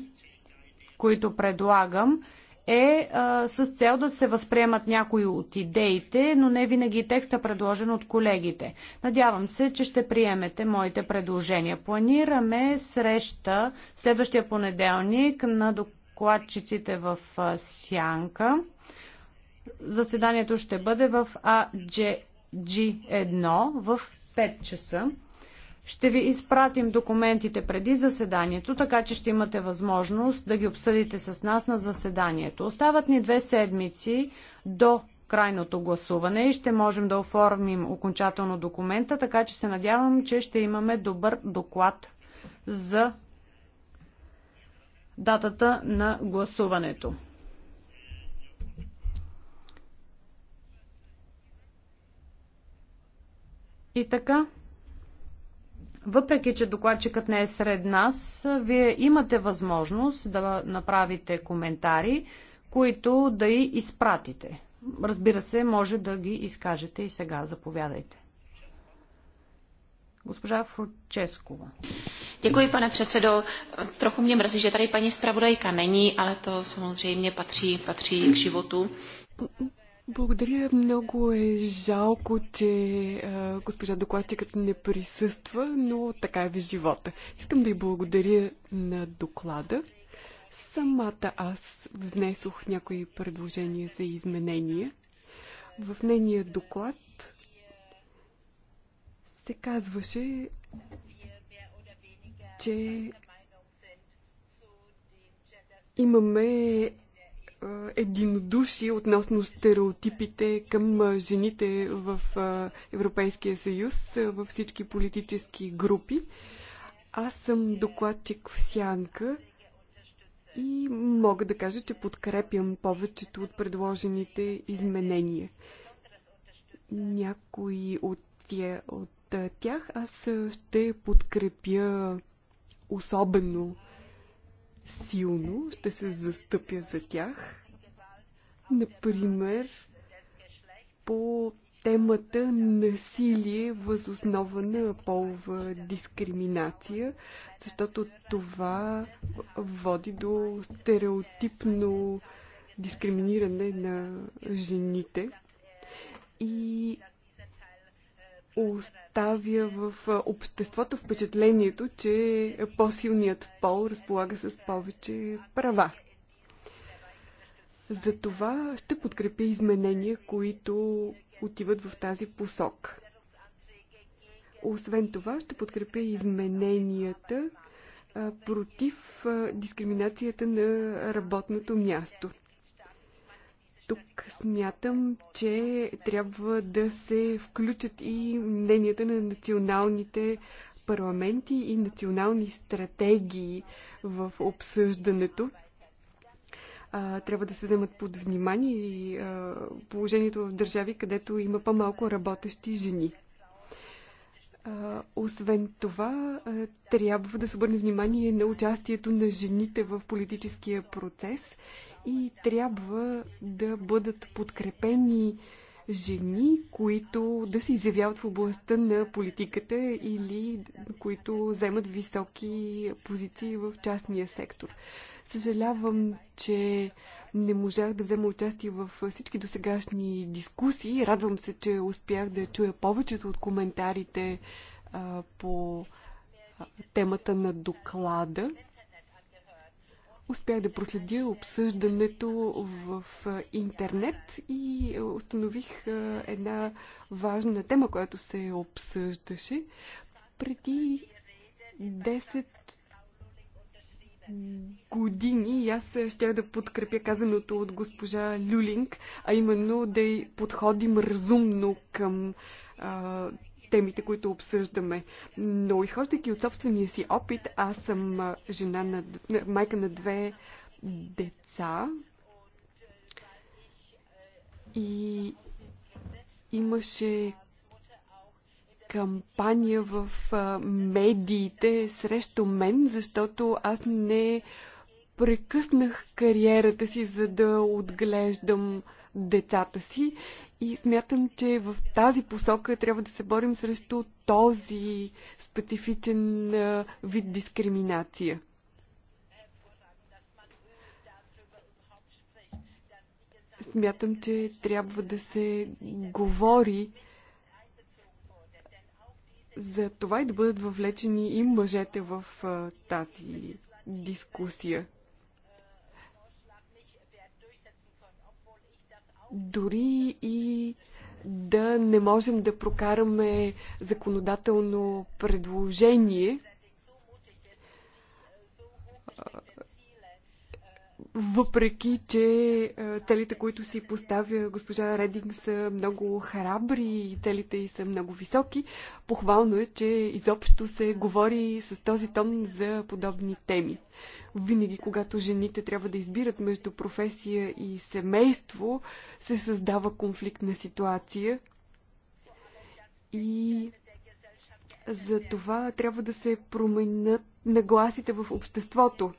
които предлагам, е а, с цел да се възприемат някои от идеите, но не винаги е текста предложен от колегите. Надявам се, че ще приемете моите предложения. Планираме среща следващия понеделник на докладчиците в Сянка. Заседанието ще бъде в АДЖ1 в 5 часа. Ще ви изпратим документите преди заседанието, така че ще имате възможност да ги обсъдите с нас на заседанието. Остават ни две седмици до крайното гласуване и ще можем да оформим окончателно документа, така че се надявам, че ще имаме добър доклад за датата на гласуването. И така. Въпреки, че докладчикът не е сред нас, вие имате възможност да направите коментари, които да и изпратите. Разбира се, може да ги изкажете и сега. Заповядайте. Госпожа Фруческова. Děkuji, pane předsedo. Trochu mě mrzí, že tady paní zpravodajka není, ale to samozřejmě patří, patří k životu. Благодаря. Много е жалко, че а, госпожа докладчикът не присъства, но така е в живота. Искам да й благодаря на доклада. Самата аз внесох някои предложения за изменения. В нейния доклад се казваше, че имаме единодушие относно стереотипите към жените в Европейския съюз, във всички политически групи. Аз съм докладчик в Сянка и мога да кажа, че подкрепям повечето от предложените изменения. Някои от, тя, от тях аз ще подкрепя особено силно ще се застъпя за тях. Например, по темата насилие възоснова на полова дискриминация, защото това води до стереотипно дискриминиране на жените. И оставя в обществото впечатлението, че по-силният пол разполага с повече права. Затова ще подкрепи изменения, които отиват в тази посок. Освен това, ще подкрепя измененията против дискриминацията на работното място. Тук смятам, че трябва да се включат и мненията на националните парламенти и национални стратегии в обсъждането. трябва да се вземат под внимание и положението в държави, където има по-малко работещи жени. освен това, трябва да се обърне внимание на участието на жените в политическия процес и трябва да бъдат подкрепени жени, които да се изявяват в областта на политиката или които вземат високи позиции в частния сектор. Съжалявам, че не можах да взема участие в всички досегашни дискусии. Радвам се, че успях да чуя повечето от коментарите а, по темата на доклада. Успях да проследя обсъждането в интернет и установих една важна тема, която се обсъждаше. Преди 10 години и аз ще да подкрепя казаното от госпожа Люлинг, а именно да подходим разумно към а, темите, които обсъждаме. Но изхождайки от собствения си опит, аз съм жена на, майка на две деца и имаше кампания в медиите срещу мен, защото аз не прекъснах кариерата си, за да отглеждам децата си и смятам, че в тази посока трябва да се борим срещу този специфичен вид дискриминация. Смятам, че трябва да се говори за това и да бъдат въвлечени и мъжете в тази дискусия. Дори и да не можем да прокараме законодателно предложение, въпреки, че целите, които си поставя госпожа Рединг са много храбри и целите й са много високи, похвално е, че изобщо се говори с този тон за подобни теми. Винаги, когато жените трябва да избират между професия и семейство, се създава конфликтна ситуация и за това трябва да се променят нагласите в обществото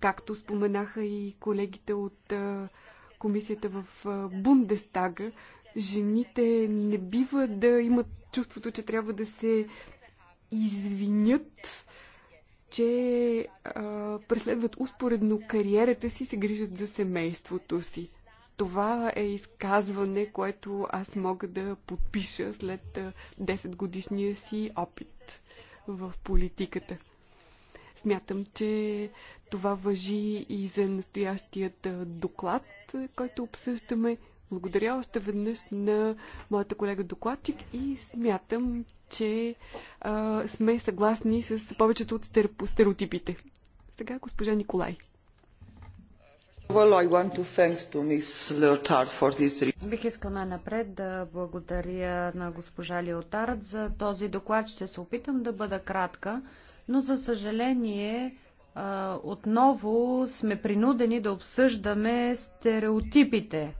както споменаха и колегите от комисията в Бундестага, жените не бива да имат чувството, че трябва да се извинят, че а, преследват успоредно кариерата си и се грижат за семейството си. Това е изказване, което аз мога да подпиша след 10 годишния си опит в политиката. Смятам, че това въжи и за настоящият доклад, който обсъждаме. Благодаря още веднъж на моята колега докладчик и смятам, че а, сме съгласни с повечето от стереотипите. Сега госпожа Николай. Бих искал най-напред да благодаря на госпожа Лиотард за този доклад. Ще се опитам да бъда кратка, но за съжаление отново сме принудени да обсъждаме стереотипите.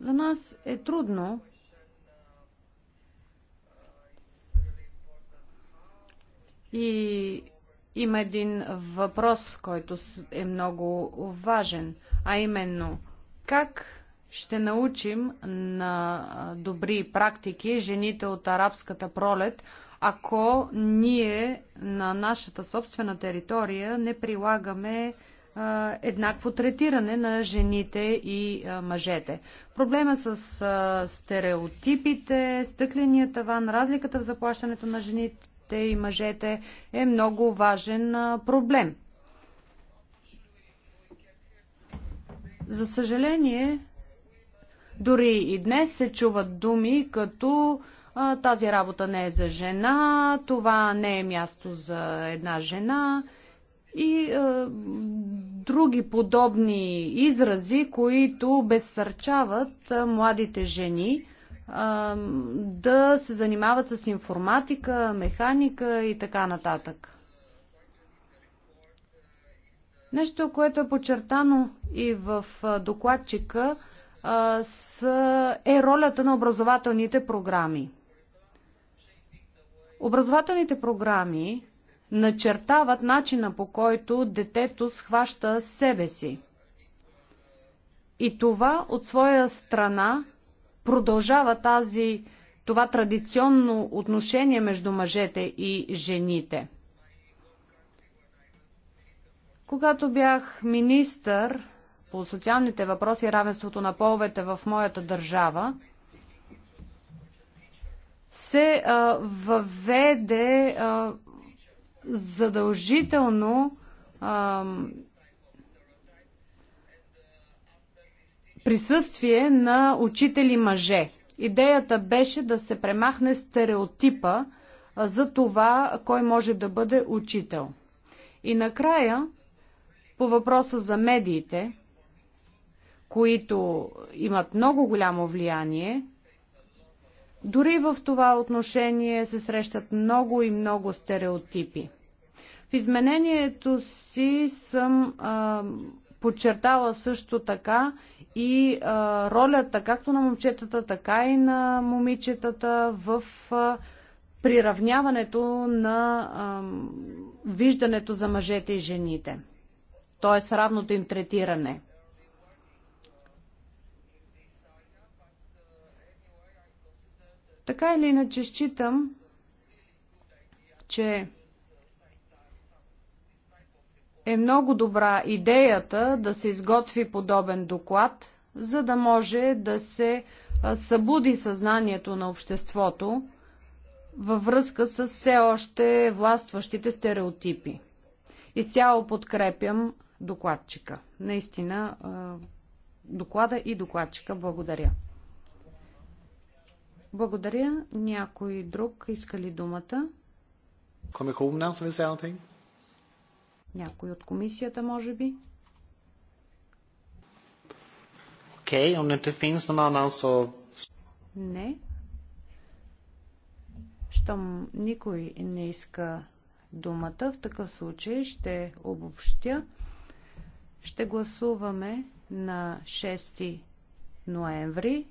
За нас е трудно, И има един въпрос, който е много важен, а именно как ще научим на добри практики жените от арабската пролет, ако ние на нашата собствена територия не прилагаме еднакво третиране на жените и мъжете. Проблема с стереотипите, стъкления таван, разликата в заплащането на жените и мъжете е много важен проблем. За съжаление, дори и днес се чуват думи като тази работа не е за жена, това не е място за една жена и е, други подобни изрази, които безсърчават младите жени е, да се занимават с информатика, механика и така нататък. Нещо, което е подчертано и в докладчика, е ролята на образователните програми. Образователните програми начертават начина по който детето схваща себе си. И това от своя страна продължава тази, това традиционно отношение между мъжете и жените. Когато бях министър по социалните въпроси и равенството на половете в моята държава, се а, въведе а, задължително а, присъствие на учители мъже. Идеята беше да се премахне стереотипа за това кой може да бъде учител. И накрая, по въпроса за медиите, които имат много голямо влияние, дори в това отношение се срещат много и много стереотипи. В изменението си съм а, подчертала също така и а, ролята както на момчетата, така и на момичетата в а, приравняването на а, виждането за мъжете и жените. Тоест равното им третиране. Така или иначе считам, че е много добра идеята да се изготви подобен доклад, за да може да се събуди съзнанието на обществото във връзка с все още властващите стереотипи. Изцяло подкрепям докладчика. Наистина, доклада и докладчика. Благодаря. Благодаря. Някой друг иска ли думата? Някой от комисията, може би? okay, om det inte finns någon annan så... Не. Щом никой не иска думата, в такъв случай ще обобщя. Ще гласуваме на 6 ноември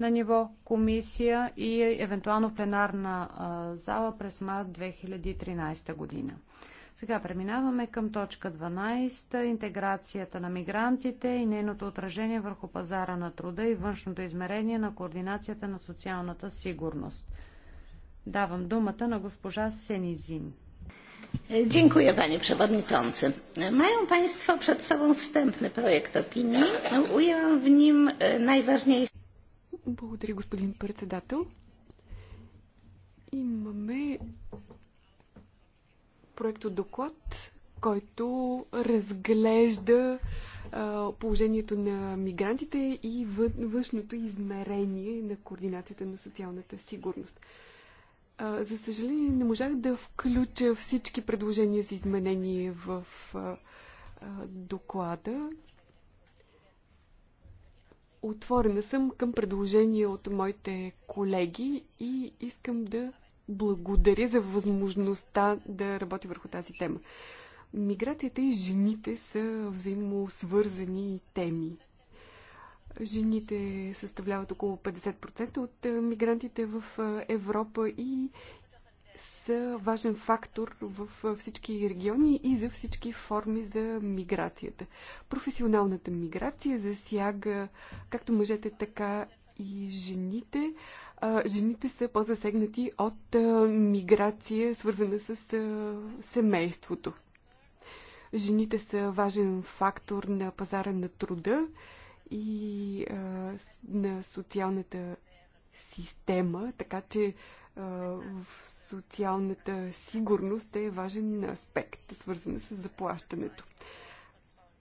на ниво комисия и евентуално в пленарна зала през март 2013 година. Сега преминаваме към точка 12 интеграцията на мигрантите и нейното отражение върху пазара на труда и външното измерение на координацията на социалната сигурност. Давам думата на госпожа Сенизин. Dziękuję panie przewodniczący. Mają państwo przed sobą wstępny projekt opinii. Ujęłam w nim najważniejsze благодаря, господин председател. Имаме проекто доклад, който разглежда положението на мигрантите и външното измерение на координацията на социалната сигурност. за съжаление, не можах да включа всички предложения за изменение в доклада. Отворена съм към предложения от моите колеги и искам да благодаря за възможността да работя върху тази тема. Миграцията и жените са взаимно свързани теми. Жените съставляват около 50% от мигрантите в Европа и са важен фактор в всички региони и за всички форми за миграцията. Професионалната миграция засяга както мъжете, така и жените. Жените са по-засегнати от миграция, свързана с семейството. Жените са важен фактор на пазара на труда и на социалната система, така че в социалната сигурност е важен аспект, свързан с заплащането.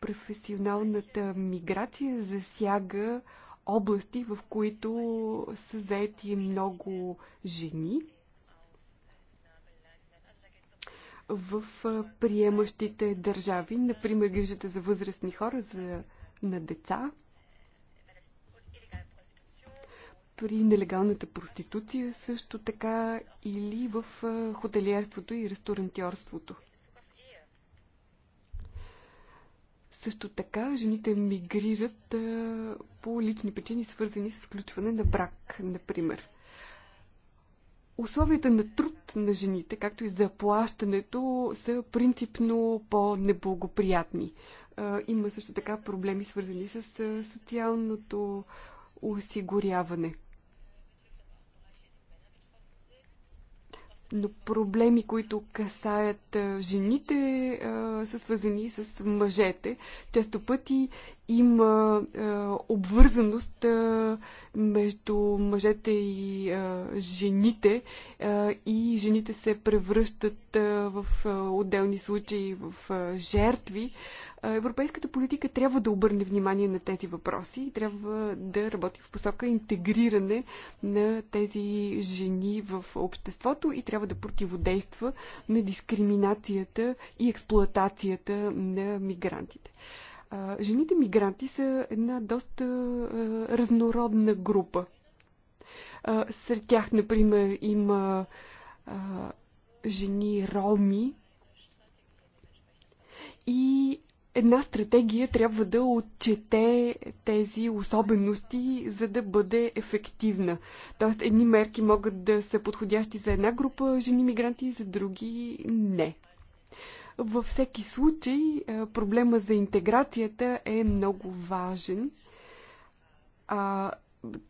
Професионалната миграция засяга области, в които са заети много жени в приемащите държави, например грижата за възрастни хора, за, на деца – при нелегалната проституция, също така или в хотелиерството и ресторантьорството. Също така, жените мигрират а, по лични причини, свързани с включване на брак, например. Условията на труд на жените, както и заплащането, са принципно по-неблагоприятни. има също така проблеми, свързани с социалното осигуряване. но проблеми, които касаят жените, са свързани с мъжете. Често пъти има обвързаност между мъжете и жените и жените се превръщат в отделни случаи в жертви Европейската политика трябва да обърне внимание на тези въпроси и трябва да работи в посока интегриране на тези жени в обществото и трябва да противодейства на дискриминацията и експлоатацията на мигрантите. Жените мигранти са една доста разнородна група. Сред тях, например, има жени роми и една стратегия трябва да отчете тези особености, за да бъде ефективна. Тоест, едни мерки могат да са подходящи за една група жени мигранти, за други не. Във всеки случай, е, проблема за интеграцията е много важен. А,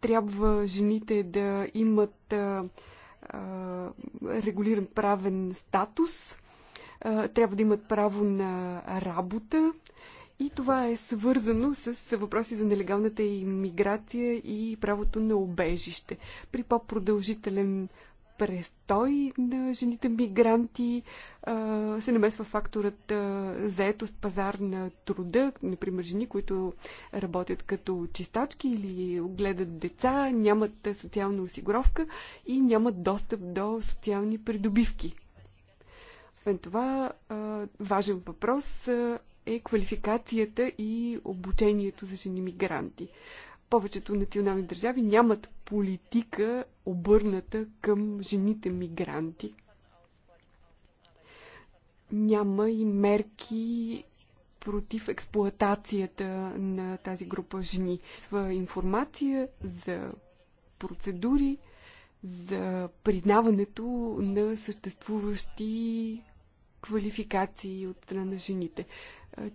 трябва жените да имат а, е, а, е, регулиран правен статус – трябва да имат право на работа и това е свързано с въпроси за нелегалната иммиграция и правото на обежище. При по-продължителен престой на жените мигранти се намесва факторът заетост, пазар на труда, например жени, които работят като чистачки или гледат деца, нямат социална осигуровка и нямат достъп до социални придобивки. Освен това, важен въпрос е квалификацията и обучението за жени мигранти. Повечето национални държави нямат политика обърната към жените мигранти. Няма и мерки против експлоатацията на тази група жени. Своя информация за процедури, за признаването на съществуващи квалификации от страна на жените.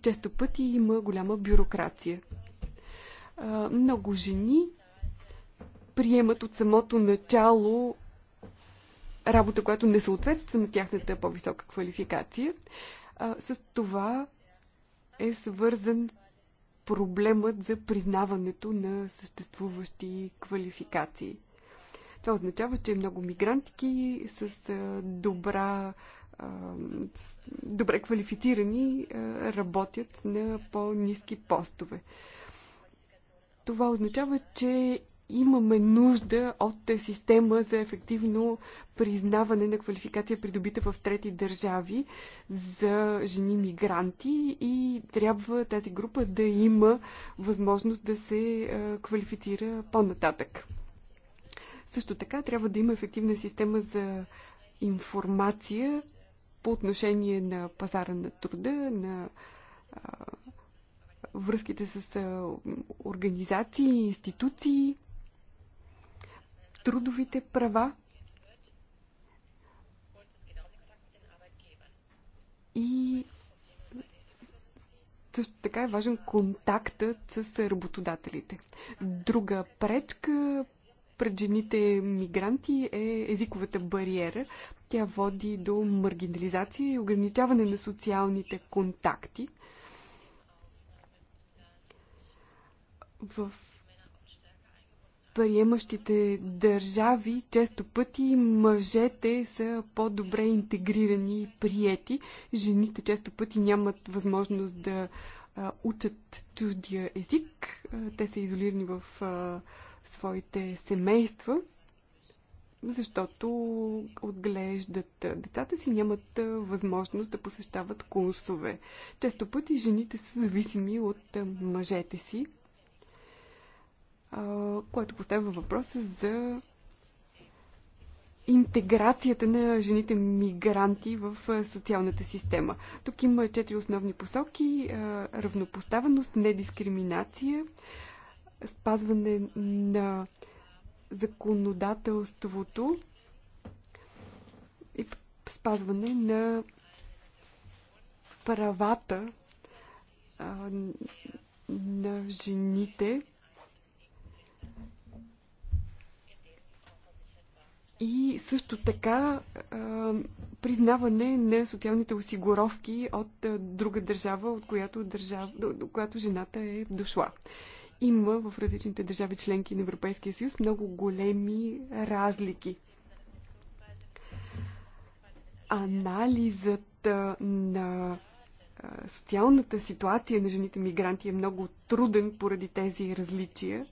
Често пъти има голяма бюрокрация. Много жени приемат от самото начало работа, която не съответства на тяхната по-висока квалификация. С това е свързан проблемът за признаването на съществуващи квалификации. Това означава, че много мигрантки с добра добре квалифицирани работят на по-низки постове. Това означава, че имаме нужда от система за ефективно признаване на квалификация, придобита в трети държави за жени мигранти и трябва тази група да има възможност да се квалифицира по-нататък. Също така трябва да има ефективна система за информация по отношение на пазара на труда, на а, връзките с а, организации, институции, трудовите права и също така е важен контактът с работодателите. Друга пречка пред жените мигранти е езиковата бариера. Тя води до маргинализация и ограничаване на социалните контакти. В приемащите държави често пъти мъжете са по-добре интегрирани и приети. Жените често пъти нямат възможност да учат чуждия език. те са изолирани в своите семейства, защото отглеждат децата си, нямат възможност да посещават курсове. Често пъти жените са зависими от мъжете си, което поставя въпроса за интеграцията на жените мигранти в социалната система. Тук има четири основни посоки равнопоставеност, недискриминация, спазване на законодателството и спазване на правата а, на жените и също така а, признаване на социалните осигуровки от а, друга държава, от която, държава, до, до която жената е дошла има в различните държави членки на Европейския съюз много големи разлики. Анализът на социалната ситуация на жените мигранти е много труден поради тези различия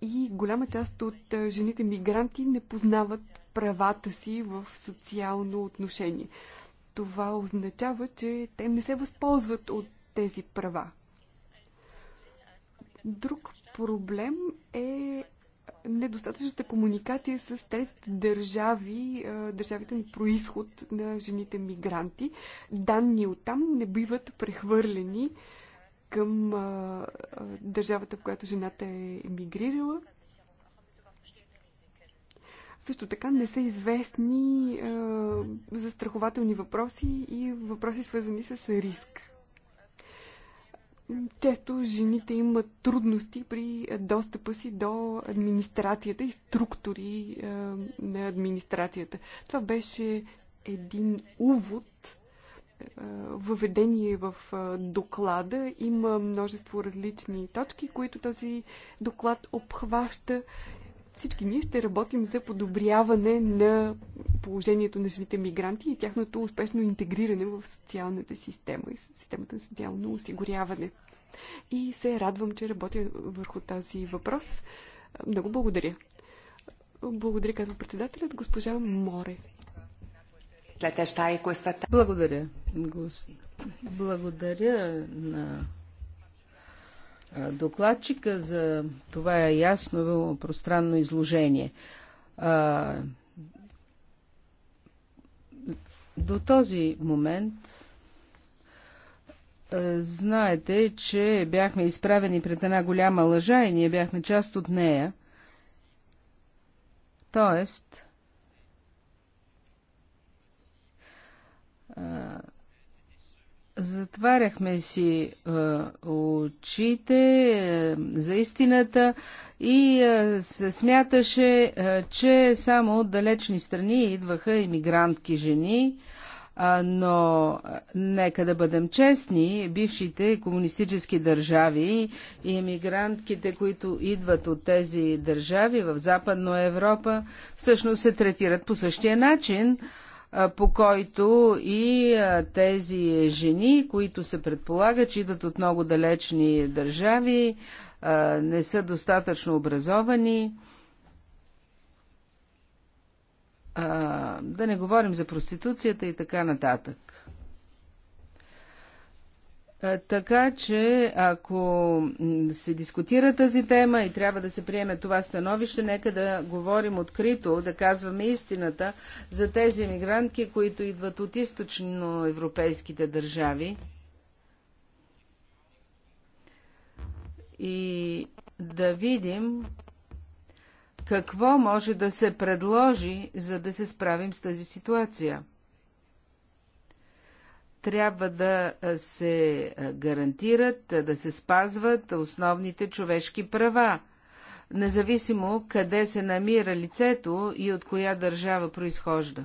и голяма част от жените мигранти не познават правата си в социално отношение. Това означава, че те не се възползват от тези права. Друг проблем е недостатъчната комуникация с третите държави, държавите на происход на жените мигранти. Данни от там не биват прехвърлени към държавата, в която жената е мигрирала. Също така не са известни застрахователни въпроси и въпроси свързани с риск често жените имат трудности при достъпа си до администрацията и структури е, на администрацията. Това беше един увод, е, въведение в е, доклада. Има множество различни точки, които този доклад обхваща всички ние ще работим за подобряване на положението на жените мигранти и тяхното успешно интегриране в социалната система и системата на социално осигуряване. И се радвам, че работя върху този въпрос. Много благодаря. Благодаря, казва председателят, госпожа Море. Е благодаря. Благодаря на докладчика за това е ясно пространно изложение. До този момент знаете, че бяхме изправени пред една голяма лъжа и ние бяхме част от нея. Тоест, Затваряхме си е, очите е, за истината и е, се смяташе, е, че само от далечни страни идваха иммигрантки жени, но е, нека да бъдем честни, бившите комунистически държави и емигрантките, които идват от тези държави в Западна Европа, всъщност се третират по същия начин по който и тези жени, които се предполага, че идват от много далечни държави, не са достатъчно образовани. Да не говорим за проституцията и така нататък. Така че, ако се дискутира тази тема и трябва да се приеме това становище, нека да говорим открито, да казваме истината за тези мигрантки, които идват от източно европейските държави. И да видим какво може да се предложи, за да се справим с тази ситуация трябва да се гарантират, да се спазват основните човешки права, независимо къде се намира лицето и от коя държава произхожда.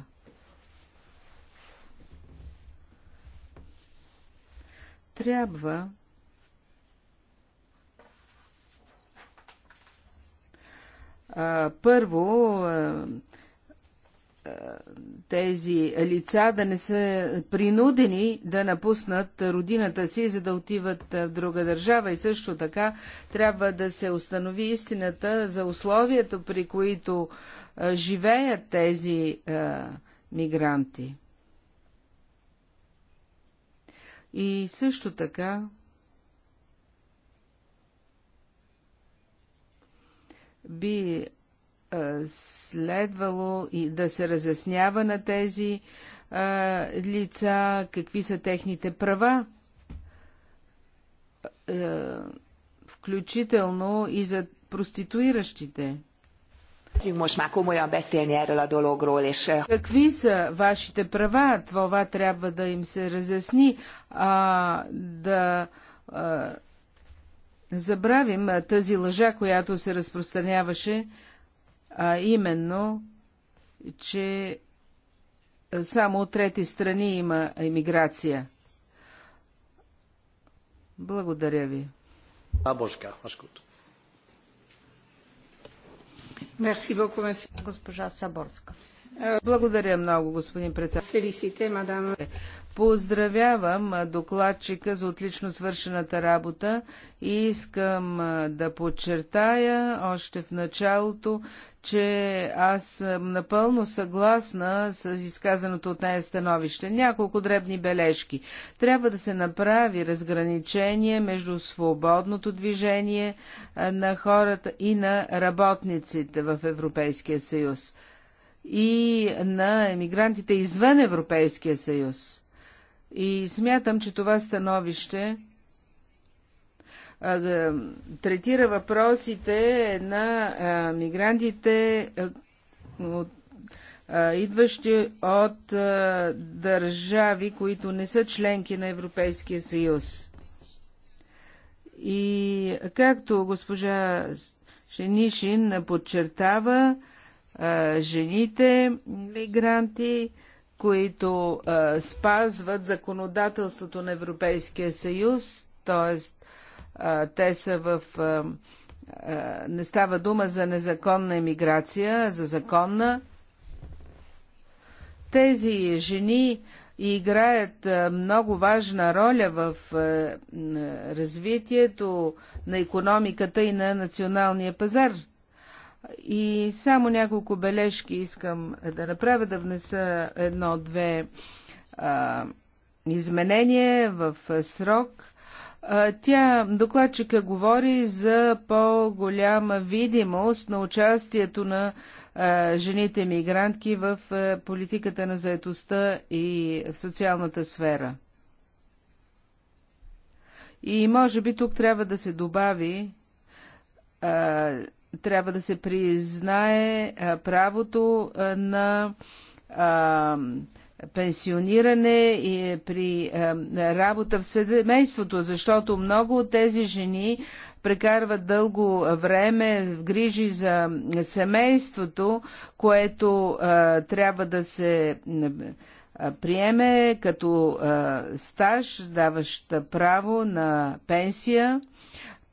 Трябва първо тези лица да не са принудени да напуснат родината си, за да отиват в друга държава. И също така трябва да се установи истината за условията, при които живеят тези е, мигранти. И също така би е, следвало и да се разяснява на тези е, лица, какви са техните права, е, включително и за проституиращите. Какви са вашите права? Това трябва да им се разясни, а да а, забравим тази лъжа, която се разпространяваше а именно, че само от трети страни има емиграция. Благодаря ви. Бабушка, Машкото. Госпожа Саборска. Благодаря много, господин председател. Фелисите, мадам. Поздравявам докладчика за отлично свършената работа и искам да подчертая още в началото, че аз съм напълно съгласна с изказаното от нея становище. Няколко дребни бележки. Трябва да се направи разграничение между свободното движение на хората и на работниците в Европейския съюз и на емигрантите извън Европейския съюз и смятам, че това становище третира въпросите на мигрантите, от, идващи от държави, които не са членки на Европейския съюз. И както госпожа Шенишин подчертава, жените мигранти които а, е, спазват законодателството на Европейския съюз, т.е. те са в. А, е, а, е, не става дума за незаконна емиграция, а за законна. Тези жени играят много важна роля в развитието на економиката и на националния пазар и само няколко бележки искам да направя, да внеса едно-две изменения в срок. Тя, докладчика, говори за по-голяма видимост на участието на жените мигрантки в политиката на заетостта и в социалната сфера. И може би тук трябва да се добави трябва да се признае правото на пенсиониране и е при работа в семейството, защото много от тези жени прекарват дълго време в грижи за семейството, което трябва да се приеме като стаж, даващ право на пенсия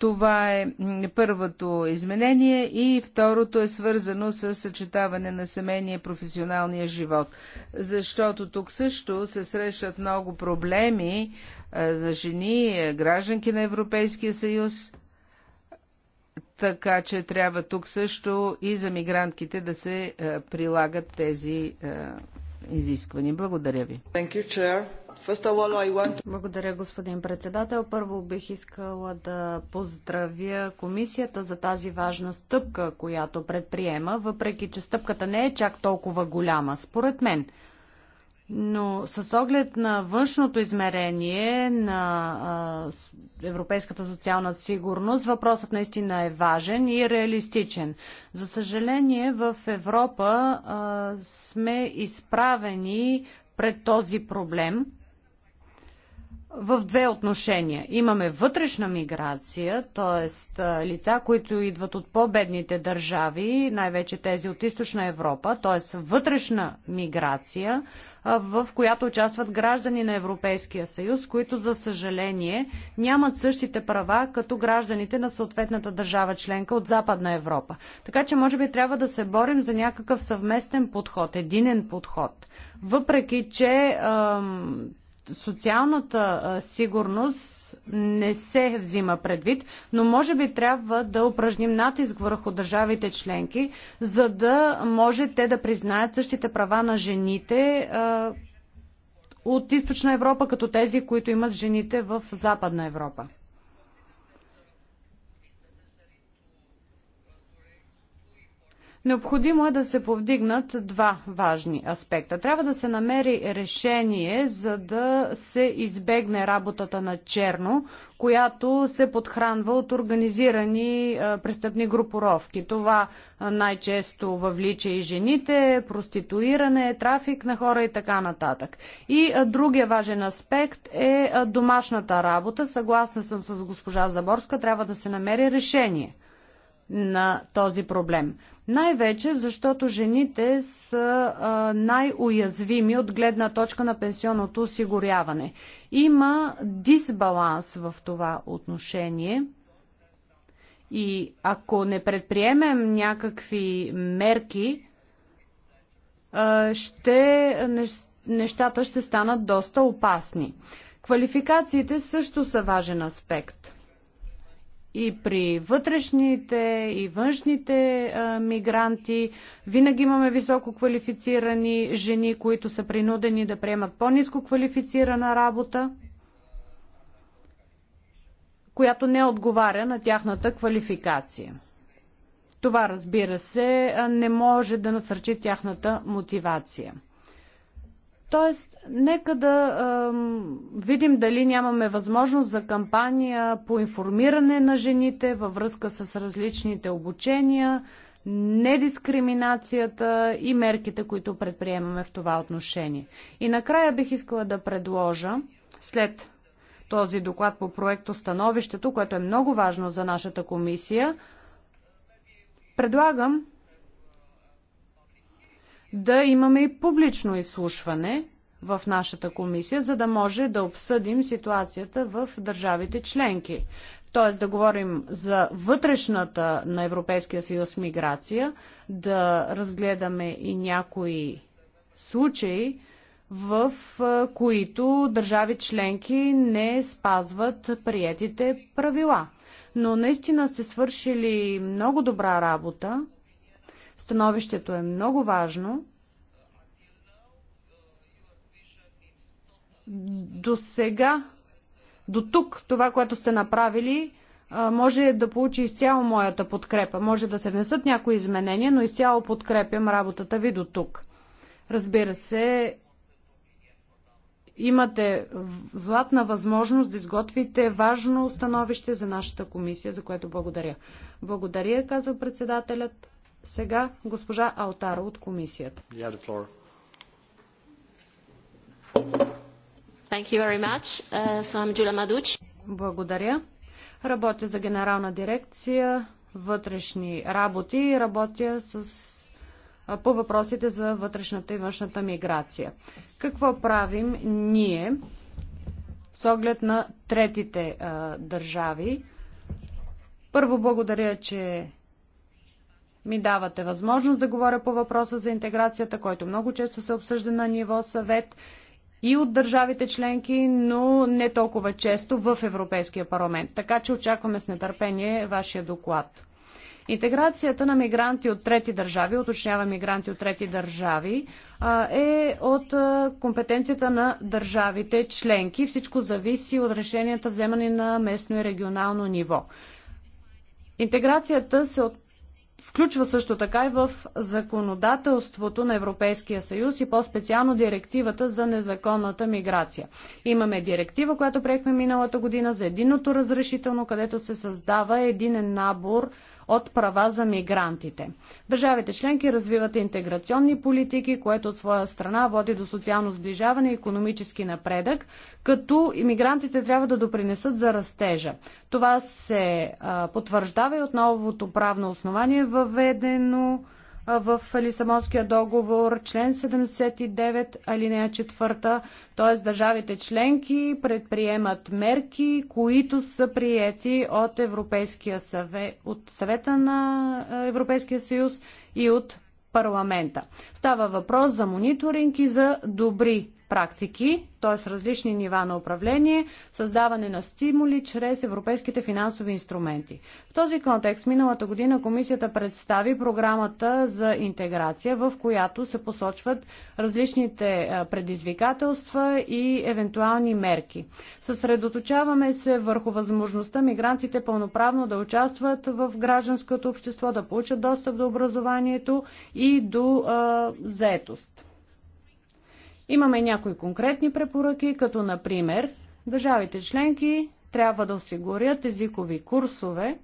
това е първото изменение и второто е свързано с съчетаване на семейния и професионалния живот. Защото тук също се срещат много проблеми е, за жени, е, гражданки на Европейския съюз, така че трябва тук също и за мигрантките да се е, прилагат тези изисквания. Благодаря ви. Thank you, chair. Благодаря, господин председател. Първо бих искала да поздравя комисията за тази важна стъпка, която предприема, въпреки че стъпката не е чак толкова голяма, според мен. Но с оглед на външното измерение на а, европейската социална сигурност, въпросът наистина е важен и реалистичен. За съжаление, в Европа а, сме изправени пред този проблем – в две отношения. Имаме вътрешна миграция, т.е. лица, които идват от по-бедните държави, най-вече тези от източна Европа, т.е. вътрешна миграция, в която участват граждани на Европейския съюз, които за съжаление нямат същите права като гражданите на съответната държава членка от Западна Европа. Така че може би трябва да се борим за някакъв съвместен подход, единен подход. Въпреки, че социалната сигурност не се взима предвид, но може би трябва да упражним натиск върху държавите членки, за да може те да признаят същите права на жените от източна Европа, като тези, които имат жените в западна Европа. Необходимо е да се повдигнат два важни аспекта. Трябва да се намери решение, за да се избегне работата на черно, която се подхранва от организирани престъпни групировки. Това най-често въвлича и жените, проституиране, трафик на хора и така нататък. И другия важен аспект е домашната работа. Съгласна съм с госпожа Заборска, трябва да се намери решение на този проблем. Най-вече защото жените са най-уязвими от гледна точка на пенсионното осигуряване. Има дисбаланс в това отношение. И ако не предприемем някакви мерки, ще, нещата ще станат доста опасни. Квалификациите също са важен аспект и при вътрешните и външните а, мигранти. Винаги имаме високо квалифицирани жени, които са принудени да приемат по-низко квалифицирана работа, която не отговаря на тяхната квалификация. Това, разбира се, не може да насърчи тяхната мотивация. Тоест, нека да а, видим дали нямаме възможност за кампания по информиране на жените във връзка с различните обучения, недискриминацията и мерките, които предприемаме в това отношение. И накрая бих искала да предложа, след този доклад по проекто становището, което е много важно за нашата комисия, предлагам да имаме и публично изслушване в нашата комисия, за да може да обсъдим ситуацията в държавите членки. Тоест да говорим за вътрешната на Европейския съюз миграция, да разгледаме и някои случаи, в които държави членки не спазват приетите правила. Но наистина сте свършили много добра работа Становището е много важно. До сега, до тук, това, което сте направили, може да получи изцяло моята подкрепа. Може да се внесат някои изменения, но изцяло подкрепям работата ви до тук. Разбира се, имате златна възможност да изготвите важно становище за нашата комисия, за което благодаря. Благодаря, казва председателят. Сега госпожа Алтаро от комисията. Uh, благодаря. Работя за генерална дирекция вътрешни работи и работя с, по въпросите за вътрешната и външната миграция. Какво правим ние с оглед на третите а, държави? Първо благодаря, че ми давате възможност да говоря по въпроса за интеграцията, който много често се обсъжда на ниво съвет и от държавите членки, но не толкова често в Европейския парламент. Така че очакваме с нетърпение вашия доклад. Интеграцията на мигранти от трети държави, уточнява мигранти от трети държави, е от компетенцията на държавите членки. Всичко зависи от решенията вземани на местно и регионално ниво. Интеграцията се от включва също така и в законодателството на Европейския съюз и по-специално директивата за незаконната миграция. Имаме директива, която приехме миналата година за единното разрешително, където се създава един набор от права за мигрантите. Държавите членки развиват интеграционни политики, което от своя страна води до социално сближаване и економически напредък, като иммигрантите трябва да допринесат за растежа. Това се а, потвърждава и от новото правно основание, въведено в Лисабонския договор, член 79, алинея 4, т.е. държавите членки предприемат мерки, които са приети от, Европейския съвет, от съвета на Европейския съюз и от парламента. Става въпрос за мониторинг и за добри практики, т.е. различни нива на управление, създаване на стимули чрез европейските финансови инструменти. В този контекст миналата година комисията представи програмата за интеграция, в която се посочват различните е, предизвикателства и евентуални мерки. Съсредоточаваме се върху възможността мигрантите пълноправно да участват в гражданското общество, да получат достъп до образованието и до а, е, заетост. Имаме някои конкретни препоръки, като например държавите членки трябва да осигурят езикови курсове,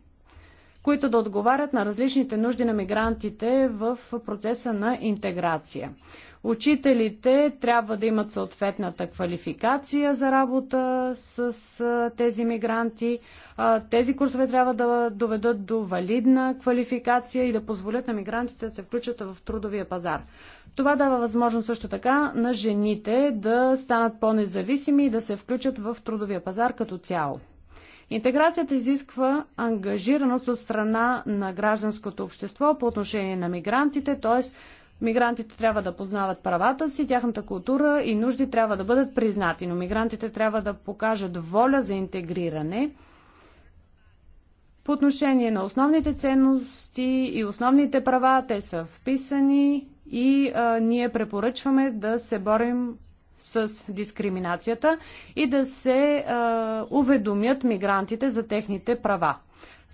които да отговарят на различните нужди на мигрантите в процеса на интеграция. Учителите трябва да имат съответната квалификация за работа с тези мигранти. Тези курсове трябва да доведат до валидна квалификация и да позволят на мигрантите да се включат в трудовия пазар. Това дава възможност също така на жените да станат по-независими и да се включат в трудовия пазар като цяло. Интеграцията изисква ангажираност от страна на гражданското общество по отношение на мигрантите, т.е. Мигрантите трябва да познават правата си, тяхната култура и нужди трябва да бъдат признати, но мигрантите трябва да покажат воля за интегриране. По отношение на основните ценности и основните права, те са вписани и а, ние препоръчваме да се борим с дискриминацията и да се а, уведомят мигрантите за техните права.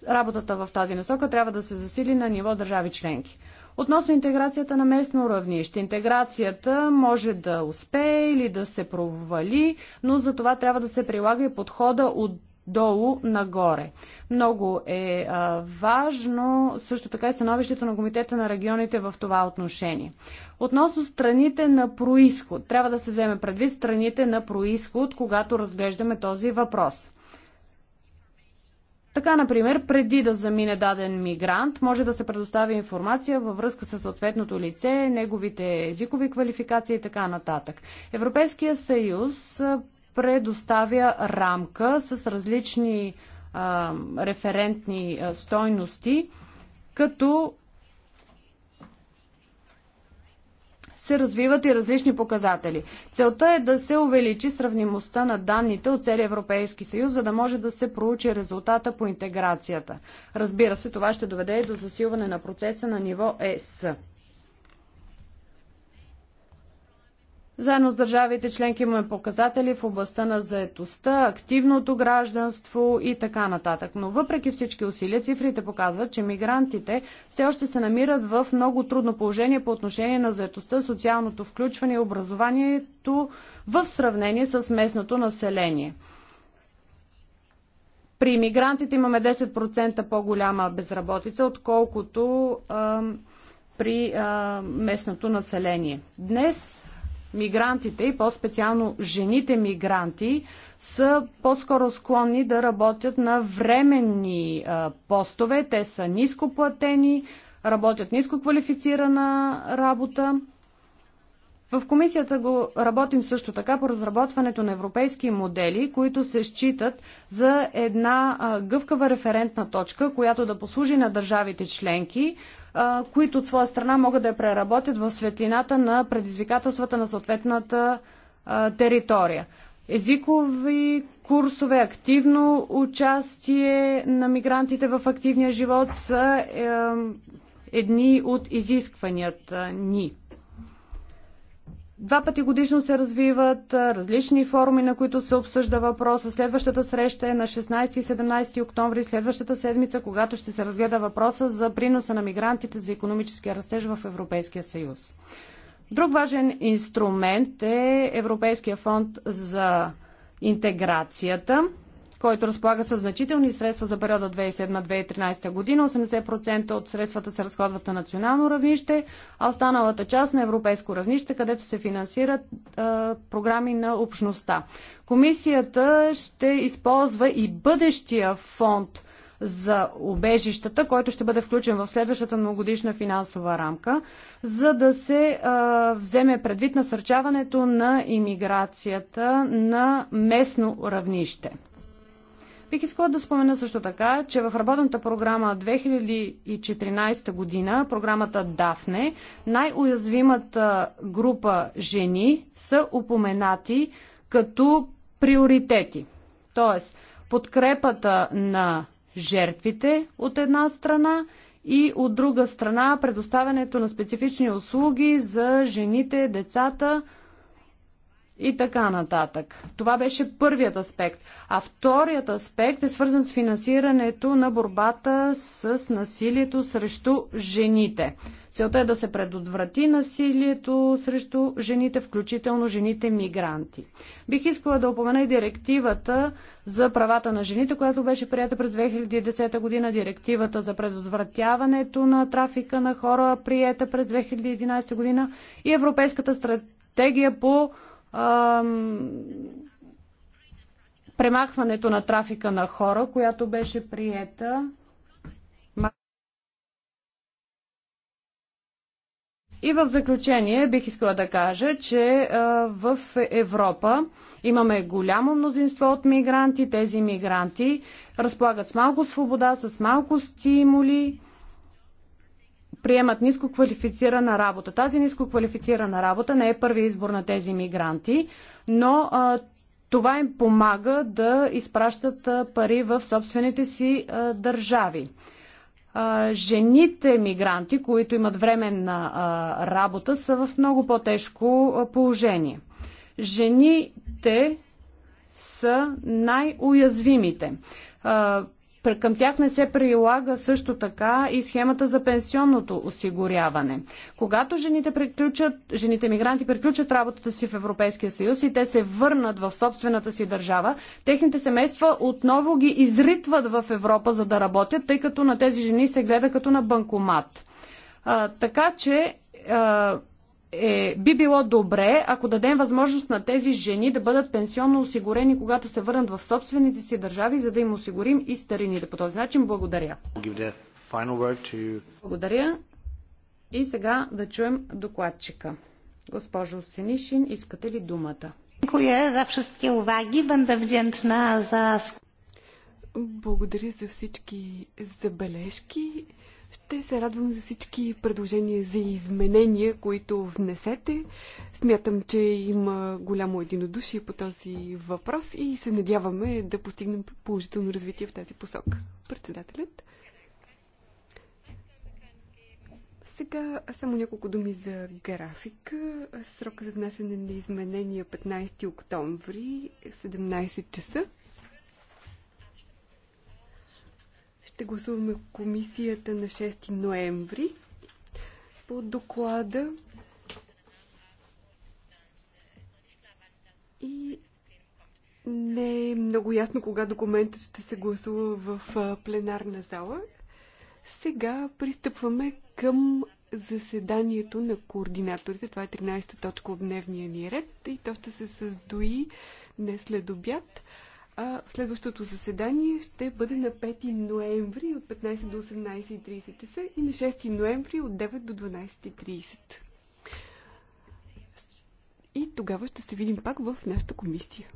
Работата в тази насока трябва да се засили на ниво държави членки. Относно интеграцията на местно равнище. Интеграцията може да успее или да се провали, но за това трябва да се прилага и подхода от долу нагоре. Много е а, важно също така и е становището на Комитета на регионите в това отношение. Относно страните на происход, трябва да се вземе предвид страните на происход, когато разглеждаме този въпрос. Така, например, преди да замине даден мигрант, може да се предостави информация във връзка с съответното лице, неговите езикови квалификации и така нататък. Европейския съюз предоставя рамка с различни а, референтни а, стойности, като се развиват и различни показатели. Целта е да се увеличи сравнимостта на данните от целия Европейски съюз, за да може да се проучи резултата по интеграцията. Разбира се, това ще доведе и до засилване на процеса на ниво ЕС. Заедно с държавите членки имаме показатели в областта на заетостта, активното гражданство и така нататък. Но въпреки всички усилия, цифрите показват, че мигрантите все още се намират в много трудно положение по отношение на заетостта, социалното включване и образованието в сравнение с местното население. При мигрантите имаме 10% по-голяма безработица, отколкото а, при а, местното население. Днес мигрантите и по-специално жените мигранти са по-скоро склонни да работят на временни постове. Те са ниско платени, работят ниско квалифицирана работа. В комисията го работим също така по разработването на европейски модели, които се считат за една гъвкава референтна точка, която да послужи на държавите членки които от своя страна могат да я преработят в светлината на предизвикателствата на съответната територия. Езикови курсове, активно участие на мигрантите в активния живот са едни от изискванията ни. Два пъти годишно се развиват различни форуми, на които се обсъжда въпроса. Следващата среща е на 16 и 17 октомври, следващата седмица, когато ще се разгледа въпроса за приноса на мигрантите за економическия растеж в Европейския съюз. Друг важен инструмент е Европейския фонд за интеграцията който разполага с значителни средства за периода 2007-2013 година. 80% от средствата се разходват на национално равнище, а останалата част на европейско равнище, където се финансират а, програми на общността. Комисията ще използва и бъдещия фонд за обежищата, който ще бъде включен в следващата многогодишна финансова рамка, за да се а, вземе предвид насърчаването на имиграцията на местно равнище. Бих искала да спомена също така, че в работната програма 2014 година, програмата ДАФНЕ, най-уязвимата група жени са упоменати като приоритети. Тоест, подкрепата на жертвите от една страна и от друга страна предоставянето на специфични услуги за жените, децата, и така нататък. Това беше първият аспект. А вторият аспект е свързан с финансирането на борбата с насилието срещу жените. Целта е да се предотврати насилието срещу жените, включително жените мигранти. Бих искала да опомена и директивата за правата на жените, която беше прията през 2010 година, директивата за предотвратяването на трафика на хора, прията през 2011 година и Европейската стратегия по премахването на трафика на хора, която беше приета И в заключение бих искала да кажа, че в Европа имаме голямо мнозинство от мигранти. Тези мигранти разполагат с малко свобода, с малко стимули приемат ниско квалифицирана работа. Тази ниско квалифицирана работа не е първи избор на тези мигранти, но а, това им помага да изпращат а, пари в собствените си а, държави. А, жените мигранти, които имат временна а, работа, са в много по-тежко положение. Жените са най-уязвимите към тях не се прилага също така и схемата за пенсионното осигуряване. Когато жените, приключат, жените мигранти приключат работата си в Европейския съюз и те се върнат в собствената си държава, техните семейства отново ги изритват в Европа за да работят, тъй като на тези жени се гледа като на банкомат. А, така че а, е, би било добре, ако дадем възможност на тези жени да бъдат пенсионно осигурени, когато се върнат в собствените си държави, за да им осигурим и старините. По този начин благодаря. Благодаря. И сега да чуем докладчика. Госпожо Сенишин, искате ли думата? Благодаря за всички забележки. Ще се радвам за всички предложения за изменения, които внесете. Смятам, че има голямо единодушие по този въпрос и се надяваме да постигнем положително развитие в тази посока. Председателят. Сега само няколко думи за графика. Срок за внасяне на изменения 15 е октомври, 17 часа. Ще гласуваме комисията на 6 ноември по доклада и не е много ясно кога документът ще се гласува в пленарна зала. Сега пристъпваме към заседанието на координаторите. Това е 13-та точка от дневния ни ред и то ще се създои не след обяд, а следващото заседание ще бъде на 5 ноември от 15 до 18.30 часа и на 6 ноември от 9 до 12.30. И тогава ще се видим пак в нашата комисия.